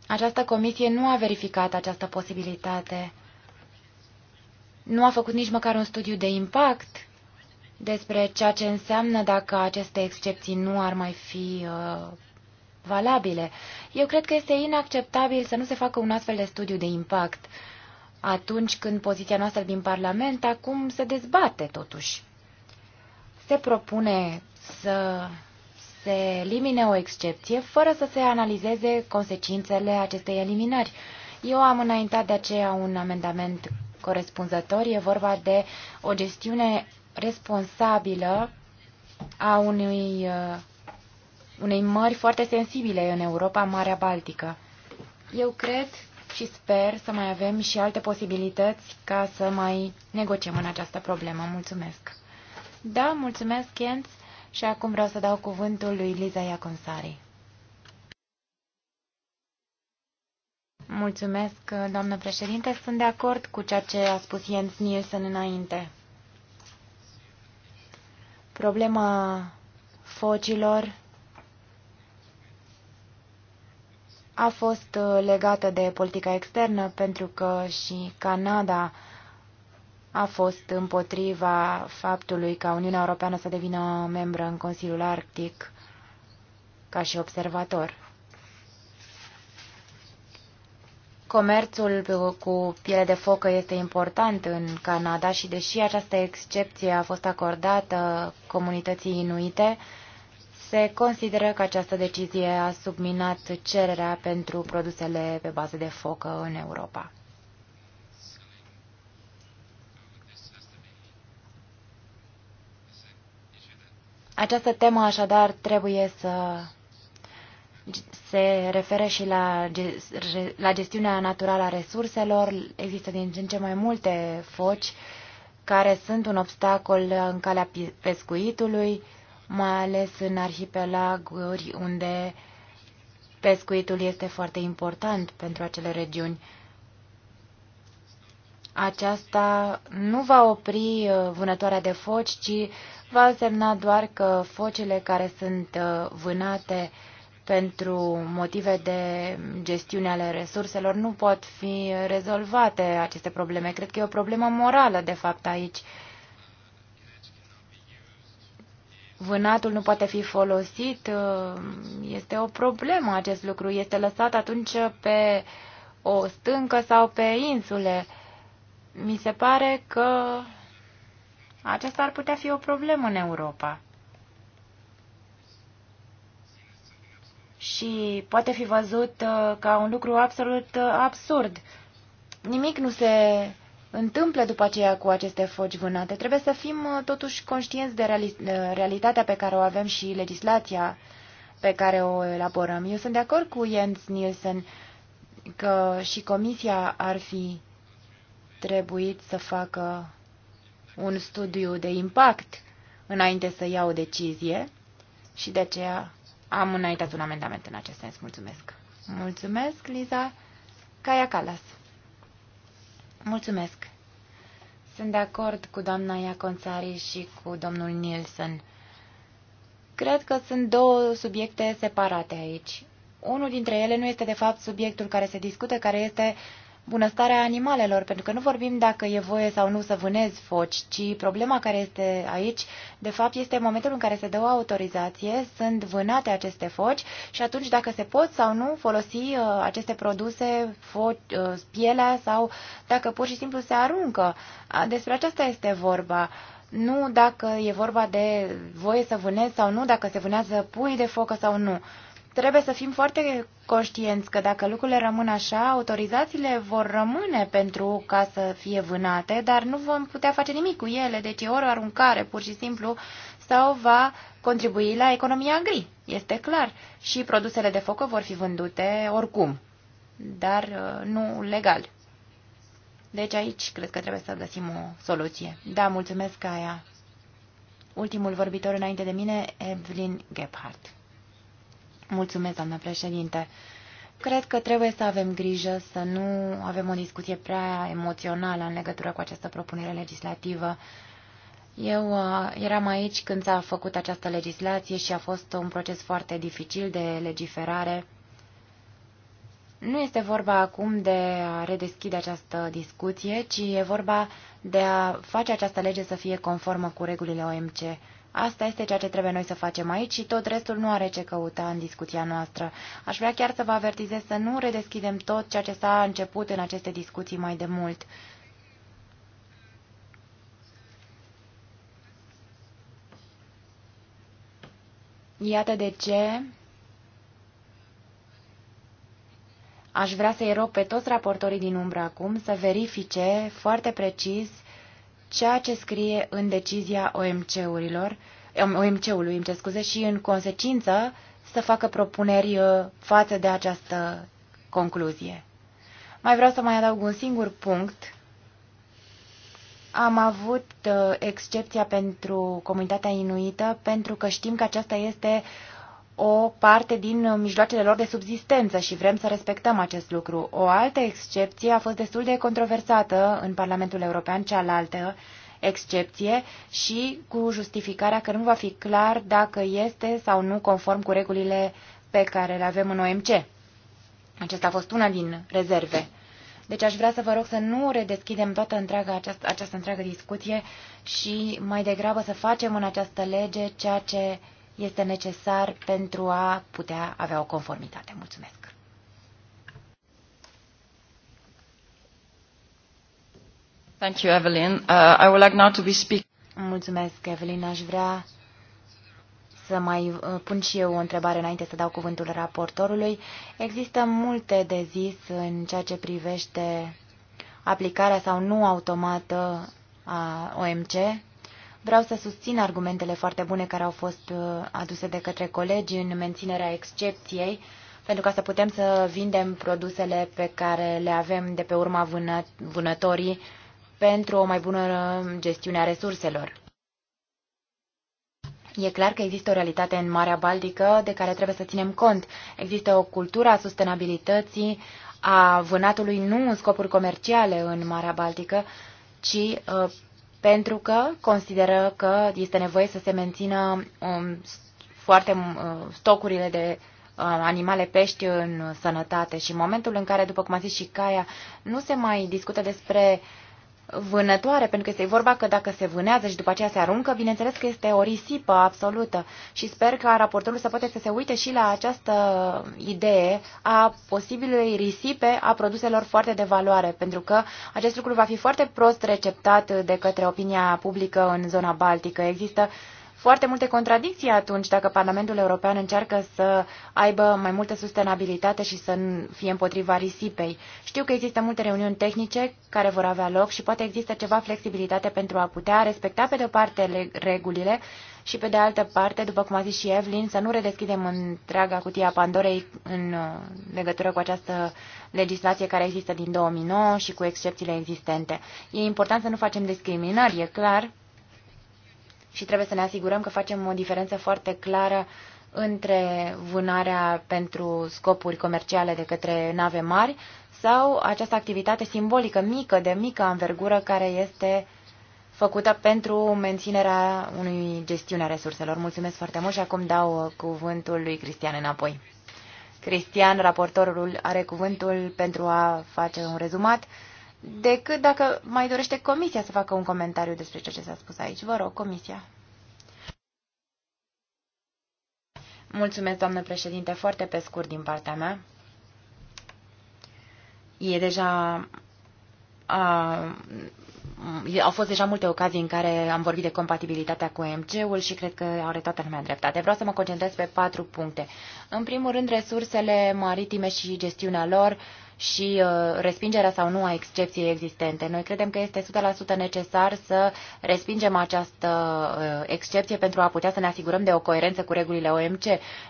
această comisie nu a verificat această posibilitate nu a făcut nici măcar un studiu de impact despre ceea ce înseamnă dacă aceste excepții nu ar mai fi uh, valabile. Eu cred că este inacceptabil să nu se facă un astfel de studiu de impact atunci când poziția noastră din Parlament acum se dezbate totuși. Se propune să se elimine o excepție fără să se analizeze consecințele acestei eliminări. Eu am înaintat de aceea un amendament corespunzător. E vorba de o gestiune responsabilă a unui, uh, unei mări foarte sensibile în Europa, Marea Baltică. Eu cred și sper să mai avem și alte posibilități ca să mai negociem în această problemă. Mulțumesc! Da, mulțumesc, Jens, și acum vreau să dau cuvântul lui Liza Iaconsari. Mulțumesc, doamnă președinte. Sunt de acord cu ceea ce a spus Jens Nielsen înainte. Problema focilor a fost legată de politica externă pentru că și Canada a fost împotriva faptului ca Uniunea Europeană să devină membră în Consiliul Arctic ca și observator. Comerțul cu piele de focă este important în Canada și deși această excepție a fost acordată comunității inuite, se consideră că această decizie a subminat cererea pentru produsele pe bază de focă în Europa. Această temă așadar trebuie să se referă și la, la gestiunea naturală a resurselor. Există din ce în ce mai multe foci care sunt un obstacol în calea pescuitului, mai ales în arhipelaguri unde pescuitul este foarte important pentru acele regiuni. Aceasta nu va opri uh, vânătoarea de foci, ci va semna doar că focile care sunt uh, vânate uh, pentru motive de gestiune ale resurselor nu pot fi rezolvate aceste probleme. Cred că e o problemă morală, de fapt, aici. Vânatul nu poate fi folosit, este o problemă acest lucru. Este lăsat atunci pe o stâncă sau pe insule. Mi se pare că aceasta ar putea fi o problemă în Europa. și poate fi văzut uh, ca un lucru absolut uh, absurd. Nimic nu se întâmplă după aceea cu aceste foci vânate. Trebuie să fim uh, totuși conștienți de realitatea pe care o avem și legislația pe care o elaborăm. Eu sunt de acord cu Jens Nielsen că și Comisia ar fi trebuit să facă un studiu de impact înainte să ia o decizie și de aceea am înaintat un amendament în acest sens. Mulțumesc. Mulțumesc, Liza. Caia Calas. Mulțumesc. Sunt de acord cu doamna Iaconțari și cu domnul Nielsen. Cred că sunt două subiecte separate aici. Unul dintre ele nu este de fapt subiectul care se discută, care este uh, bunăstarea animalelor, pentru că nu vorbim dacă e voie sau nu să vânezi foci, ci problema care este aici, de fapt, este momentul în care se dă o autorizație, sunt vânate aceste foci și atunci dacă se pot sau nu folosi uh, aceste produse, foci, uh, pielea sau dacă pur și simplu se aruncă. Despre aceasta este vorba. Nu dacă e vorba de voie să vânezi sau nu, dacă se vânează pui de focă sau nu. Uh, Trebuie să fim foarte conștienți că dacă lucrurile rămân așa, autorizațiile vor rămâne pentru ca să fie vânate, dar nu vom putea face nimic cu ele, deci e ori o aruncare pur și simplu sau va contribui la economia gri, este clar. Și produsele de focă vor fi vândute oricum, dar uh, nu legal. Deci aici cred că trebuie să găsim o soluție. Da, mulțumesc, Aia. Ultimul vorbitor înainte de mine, Evelyn Gebhardt. Mulțumesc, doamnă președinte. Cred că trebuie să avem grijă să nu avem o discuție prea emoțională în legătură cu această propunere legislativă. Eu uh, eram aici când s-a făcut această legislație și a fost un proces foarte dificil de legiferare. Nu este vorba acum de a redeschide această discuție, ci e vorba de a face această lege să fie conformă cu regulile OMC. Asta este ceea ce trebuie noi să facem aici și tot restul nu are ce căuta în discuția noastră. Aș vrea chiar să vă avertizez să nu redeschidem tot ceea ce s-a început în aceste discuții mai de mult. Iată de ce aș vrea să-i rog pe toți raportorii din umbră acum să verifice foarte precis ceea ce scrie în decizia OMC-urilor, um, OMC-ului, îmi scuze, și în consecință să facă propuneri uh, față de această concluzie. Mai vreau să mai adaug un singur punct. Am avut uh, excepția pentru comunitatea inuită pentru că știm că aceasta este o parte din mijloacele lor de subzistență și vrem să respectăm acest lucru. O altă excepție a fost destul de controversată în Parlamentul European, cealaltă excepție, și cu justificarea că nu va fi clar dacă este sau nu conform cu regulile pe care le avem în OMC. Acesta a fost una din rezerve. Deci aș vrea să vă rog să nu redeschidem toată întreaga, această, această întreagă discuție și mai degrabă să facem în această lege ceea ce este necesar pentru a putea avea o conformitate. Mulțumesc! Thank you, Evelyn. Uh, I would like now to be speak. Mulțumesc, Evelyn. Aș vrea să mai uh, pun și eu o întrebare înainte să dau cuvântul raportorului. Există multe de zis în ceea ce privește aplicarea sau nu automată a OMC Vreau să susțin argumentele foarte bune care au fost uh, aduse de către colegi în menținerea excepției, pentru ca să putem să vindem produsele pe care le avem de pe urma vână, vânătorii pentru o mai bună gestiune a resurselor. E clar că există o realitate în Marea Baltică de care trebuie să ținem cont. Există o cultură a sustenabilității, a vânatului nu în scopuri comerciale în Marea Baltică, ci uh, pentru că consideră că este nevoie să se mențină um, foarte uh, stocurile de uh, animale pești în sănătate și în momentul în care, după cum a zis și Caia, nu se mai discută despre uh, vânătoare, pentru că este vorba că dacă se vânează și după aceea se aruncă, bineînțeles că este o risipă absolută și sper că raportorul să poate să se uite și la această idee a posibilei risipe a produselor foarte de valoare, pentru că acest lucru va fi foarte prost receptat de către opinia publică în zona Baltică. Există uh, foarte multe contradicții atunci dacă Parlamentul European încearcă să aibă mai multă sustenabilitate și să fie împotriva risipei. Știu că există multe reuniuni tehnice care vor avea loc și poate există ceva flexibilitate pentru a putea respecta pe de-o parte regulile și pe de altă parte, după cum a zis și Evelyn, să nu redeschidem întreaga cutia Pandorei în uh, legătură cu această legislație care există din 2009 și cu excepțiile existente. E important să nu facem discriminări, e clar, și trebuie să ne asigurăm că facem o diferență foarte clară între vânarea pentru scopuri comerciale de către nave mari sau această activitate simbolică, mică, de mică anvergură, care este făcută pentru menținerea unui gestiune a resurselor. Mulțumesc foarte mult și acum dau cuvântul lui Cristian înapoi. Cristian, raportorul, are cuvântul pentru a face un rezumat decât dacă mai dorește Comisia să facă un comentariu despre ceea ce s-a spus aici. Vă rog, Comisia. Mulțumesc, doamnă președinte, foarte pe scurt din partea mea. E deja... A, au fost deja multe ocazii în care am vorbit de compatibilitatea cu EMC-ul și cred că are toată lumea dreptate. Vreau să mă concentrez pe patru puncte. În primul rând, resursele maritime și gestiunea lor. Uh, și uh, respingerea sau nu a excepției existente. Noi credem că este 100% necesar să respingem această uh, excepție pentru a putea să ne asigurăm de o coerență cu regulile OMC.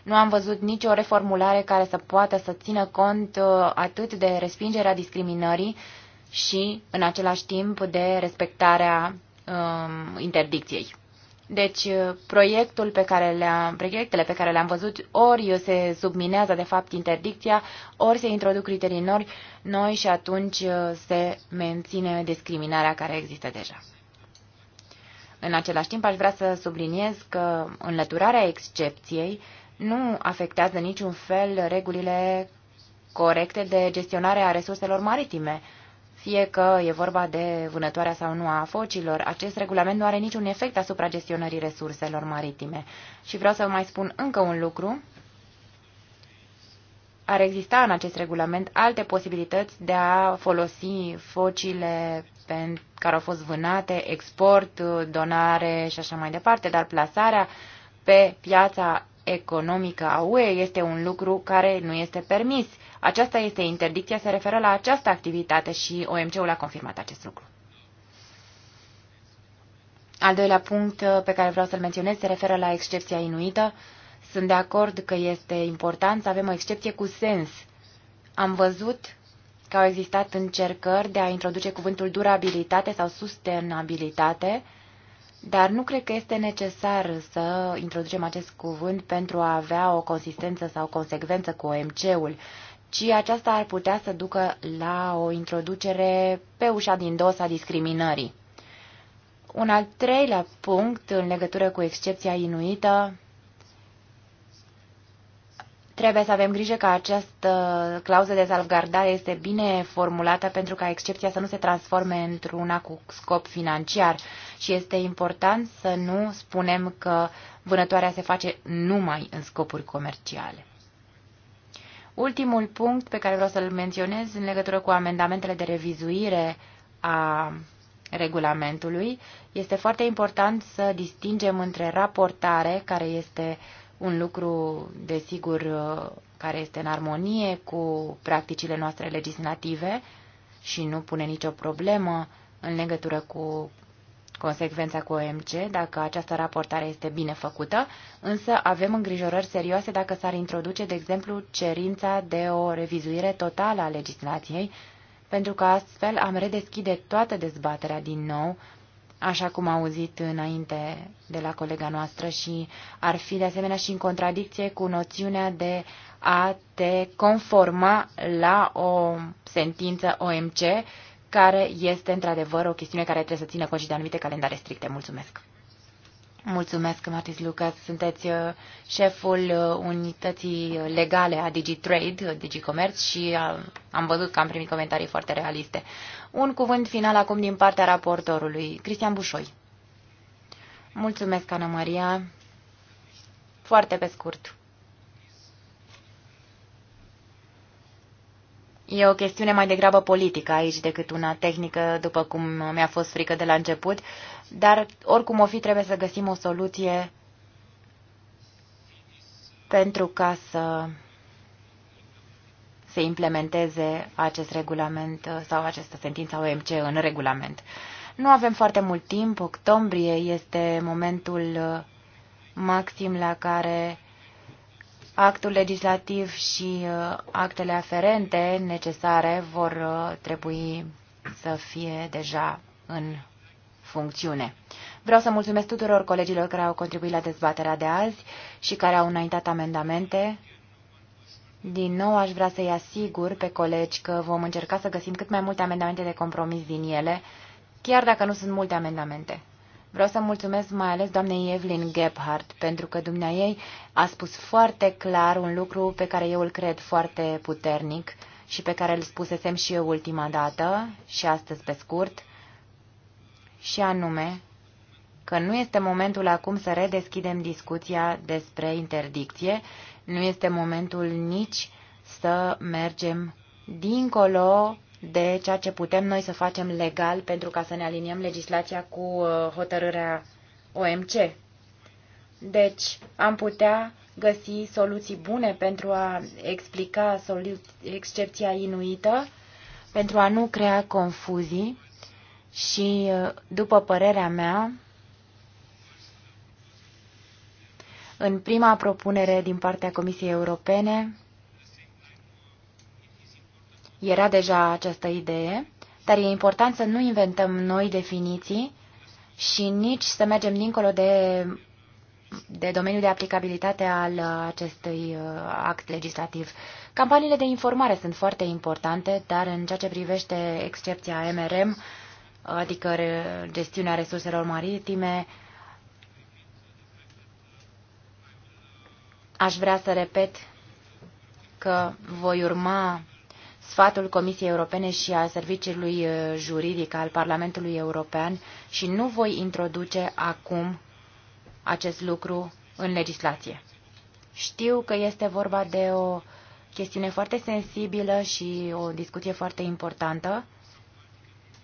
Nu am văzut nicio reformulare care să poată să țină cont uh, atât de respingerea discriminării și, în același timp, de respectarea um, interdicției. Deci, uh, proiectul pe care le-am, proiectele pe care le-am văzut, ori se subminează, de fapt, interdicția, ori se introduc criterii noi, noi și atunci uh, se menține discriminarea care există deja. În același timp, aș vrea să subliniez că înlăturarea excepției nu afectează niciun fel regulile corecte de gestionare a resurselor maritime, fie că e vorba de vânătoarea sau nu a focilor, acest regulament nu are niciun efect asupra gestionării resurselor maritime. Și vreau să vă mai spun încă un lucru. Ar exista în acest regulament alte posibilități de a folosi focile care au fost vânate, export, donare și așa mai departe, dar plasarea pe piața economică a UE este un lucru care nu este permis aceasta este interdicția, se referă la această activitate și OMC-ul a confirmat acest lucru. Al doilea punct uh, pe care vreau să-l menționez se referă la excepția inuită. Sunt de acord că este important să avem o excepție cu sens. Am văzut că au existat încercări de a introduce cuvântul durabilitate sau sustenabilitate, dar nu cred că este necesar să introducem acest cuvânt pentru a avea o consistență sau consecvență cu OMC-ul ci aceasta ar putea să ducă la o introducere pe ușa din dos a discriminării. Un al treilea punct, în legătură cu excepția inuită, trebuie să avem grijă că această clauză de salvgardare este bine formulată pentru ca excepția să nu se transforme într-una cu scop financiar și este important să nu spunem că vânătoarea se face numai în scopuri comerciale. Ultimul punct pe care vreau să-l menționez în legătură cu amendamentele de revizuire a regulamentului, este foarte important să distingem între raportare, care este un lucru, desigur, care este în armonie cu practicile noastre legislative și nu pune nicio problemă în legătură cu consecvența cu OMC dacă această raportare este bine făcută, însă avem îngrijorări serioase dacă s-ar introduce, de exemplu, cerința de o revizuire totală a legislației, pentru că astfel am redeschide toată dezbaterea din nou, așa cum am auzit înainte de la colega noastră și ar fi de asemenea și în contradicție cu noțiunea de a te conforma la o sentință OMC care este într-adevăr o chestiune care trebuie să țină cont și de anumite calendare stricte. Mulțumesc! Mulțumesc, Martis Lucas. Sunteți uh, șeful uh, unității legale a DigiTrade, uh, DigiCommerce și am văzut că am primit comentarii foarte realiste. Un cuvânt final acum din partea raportorului, Cristian Bușoi. Mulțumesc, Ana Maria. Foarte pe scurt. E o chestiune mai degrabă politică aici decât una tehnică, după cum mi-a fost frică de la început, dar oricum o fi trebuie să găsim o soluție pentru ca să se implementeze acest regulament sau această sentință OMC în regulament. Nu avem foarte mult timp, octombrie este momentul maxim la care Actul legislativ și uh, actele aferente necesare vor uh, trebui să fie deja în funcțiune. Vreau să mulțumesc tuturor colegilor care au contribuit la dezbaterea de azi și care au înaintat amendamente. Din nou aș vrea să-i asigur pe colegi că vom încerca să găsim cât mai multe amendamente de compromis din ele, chiar dacă nu sunt multe amendamente. Vreau să mulțumesc mai ales doamnei Evelyn Gebhardt, pentru că ei a spus foarte clar un lucru pe care eu îl cred foarte puternic și pe care îl spusesem și eu ultima dată și astăzi pe scurt, și anume că nu este momentul acum să redeschidem discuția despre interdicție, nu este momentul nici să mergem dincolo de ceea ce putem noi să facem legal pentru ca să ne aliniem legislația cu uh, hotărârea OMC. Deci am putea găsi soluții bune pentru a explica excepția inuită, pentru a nu crea confuzii și, uh, după părerea mea, în prima propunere din partea Comisiei Europene, era deja această idee, dar e important să nu inventăm noi definiții și nici să mergem dincolo de, de domeniul de aplicabilitate al acestui uh, act legislativ. Campaniile de informare sunt foarte importante, dar în ceea ce privește excepția MRM, adică gestiunea resurselor maritime, aș vrea să repet că voi urma sfatul Comisiei Europene și a Serviciului uh, Juridic al Parlamentului European și nu voi introduce acum acest lucru în legislație. Știu că este vorba de o chestiune foarte sensibilă și o discuție foarte importantă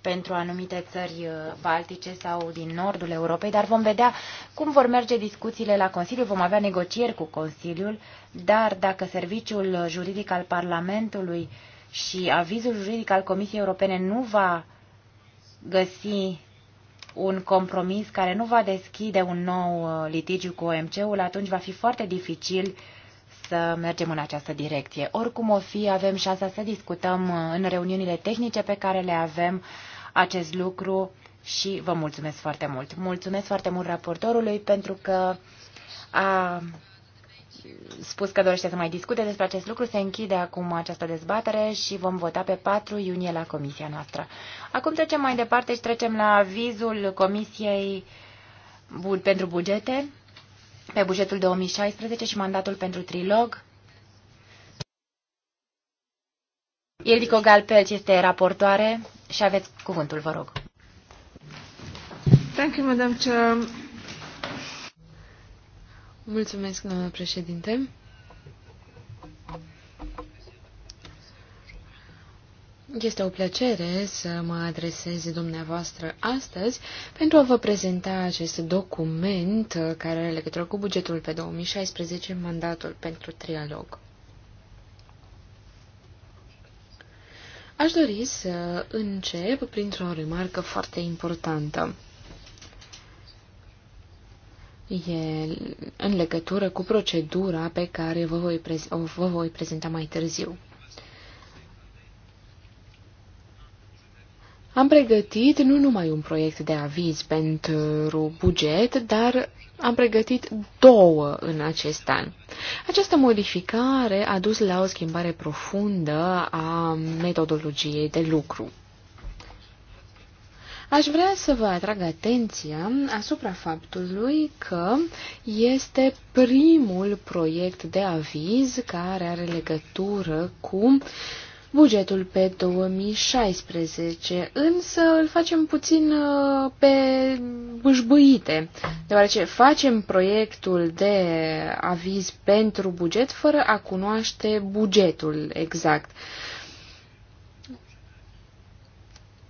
pentru anumite țări uh, baltice sau din nordul Europei, dar vom vedea cum vor merge discuțiile la Consiliu. Vom avea negocieri cu Consiliul, dar dacă serviciul juridic al Parlamentului uh, și avizul juridic al Comisiei Europene nu va găsi un compromis care nu va deschide un nou uh, litigiu cu OMC-ul, atunci va fi foarte dificil să mergem în această direcție. Oricum o fi, avem șansa să discutăm uh, în reuniunile tehnice pe care le avem acest lucru și vă mulțumesc foarte mult. Mulțumesc foarte mult raportorului pentru că a spus că dorește să mai discute despre acest lucru, se închide acum această dezbatere și vom vota pe 4 iunie la comisia noastră. Acum trecem mai departe și trecem la avizul Comisiei pentru bugete pe bugetul 2016 și mandatul pentru trilog. Ildico Galpelci este raportoare și aveți cuvântul, vă rog. Thank you, Madam Chair. Mulțumesc, doamna președinte. Este o plăcere să mă adresez dumneavoastră astăzi pentru a vă prezenta acest document care are legătură cu bugetul pe 2016, mandatul pentru trialog. Aș dori să încep printr-o remarcă foarte importantă e în legătură cu procedura pe care vă voi, o vă voi prezenta mai târziu. Am pregătit nu numai un proiect de aviz pentru buget, dar am pregătit două în acest an. Această modificare a dus la o schimbare profundă a metodologiei de lucru. Aș vrea să vă atrag atenția asupra faptului că este primul proiect de aviz care are legătură cu bugetul pe 2016, însă îl facem puțin uh, pe bâșbâite, deoarece facem proiectul de aviz pentru buget fără a cunoaște bugetul exact.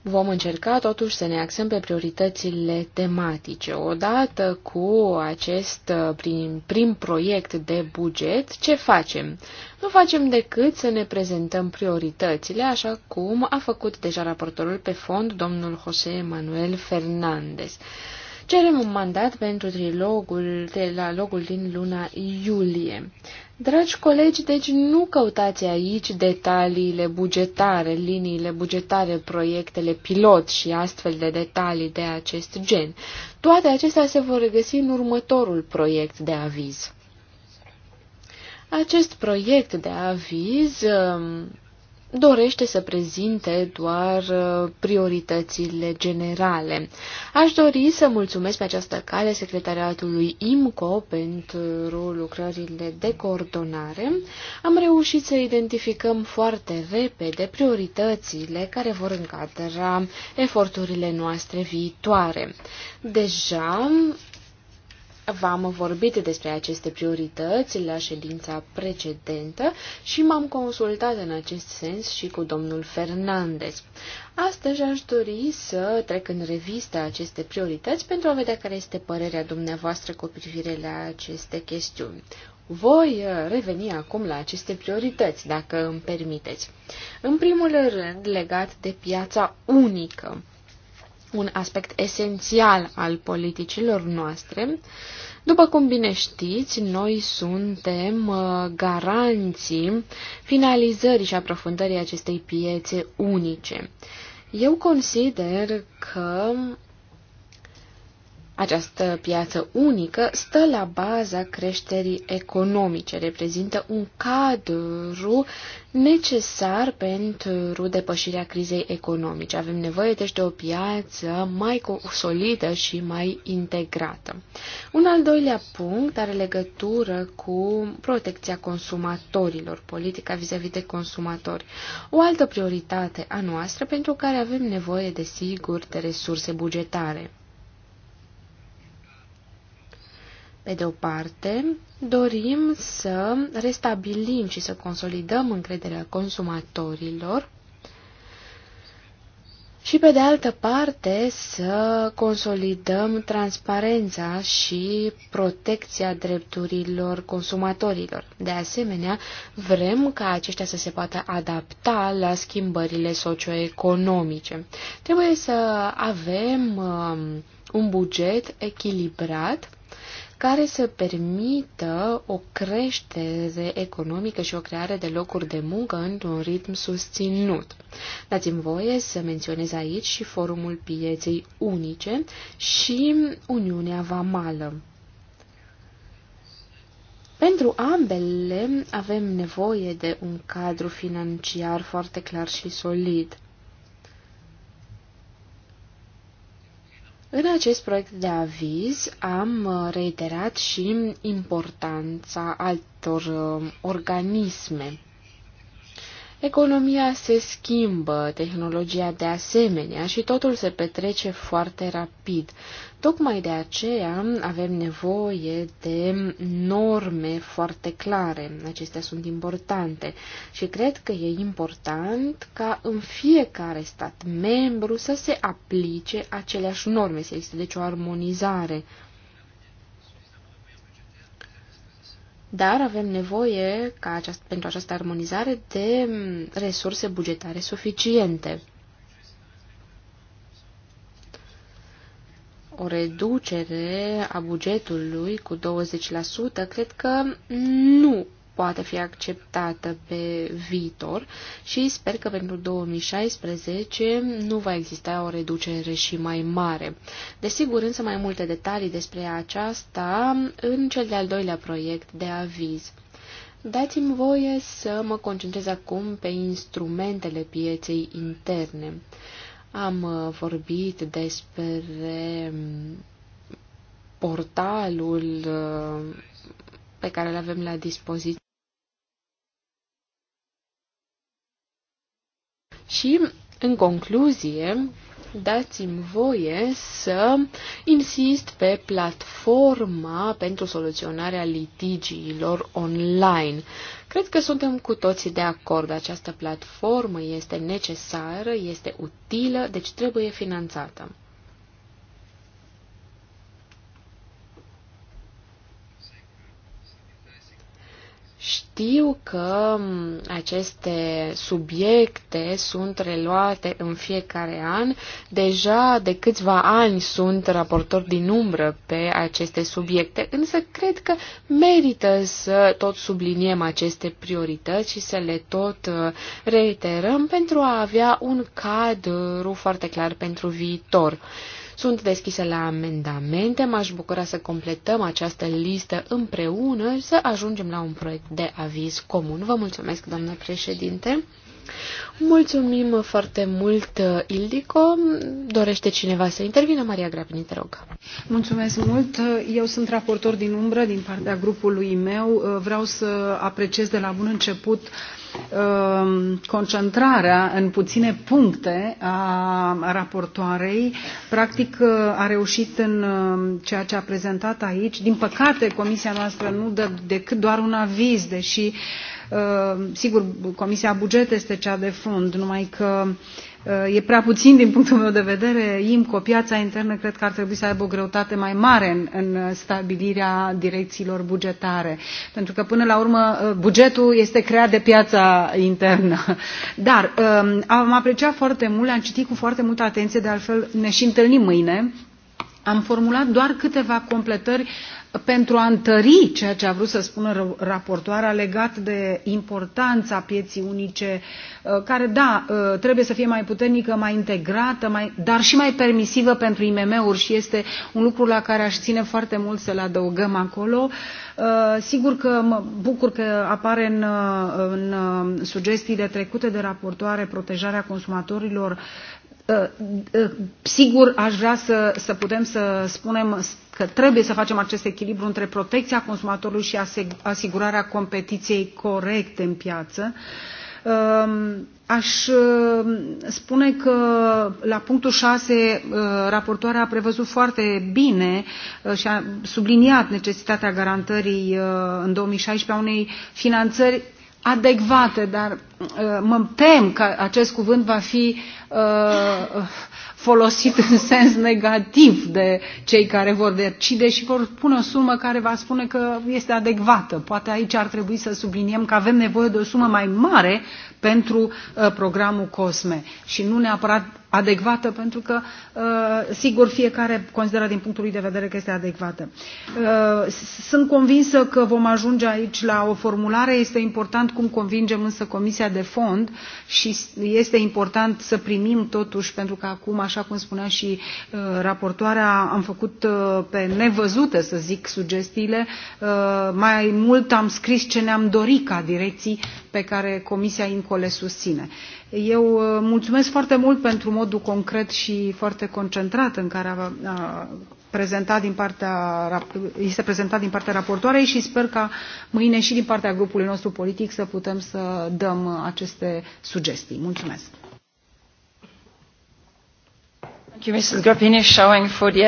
Vom încerca totuși să ne axăm pe prioritățile tematice. Odată cu acest uh, prim, prim proiect de buget, ce facem? Nu facem decât să ne prezentăm prioritățile, așa cum a făcut deja raportorul pe fond domnul José Manuel Fernández. Cerem un mandat pentru trilogul, locul din luna iulie. Dragi colegi, deci nu căutați aici detaliile bugetare, liniile bugetare, proiectele pilot și astfel de detalii de acest gen. Toate acestea se vor regăsi în următorul proiect de aviz. Acest proiect de aviz um, dorește să prezinte doar uh, prioritățile generale. Aș dori să mulțumesc pe această cale secretariatului IMCO pentru lucrările de coordonare. Am reușit să identificăm foarte repede prioritățile care vor încadra eforturile noastre viitoare. Deja V-am vorbit despre aceste priorități la ședința precedentă și m-am consultat în acest sens și cu domnul Fernandez. Astăzi aș dori să trec în revistă aceste priorități pentru a vedea care este părerea dumneavoastră cu privire la aceste chestiuni. Voi uh, reveni acum la aceste priorități, dacă îmi permiteți. În primul rând, legat de piața unică un aspect esențial al politicilor noastre. După cum bine știți, noi suntem uh, garanții finalizării și aprofundării acestei piețe unice. Eu consider că această piață unică stă la baza creșterii economice, reprezintă un cadru necesar pentru depășirea crizei economice. Avem nevoie deci de o piață mai solidă și mai integrată. Un al doilea punct are legătură cu protecția consumatorilor, politica vis-a-vis -vis de consumatori. O altă prioritate a noastră pentru care avem nevoie, desigur, de resurse bugetare. Pe de o parte, dorim să restabilim și să consolidăm încrederea consumatorilor și, pe de altă parte, să consolidăm transparența și protecția drepturilor consumatorilor. De asemenea, vrem ca aceștia să se poată adapta la schimbările socioeconomice. Trebuie să avem um, un buget echilibrat care să permită o creștere economică și o creare de locuri de muncă într-un ritm susținut. Dați-mi voie să menționez aici și Forumul Pieței Unice și Uniunea Vamală. Pentru ambele avem nevoie de un cadru financiar foarte clar și solid. În acest proiect de aviz am uh, reiterat și importanța altor uh, organisme Economia se schimbă, tehnologia de asemenea și totul se petrece foarte rapid. Tocmai de aceea avem nevoie de norme foarte clare. Acestea sunt importante și cred că e important ca în fiecare stat membru să se aplice aceleași norme, să existe deci o armonizare dar avem nevoie ca aceast, pentru această armonizare de mm, resurse bugetare suficiente. O reducere a bugetului cu 20% cred că nu poate fi acceptată pe viitor și sper că pentru 2016 nu va exista o reducere și mai mare. Desigur, însă mai multe detalii despre aceasta în cel de-al doilea proiect de aviz. Dați-mi voie să mă concentrez acum pe instrumentele pieței interne. Am uh, vorbit despre mm, portalul uh, pe care îl avem la dispoziție Și, în concluzie, dați-mi voie să insist pe platforma pentru soluționarea litigiilor online. Cred că suntem cu toții de acord. Această platformă este necesară, este utilă, deci trebuie finanțată. Știu că aceste subiecte sunt reluate în fiecare an. Deja de câțiva ani sunt raportor din umbră pe aceste subiecte, însă cred că merită să tot subliniem aceste priorități și să le tot uh, reiterăm pentru a avea un cadru foarte clar pentru viitor. Sunt deschise la amendamente, m-aș bucura să completăm această listă împreună și să ajungem la un proiect de aviz comun. Vă mulțumesc, doamnă președinte. Mulțumim foarte mult, uh, Ildico. Dorește cineva să intervină? Maria Grabini, te rog. Mulțumesc mult. Eu sunt raportor din umbră din partea grupului meu. Uh, vreau să apreciez de la bun început um, concentrarea în puține puncte a raportoarei. Practic uh, a reușit în um, ceea ce a prezentat aici. Din păcate, comisia noastră nu dă decât doar un aviz, deși uh, Uh, sigur, Comisia Buget este cea de fond, numai că uh, e prea puțin din punctul meu de vedere. IMCO, piața internă, cred că ar trebui să aibă o greutate mai mare în, în stabilirea direcțiilor bugetare. Pentru că, până la urmă, uh, bugetul este creat de piața internă. Dar am apreciat foarte mult, am citit cu foarte multă atenție, de altfel ne și întâlnim mâine am formulat doar câteva completări pentru a întări ceea ce a vrut să spună raportoarea legat de importanța pieții unice, uh, care, da, uh, trebuie să fie mai puternică, mai integrată, mai, dar și mai permisivă pentru IMM-uri și este un lucru la care aș ține foarte mult să-l adăugăm acolo. Uh, sigur că mă bucur că apare în, în sugestiile trecute de raportoare protejarea consumatorilor Ă, ă, sigur, aș vrea să, să putem să spunem că trebuie să facem acest echilibru între protecția consumatorului și asigurarea competiției corecte în piață. Aș ă, spune că la punctul 6 raportoarea a prevăzut foarte bine și a subliniat necesitatea garantării în 2016 a unei finanțări adecvate, dar uh, mă tem că acest cuvânt va fi uh, folosit în sens negativ de cei care vor decide și vor pune o sumă care va spune că este adecvată. Poate aici ar trebui să subliniem că avem nevoie de o sumă mai mare pentru uh, programul COSME și nu neapărat adecvată, pentru că, uh, sigur, fiecare consideră din punctul lui de vedere că este adecvată. Uh, sunt convinsă că vom ajunge aici la o formulare. Este important cum convingem însă Comisia de Fond și este important să primim totuși, pentru că acum, așa cum spunea și uh, raportoarea, am făcut pe nevăzute, să zic, sugestiile. Mai mult am scris ce ne-am dorit ca direcții pe care Comisia INCO le susține. Eu uh, mulțumesc foarte mult pentru modul concret și foarte concentrat în care a, a prezentat din partea, este prezentat din partea raportoarei și sper ca mâine și din partea grupului nostru politic să putem să dăm aceste sugestii. Mulțumesc! Thank you, Mrs. Grappini, showing for the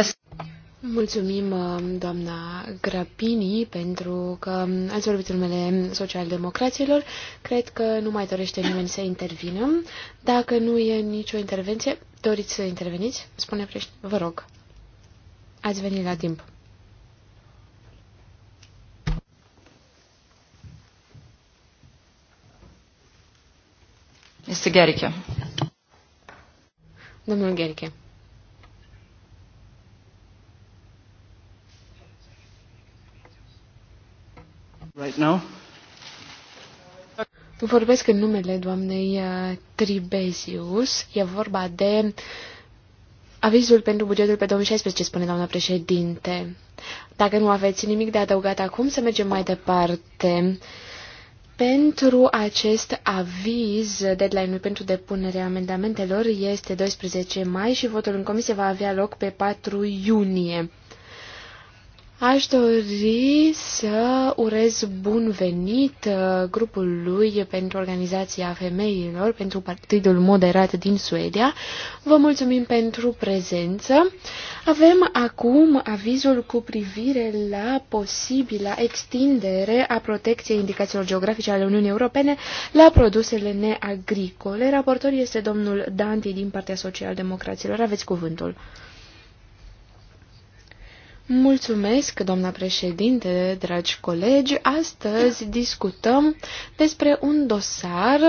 Mulțumim, uh, doamna Grapini, pentru că ați vorbit în numele socialdemocraților. Cred că nu mai dorește nimeni să intervină. Dacă nu e nicio intervenție, doriți să interveniți? Spune prești. Vă rog. Ați venit la timp. Este Gherche. Domnul Gherche. Right now? Vorbesc în numele doamnei uh, Tribezius. E vorba de avizul pentru bugetul pe 2016, spune doamna președinte. Dacă nu aveți nimic de adăugat acum, să mergem mai departe. Pentru acest aviz, deadline-ul pentru depunerea amendamentelor este 12 mai și votul în comisie va avea loc pe 4 iunie. Aș dori să urez bun venit uh, grupului pentru Organizația Femeilor, pentru Partidul Moderat din Suedia. Vă mulțumim pentru prezență. Avem acum avizul cu privire la posibila extindere a protecției indicațiilor geografice ale Uniunii Europene la produsele neagricole. Raportor este domnul Danti din partea Social-Democraților. Aveți cuvântul. Mulțumesc, doamna președinte, dragi colegi. Astăzi discutăm despre un dosar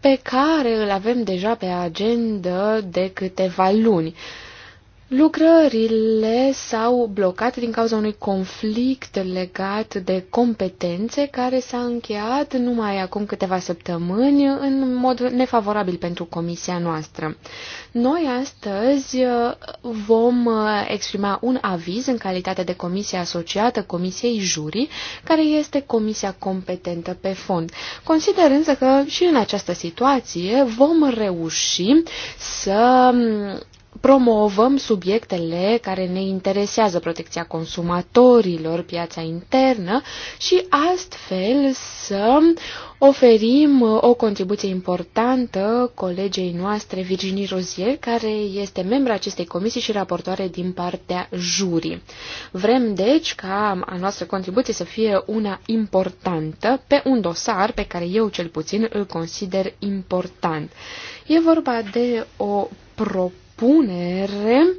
pe care îl avem deja pe agenda de câteva luni. Lucrările s-au blocat din cauza unui conflict legat de competențe care s-a încheiat numai acum câteva săptămâni în mod nefavorabil pentru comisia noastră. Noi astăzi uh, vom uh, exprima un aviz în calitate de comisie asociată Comisiei juri, care este comisia competentă pe fond. Consider însă că și în această situație vom reuși să um, promovăm subiectele care ne interesează, protecția consumatorilor, piața internă și astfel să oferim o contribuție importantă colegei noastre, Virginie Rozier, care este membra acestei comisii și raportoare din partea jurii. Vrem, deci, ca a noastră contribuție să fie una importantă pe un dosar pe care eu, cel puțin, îl consider important. E vorba de o propunere propunere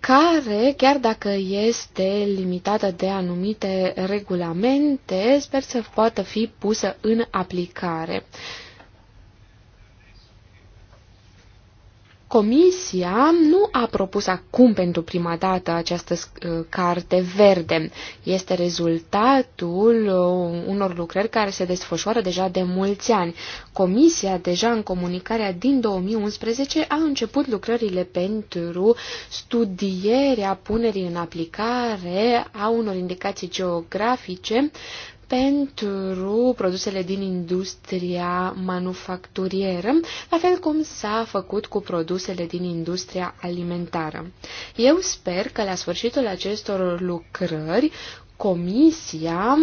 care, chiar dacă este limitată de anumite regulamente, sper să poată fi pusă în aplicare. Comisia nu a propus acum pentru prima dată această uh, carte verde. Este rezultatul uh, unor lucrări care se desfășoară deja de mulți ani. Comisia, deja în comunicarea din 2011, a început lucrările pentru studierea punerii în aplicare a unor indicații geografice pentru produsele din industria manufacturieră, la fel cum s-a făcut cu produsele din industria alimentară. Eu sper că la sfârșitul acestor lucrări, Comisia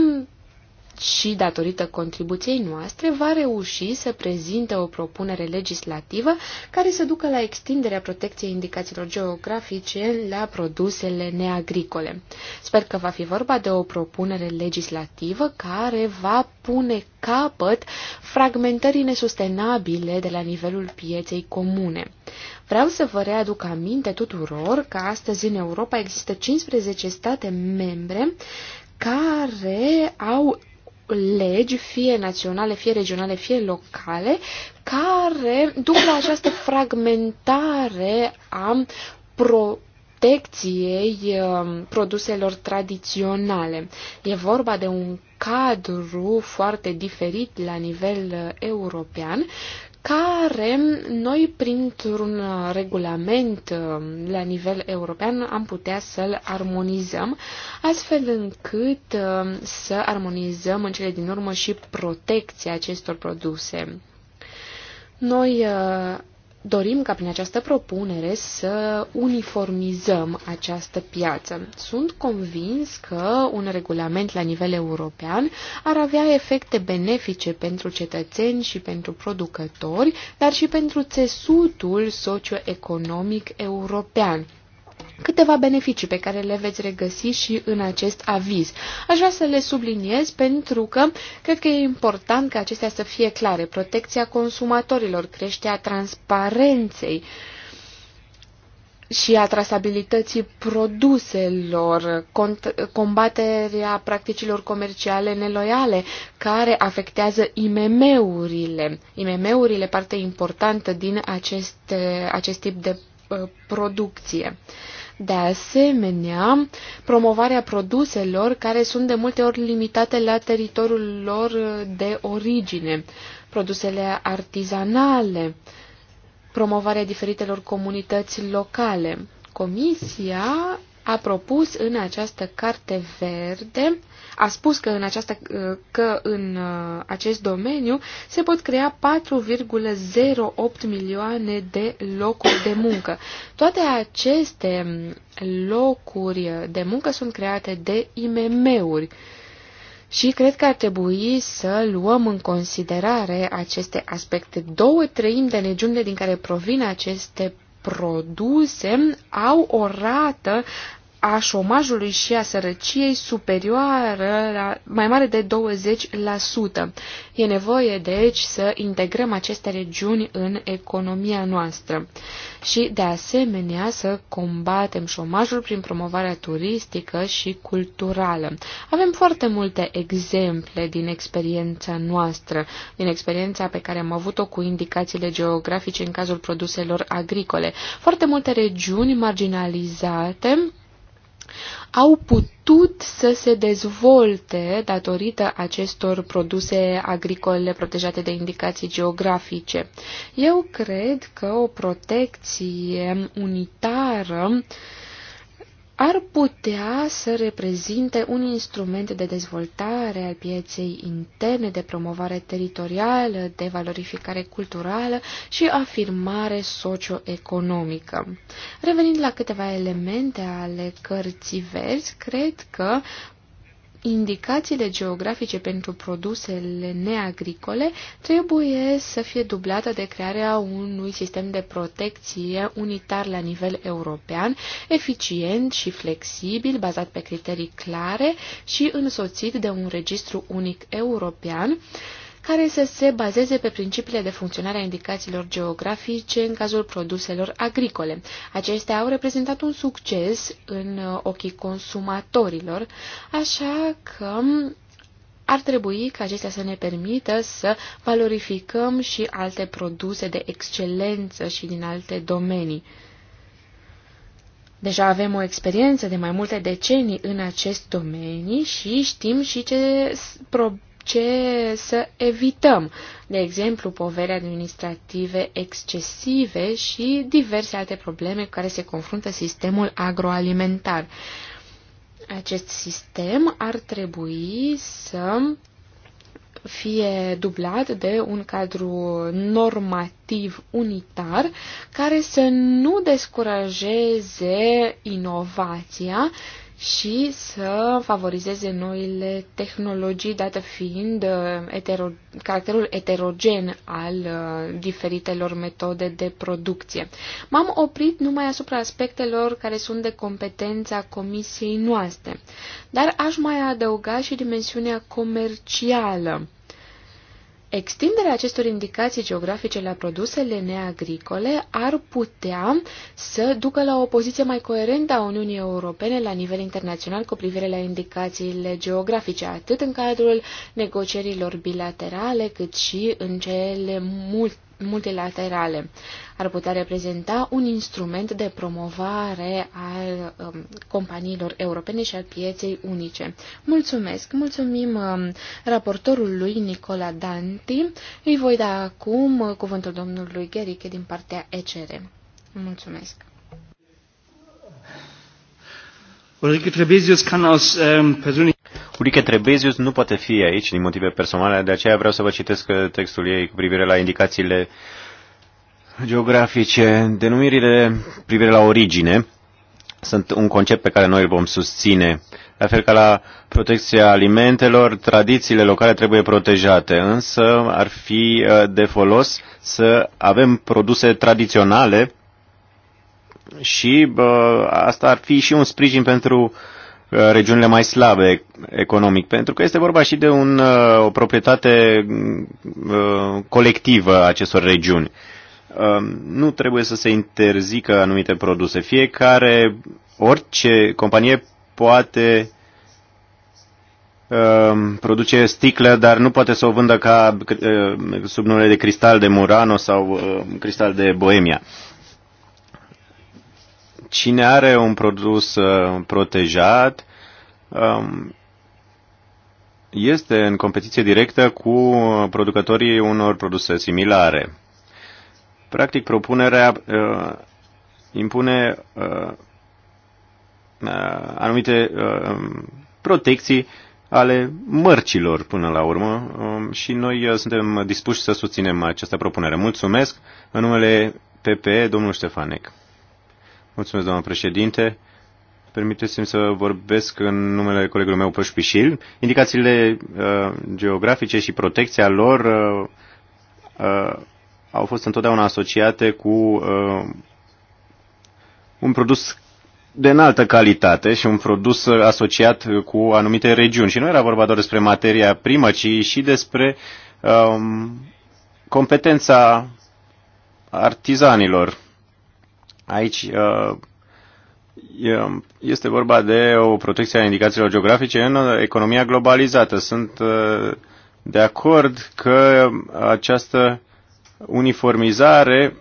și datorită contribuției noastre va reuși să prezinte o propunere legislativă care să ducă la extinderea protecției indicațiilor geografice la produsele neagricole. Sper că va fi vorba de o propunere legislativă care va pune capăt fragmentării nesustenabile de la nivelul pieței comune. Vreau să vă readuc aminte tuturor că astăzi în Europa există 15 state membre care au legi, fie naționale, fie regionale, fie locale, care duc la această fragmentare a pro protecției um, produselor tradiționale. E vorba de un cadru foarte diferit la nivel uh, european care noi, printr-un regulament uh, la nivel european, am putea să-l armonizăm, astfel încât uh, să armonizăm în cele din urmă și protecția acestor produse. Noi uh, dorim ca prin această propunere să uniformizăm această piață. Sunt convins că un regulament la nivel european ar avea efecte benefice pentru cetățeni și pentru producători, dar și pentru țesutul socioeconomic european câteva beneficii pe care le veți regăsi și în acest aviz. Aș vrea să le subliniez pentru că cred că e important ca acestea să fie clare. Protecția consumatorilor, creșterea transparenței, și a trasabilității produselor, combaterea practicilor comerciale neloiale care afectează IMM-urile. IMM-urile parte importantă din acest, acest tip de Uh, producție. De asemenea, promovarea produselor care sunt de multe ori limitate la teritoriul lor uh, de origine, produsele artizanale, promovarea diferitelor comunități locale. Comisia a propus în această carte verde, a spus că în, această, că în uh, acest domeniu se pot crea 4,08 milioane de locuri de muncă. Toate aceste locuri de muncă sunt create de IMM-uri. Și cred că ar trebui să luăm în considerare aceste aspecte. Două treimi de legiune din care provin aceste produse au o rată a șomajului și a sărăciei superioară la mai mare de 20%. E nevoie, deci, să integrăm aceste regiuni în economia noastră și, de asemenea, să combatem șomajul prin promovarea turistică și culturală. Avem foarte multe exemple din experiența noastră, din experiența pe care am avut-o cu indicațiile geografice în cazul produselor agricole. Foarte multe regiuni marginalizate au putut să se dezvolte datorită acestor produse agricole protejate de indicații geografice. Eu cred că o protecție unitară uh, ar putea să reprezinte un instrument de dezvoltare al pieței interne, de promovare teritorială, de valorificare culturală și afirmare socioeconomică. Revenind la câteva elemente ale cărții verzi, cred că indicațiile geografice pentru produsele neagricole trebuie să fie dublată de crearea unui sistem de protecție unitar la nivel european, eficient și flexibil, bazat pe criterii clare și însoțit de un registru unic european, care să se bazeze pe principiile de funcționare a indicațiilor geografice în cazul produselor agricole. Acestea au reprezentat un succes în ochii consumatorilor, așa că ar trebui ca acestea să ne permită să valorificăm și alte produse de excelență și din alte domenii. Deja avem o experiență de mai multe decenii în acest domeniu și știm și ce ce să evităm, de exemplu povere administrative excesive și diverse alte probleme cu care se confruntă sistemul agroalimentar. Acest sistem ar trebui să fie dublat de un cadru normativ unitar care să nu descurajeze inovația și să favorizeze noile tehnologii, dată fiind uh, etero, caracterul eterogen al uh, diferitelor metode de producție. M-am oprit numai asupra aspectelor care sunt de competența comisiei noastre, dar aș mai adăuga și dimensiunea comercială Extinderea acestor indicații geografice la produsele neagricole ar putea să ducă la o poziție mai coerentă a Uniunii Europene la nivel internațional cu privire la indicațiile geografice, atât în cadrul negocierilor bilaterale, cât și în cele mult multilaterale ar putea reprezenta un instrument de promovare al um, companiilor europene și al pieței unice. Mulțumesc! Mulțumim um, raportorului Nicola Danti. Îi voi da acum uh, cuvântul domnului Gheriche din partea ECR. Mulțumesc! Ulrike Trebesius kann aus ähm, um, persönlichen Ulrike Trebezius nu poate fi aici din motive personale, de aceea vreau să vă citesc textul ei cu privire la indicațiile geografice. Denumirile privire la origine sunt un concept pe care noi îl vom susține. La fel ca la protecția alimentelor, tradițiile locale trebuie protejate, însă ar fi uh, de folos să avem produse tradiționale și bă, uh, asta ar fi și un sprijin pentru uh, Uh, regiunile mai slabe economic, pentru că este vorba și de un, uh, o proprietate mm, uh, colectivă a acestor regiuni. Nu trebuie să se interzică anumite produse. Fiecare, orice companie poate produce sticlă, dar nu poate să o vândă ca sub numele de cristal de Murano sau cristal de Boemia cine are un produs uh, protejat um, este în competiție directă cu producătorii unor produse similare. Practic, propunerea uh, impune uh, anumite protecții ale mărcilor până la urmă um, și noi suntem dispuși să susținem această propunere. Mulțumesc în numele PPE, domnul Ștefanec. Mulțumesc, doamnă președinte. Permiteți-mi să vorbesc în numele colegului meu Pășpișil. Indicațiile uh, geografice și protecția lor uh, uh, au fost întotdeauna asociate cu uh, un produs de înaltă calitate și un produs asociat cu anumite regiuni. Și nu era vorba doar despre materia primă, ci și despre um, competența artizanilor. Aici uh, este vorba de o protecție a indicațiilor geografice în economia globalizată. Sunt uh, de acord că această uniformizare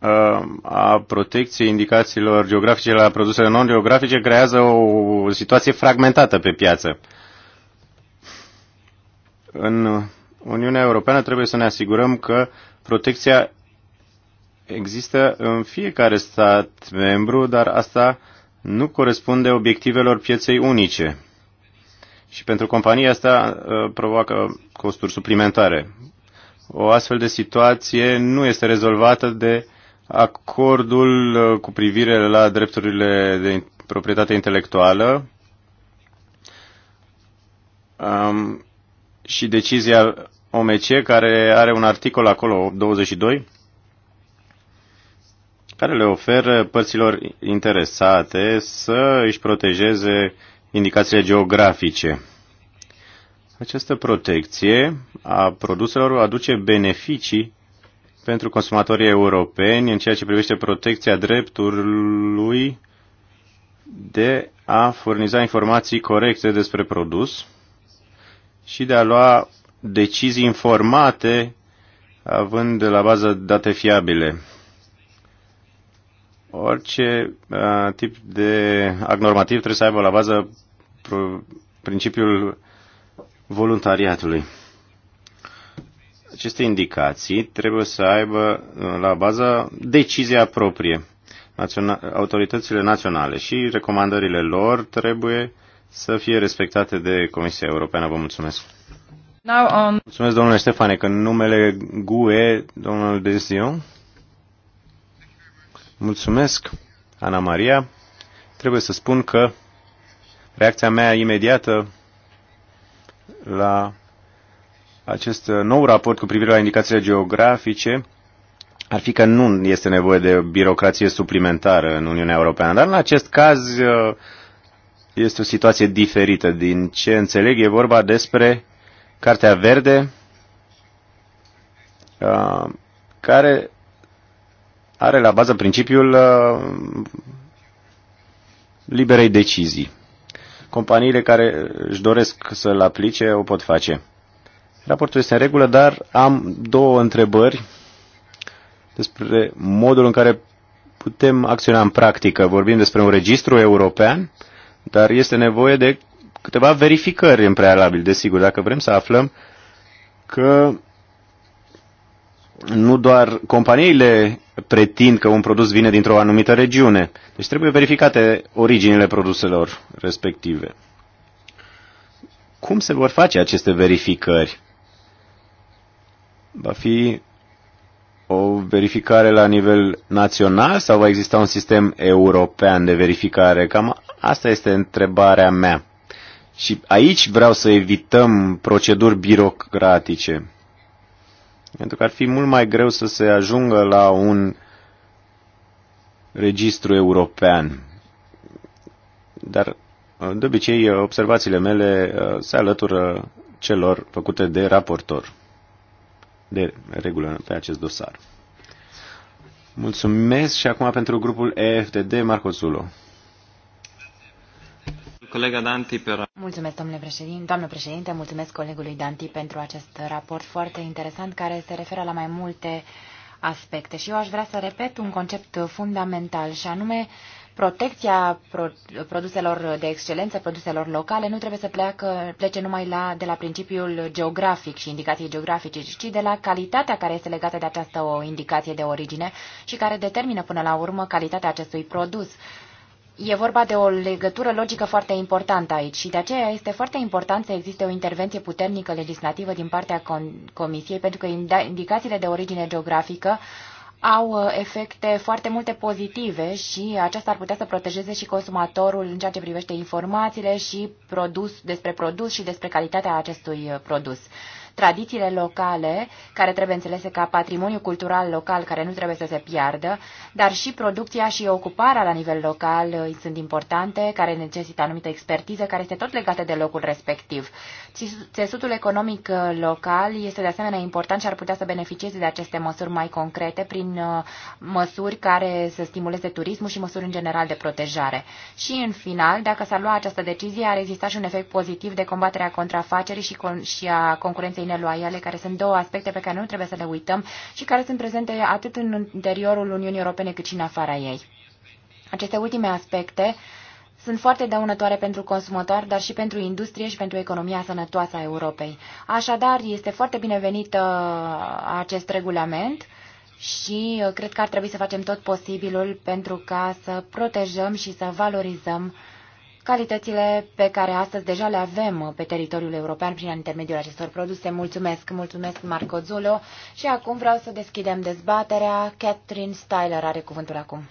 uh, a protecției indicațiilor geografice la produsele non-geografice creează o situație fragmentată pe piață. În Uniunea Europeană trebuie să ne asigurăm că protecția există în fiecare stat membru, dar asta nu corespunde obiectivelor pieței unice. Și pentru companie asta uh, provoacă costuri suplimentare. O astfel de situație nu este rezolvată de acordul uh, cu privire la drepturile de proprietate intelectuală um, și decizia OMC care are un articol acolo, 22, care le oferă părților interesate să își protejeze indicațiile geografice. Această protecție a produselor aduce beneficii pentru consumatorii europeni în ceea ce privește protecția dreptului de a furniza informații corecte despre produs și de a lua decizii informate având de la bază date fiabile. Orice uh, tip de act normativ trebuie să aibă la bază principiul voluntariatului. Aceste indicații trebuie să aibă uh, la bază decizia proprie. Naționa- autoritățile naționale și recomandările lor trebuie să fie respectate de Comisia Europeană. Vă mulțumesc. Now on. Mulțumesc, domnule Ștefane, că în numele GUE, domnul Dezion. Mulțumesc, Ana Maria. Trebuie să spun că reacția mea imediată la acest nou raport cu privire la indicațiile geografice ar fi că nu este nevoie de birocrație suplimentară în Uniunea Europeană, dar în acest caz uh, este o situație diferită. Din ce înțeleg, e vorba despre Cartea Verde, uh, care are la bază principiul uh, liberei decizii. Companiile care își doresc să-l aplice o pot face. Raportul este în regulă, dar am două întrebări despre modul în care putem acționa în practică. Vorbim despre un registru european, dar este nevoie de câteva verificări în prealabil, desigur, dacă vrem să aflăm că nu doar companiile pretind că un produs vine dintr-o anumită regiune. Deci trebuie verificate originile produselor respective. Cum se vor face aceste verificări? Va fi o verificare la nivel național sau va exista un sistem european de verificare? Cam asta este întrebarea mea. Și aici vreau să evităm proceduri birocratice. Pentru că ar fi mult mai greu să se ajungă la un registru european. Dar, de obicei, observațiile mele uh, se alătură celor făcute de raportor, de regulă pe acest dosar. Mulțumesc și acum pentru grupul EFTD, Marco Zulo colega Danti per... Mulțumesc, domnule președinte, doamnă președinte, mulțumesc colegului Danti pentru acest raport foarte interesant care se referă la mai multe aspecte. Și eu aș vrea să repet un concept fundamental și anume protecția produselor de excelență, produselor locale, nu trebuie să pleacă, plece numai la, de la principiul geografic și indicații geografice, ci de la calitatea care este legată de această o indicație de origine și care determină până la urmă calitatea acestui produs. E vorba de o legătură logică foarte importantă aici și de aceea este foarte important să existe o intervenție puternică legislativă din partea Comisiei, pentru că indicațiile de origine geografică au uh, efecte foarte multe pozitive și aceasta ar putea să protejeze și consumatorul în ceea ce privește informațiile și produs, despre produs și despre calitatea acestui uh, produs tradițiile locale, care trebuie înțelese ca patrimoniu cultural local, care nu trebuie să se piardă, dar și producția și ocuparea la nivel local uh, sunt importante, care necesită anumită expertiză, care este tot legată de locul respectiv. Țesutul economic uh, local este de asemenea important și ar putea să beneficieze de aceste măsuri mai concrete prin uh, măsuri care să stimuleze turismul și măsuri în general de protejare. Și în final, dacă s-ar lua această decizie, ar exista și un efect pozitiv de combaterea contrafacerii și a concurenței neloiale, care sunt două aspecte pe care nu trebuie să le uităm și care sunt prezente atât în interiorul Uniunii Europene cât și în afara ei. Aceste ultime aspecte sunt foarte dăunătoare pentru consumator, dar și pentru industrie și pentru economia sănătoasă a Europei. Așadar, este foarte binevenit uh, acest regulament și uh, cred că ar trebui să facem tot posibilul pentru ca să protejăm și să valorizăm uh, calitățile pe care astăzi deja le avem pe teritoriul european prin intermediul acestor produse. Mulțumesc, mulțumesc Marco Zulo și acum vreau să deschidem dezbaterea. Catherine Styler are cuvântul acum.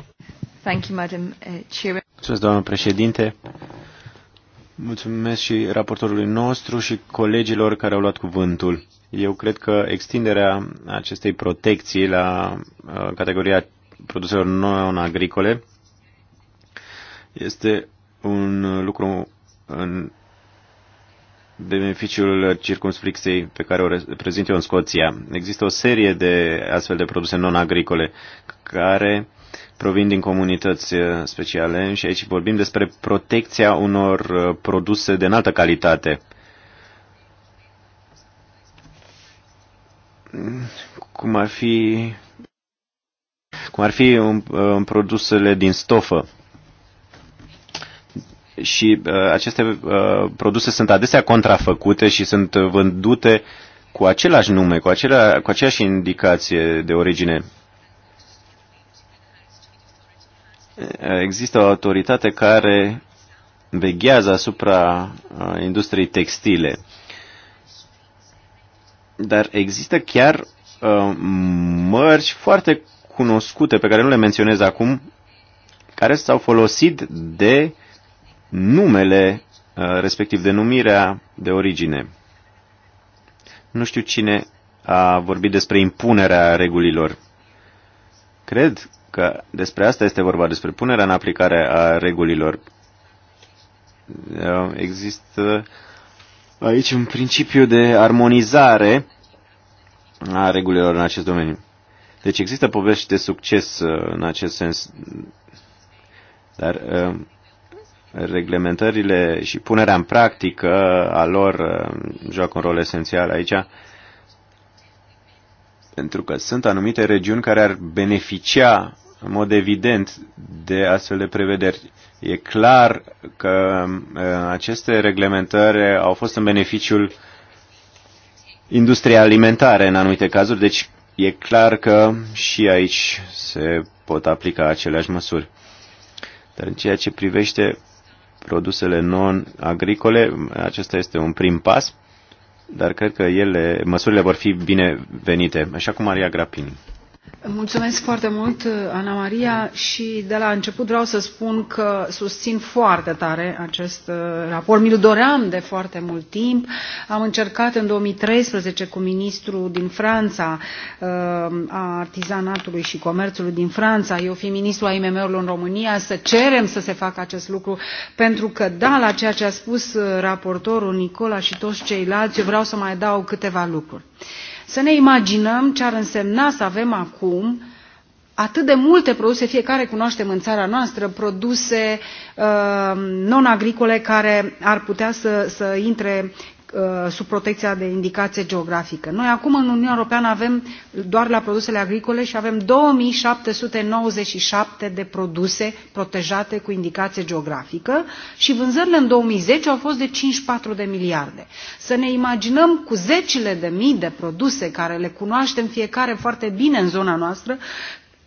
Thank you, Madam uh, Chair. Mulțumesc, doamnă președinte. Mulțumesc și raportorului nostru și colegilor care au luat cuvântul. Eu cred că extinderea acestei protecții la uh, categoria produselor non-agricole este un lucru în beneficiul circumscripției pe care o prezint eu în Scoția. Există o serie de astfel de produse non-agricole care provin din comunități uh, speciale și aici vorbim despre protecția unor uh, produse de înaltă calitate. Cum ar fi, cum ar fi un, un uh, produsele din stofă și uh, aceste uh, produse sunt adesea contrafăcute și sunt vândute cu același nume, cu, acelea, cu aceeași indicație de origine. Există o autoritate care veghează asupra uh, industriei textile. Dar există chiar mărci foarte cunoscute, pe care nu le menționez acum, care s-au folosit de numele, uh, respectiv denumirea de origine. Nu știu cine a vorbit despre impunerea regulilor. Cred că despre asta este vorba, despre punerea în aplicare a regulilor. Uh, există aici un principiu de armonizare a regulilor în acest domeniu. Deci există povești de succes uh, în acest sens, dar reglementările și punerea în practică a lor uh, joacă un rol esențial aici, pentru că sunt anumite regiuni care ar beneficia în mod evident de astfel de prevederi. E clar că uh, aceste reglementări au fost în beneficiul industriei alimentare în anumite cazuri, deci e clar că și aici se pot aplica aceleași măsuri. Dar în ceea ce privește produsele non-agricole. Acesta este un prim pas, dar cred că ele, măsurile vor fi binevenite. Așa cum Maria Grapini. Mulțumesc foarte mult, Ana Maria, și de la început vreau să spun că susțin foarte tare acest uh, raport. Mi-l doream de foarte mult timp. Am încercat în 2013 cu ministrul din Franța, uh, a artizanatului și comerțului din Franța, eu fi ministru a IMM-urilor în România, să cerem să se facă acest lucru, pentru că, da, la ceea ce a spus uh, raportorul Nicola și toți ceilalți, eu vreau să mai dau câteva lucruri. Să ne imaginăm ce ar însemna să avem acum atât de multe produse, fiecare cunoaștem în țara noastră, produse uh, non-agricole care ar putea să, să intre Uh, sub protecția de indicație geografică. Noi acum în Uniunea Europeană avem doar la produsele agricole și avem 2797 de produse protejate cu indicație geografică și vânzările în 2010 au fost de 54 de miliarde. Să ne imaginăm cu zecile de mii de produse care le cunoaștem fiecare foarte bine în zona noastră,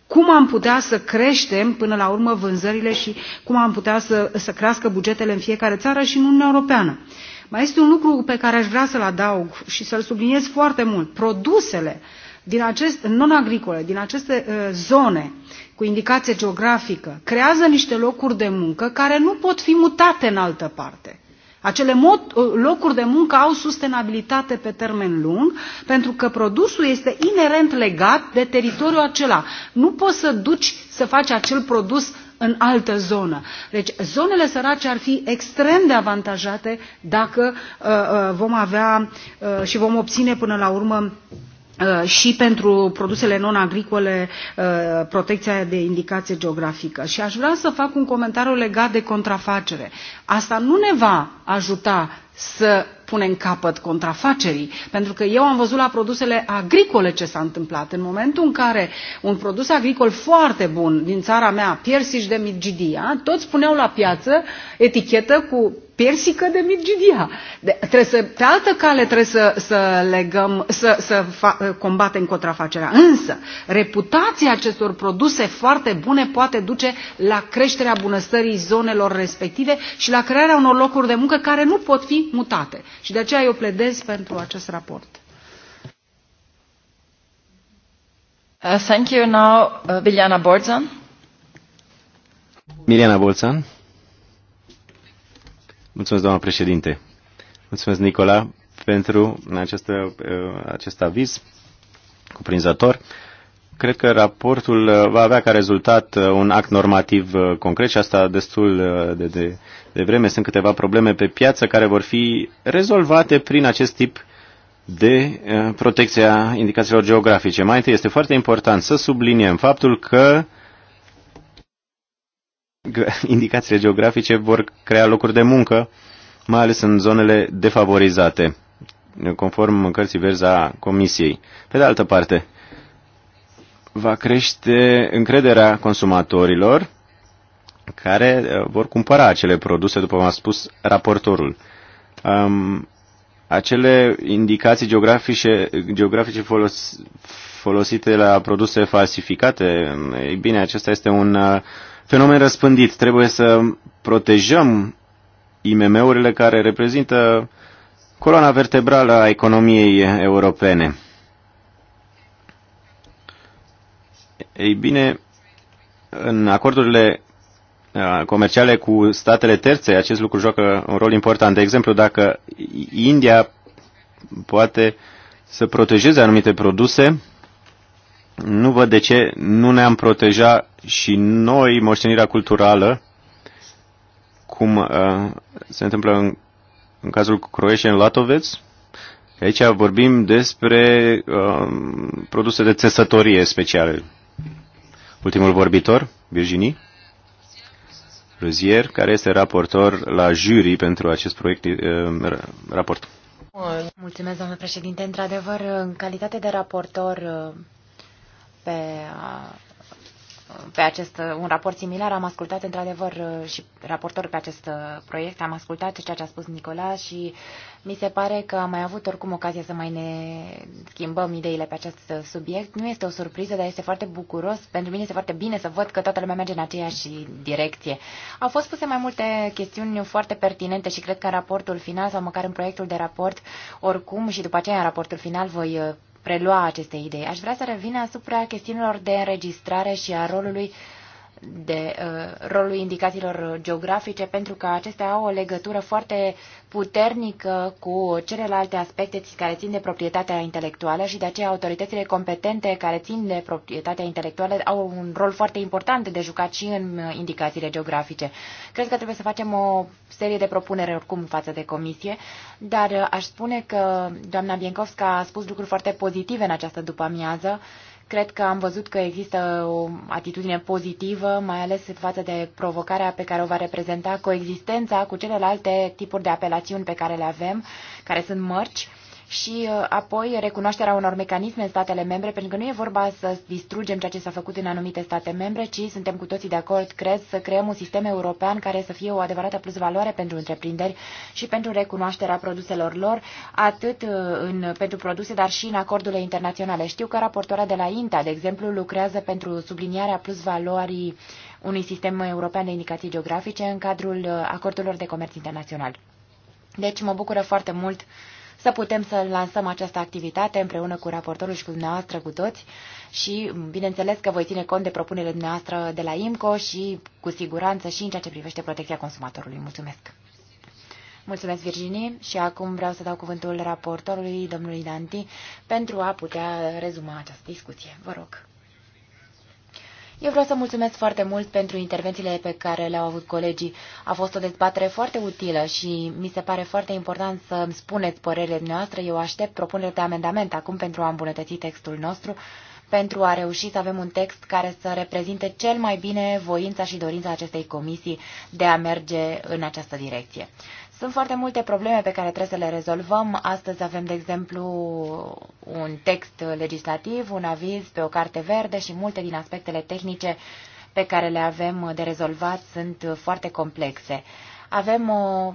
cum am putea să creștem până la urmă vânzările și cum am putea să, să crească bugetele în fiecare țară și în Uniunea Europeană. Uh, mai este un lucru pe care aș vrea să-l adaug și să-l subliniez foarte mult. Produsele din acest, non-agricole, din aceste uh, zone cu indicație geografică, creează niște locuri de muncă care nu pot fi mutate în altă parte. Acele mod, uh, locuri de muncă au sustenabilitate pe termen lung, pentru că produsul este inerent legat de teritoriul acela. Nu poți să duci să faci acel produs în altă zonă. Deci zonele sărace ar fi extrem de avantajate dacă uh, uh, vom avea uh, și vom obține până la urmă și pentru produsele non-agricole protecția de indicație geografică. Și aș vrea să fac un comentariu legat de contrafacere. Asta nu ne va ajuta să punem capăt contrafacerii. Pentru că eu am văzut la produsele agricole ce s-a întâmplat. În momentul în care un produs agricol foarte bun din țara mea, piersici de midgidia, toți puneau la piață etichetă cu persică de Mirgidia. De, trebuie să, pe altă cale trebuie să, să legăm, să, să fa, combatem contrafacerea. Însă, reputația acestor produse foarte bune poate duce la creșterea bunăstării zonelor respective și la crearea unor locuri de muncă care nu pot fi mutate. Și de aceea eu pledez pentru acest raport. Uh, thank you now, uh, Biljana Borzan. Miliana Borzan. Mulțumesc, doamnă președinte. Mulțumesc, Nicola, pentru această, uh, acest aviz cuprinzător. Cred că raportul uh, va avea ca rezultat uh, un act normativ concret și asta destul de, de, de vreme. Sunt câteva probleme pe piață care vor fi rezolvate prin acest tip de protecția indicațiilor geografice. Mai întâi este foarte important să subliniem faptul că uh, indicațiile geografice vor crea locuri de muncă, mai ales în zonele defavorizate, conform cărții verzi a Comisiei. Pe de altă parte, va crește încrederea consumatorilor care uh, vor cumpăra acele produse, după cum a spus raportorul. Um, acele indicații geografice, geografice folos, folosite la produse falsificate, mm, ei bine, acesta este un uh, fenomen răspândit. Trebuie să protejăm IMM-urile care reprezintă coloana vertebrală a economiei europene. Ei bine, în acordurile uh, comerciale cu statele terțe, acest lucru joacă un rol important. De exemplu, dacă India poate să protejeze anumite produse nu văd de ce nu ne-am proteja și noi moștenirea culturală, cum uh, se întâmplă în, în cazul Croatian Latoveț. Aici vorbim despre uh, produse de țesătorie speciale. Ultimul vorbitor, Virginie Rozier, care este raportor la jury pentru acest proiect, uh, raport. Mulțumesc, domnule președinte. Într-adevăr, în calitate de raportor uh, pe, pe acest, un raport similar. Am ascultat, într-adevăr, și raportor pe acest proiect, am ascultat ceea ce a spus Nicola și mi se pare că am mai avut oricum ocazia să mai ne schimbăm ideile pe acest subiect. Nu este o surpriză, dar este foarte bucuros. Pentru mine este foarte bine să văd că toată lumea merge în aceeași direcție. Au fost puse mai multe chestiuni foarte pertinente și cred că în raportul final sau măcar în proiectul de raport, oricum și după aceea în raportul final voi prelua aceste idei. Aș vrea să revin asupra chestiunilor de înregistrare și a rolului uh, de uh, rolul indicațiilor geografice, pentru că acestea au o legătură foarte puternică cu celelalte aspecte care țin de proprietatea intelectuală și de aceea autoritățile competente care țin de proprietatea intelectuală au un rol foarte important de jucat și în uh, indicațiile geografice. Cred că trebuie să facem o serie de propuneri oricum față de comisie, dar uh, aș spune că doamna Biencovska a spus lucruri foarte pozitive în această după amiază, uh, Cred că am văzut că există o atitudine pozitivă, mai ales față de provocarea pe care o va reprezenta coexistența cu celelalte tipuri de apelațiuni pe care le avem, care sunt mărci și uh, apoi recunoașterea unor mecanisme în statele membre, pentru că nu e vorba să distrugem ceea ce s-a făcut în anumite state membre, ci suntem cu toții de acord, cred, să creăm un sistem european care să fie o adevărată plusvaloare pentru întreprinderi și pentru recunoașterea produselor lor, atât uh, în, pentru produse, dar și în acordurile internaționale. Știu că raportoarea de la INTA, de exemplu, lucrează pentru sublinierea valorii unui sistem european de indicații geografice în cadrul uh, acordurilor de comerț internațional. Deci mă bucură foarte mult uh, să putem să lansăm această activitate împreună cu raportorul și cu dumneavoastră, cu toți și bineînțeles că voi ține cont de propunerile dumneavoastră de la IMCO și cu siguranță și în ceea ce privește protecția consumatorului. Mulțumesc! Mulțumesc, Virginie, și acum vreau să dau cuvântul raportorului, domnului Danti, pentru a putea rezuma această discuție. Vă rog. Eu vreau să mulțumesc foarte mult pentru intervențiile pe care le-au avut colegii. A fost o dezbatere foarte utilă și mi se pare foarte important să îmi spuneți părerile noastre. Eu aștept propuneri de amendament acum pentru a îmbunătăți textul nostru, pentru a reuși să avem un text care să reprezinte cel mai bine voința și dorința acestei comisii de a merge în această direcție. Sunt foarte multe probleme pe care trebuie să le rezolvăm. Astăzi avem, de exemplu, un text legislativ, un aviz pe o carte verde și multe din aspectele tehnice pe care le avem de rezolvat sunt foarte complexe. Avem o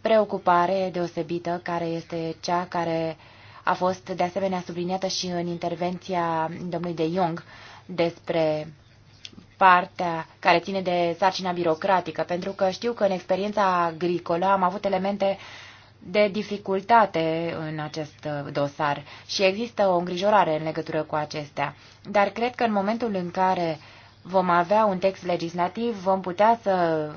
preocupare deosebită care este cea care a fost de asemenea subliniată și în intervenția domnului de Jung despre partea care ține de sarcina birocratică, pentru că știu că în experiența agricolă am avut elemente de dificultate în acest uh, dosar și există o îngrijorare în legătură cu acestea. Dar cred că în momentul în care vom avea un text legislativ, vom putea să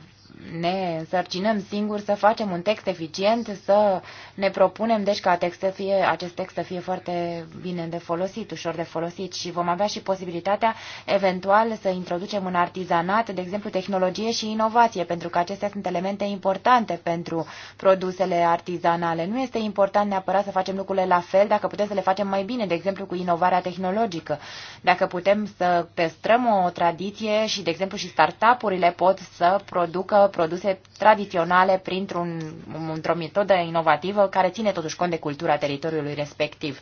ne sărcinăm singuri să facem un text eficient, să ne propunem deci ca text să fie, acest text să fie foarte bine de folosit, ușor de folosit și vom avea și posibilitatea eventual să introducem în artizanat, de exemplu, tehnologie și inovație, pentru că acestea sunt elemente importante pentru produsele artizanale. Nu este important neapărat să facem lucrurile la fel, dacă putem să le facem mai bine, de exemplu, cu inovarea tehnologică. Dacă putem să păstrăm o tradiție și, de exemplu, și startup-urile pot să producă produse tradiționale printr-un, într-o metodă inovativă care ține totuși cont de cultura teritoriului respectiv.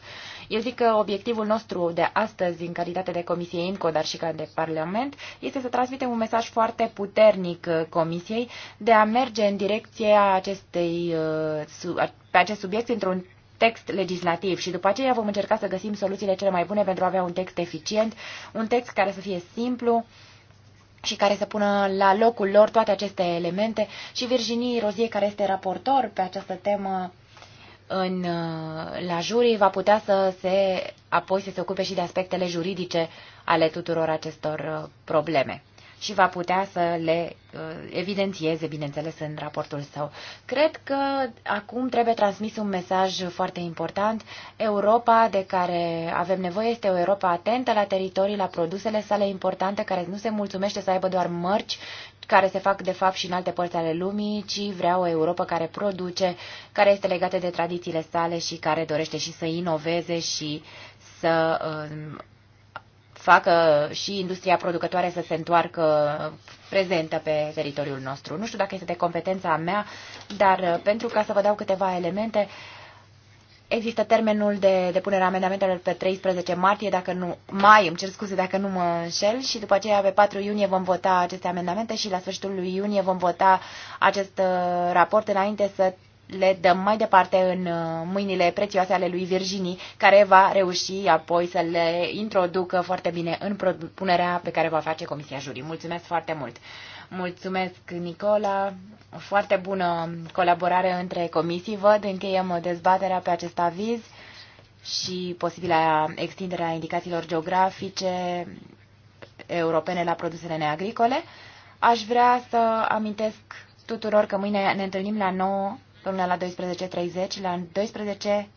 Eu zic că obiectivul nostru de astăzi, în calitate de Comisie INCO, dar și ca de Parlament, este să transmitem un mesaj foarte puternic uh, Comisiei de a merge în direcția acestei, uh, pe acest subiect într-un text legislativ și după aceea vom încerca să găsim soluțiile cele mai bune pentru a avea un text eficient, un text care să fie simplu, și care să pună la locul lor toate aceste elemente și Virginie Rozie, care este raportor pe această temă în, uh, la jurii, va putea să se apoi să se ocupe și de aspectele juridice ale tuturor acestor uh, probleme și va putea să le uh, evidențieze, bineînțeles, în raportul său. Cred că acum trebuie transmis un mesaj foarte important. Europa de care avem nevoie este o Europa atentă la teritorii, la produsele sale importante, care nu se mulțumește să aibă doar mărci care se fac de fapt și în alte părți ale lumii, ci vrea o Europa care produce, care este legată de tradițiile sale și care dorește și să inoveze și să uh, facă și industria producătoare să se întoarcă prezentă pe teritoriul nostru. Nu știu dacă este de competența mea, dar uh, pentru ca să vă dau câteva elemente, există termenul de depunere a amendamentelor pe 13 martie, dacă nu, mai, îmi cer scuze dacă nu mă înșel, și după aceea pe 4 iunie vom vota aceste amendamente și la sfârșitul lui iunie vom vota acest uh, raport înainte să le dăm mai departe în uh, mâinile prețioase ale lui Virginie, care va reuși apoi să le introducă foarte bine în propunerea pe care va face Comisia Jurii. Mulțumesc foarte mult! Mulțumesc, Nicola! O foarte bună colaborare între comisii. Văd, încheiem dezbaterea pe acest aviz și posibilă extinderea indicațiilor geografice europene la produsele neagricole. Aș vrea să amintesc tuturor că mâine ne întâlnim la 9 până la 12.30. La 12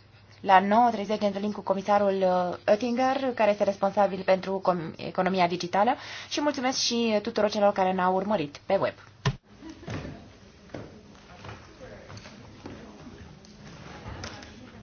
la 9.30 ne întâlnim cu comisarul uh, Oettinger, care este responsabil pentru economia digitală și mulțumesc și tuturor celor care ne-au urmărit pe web.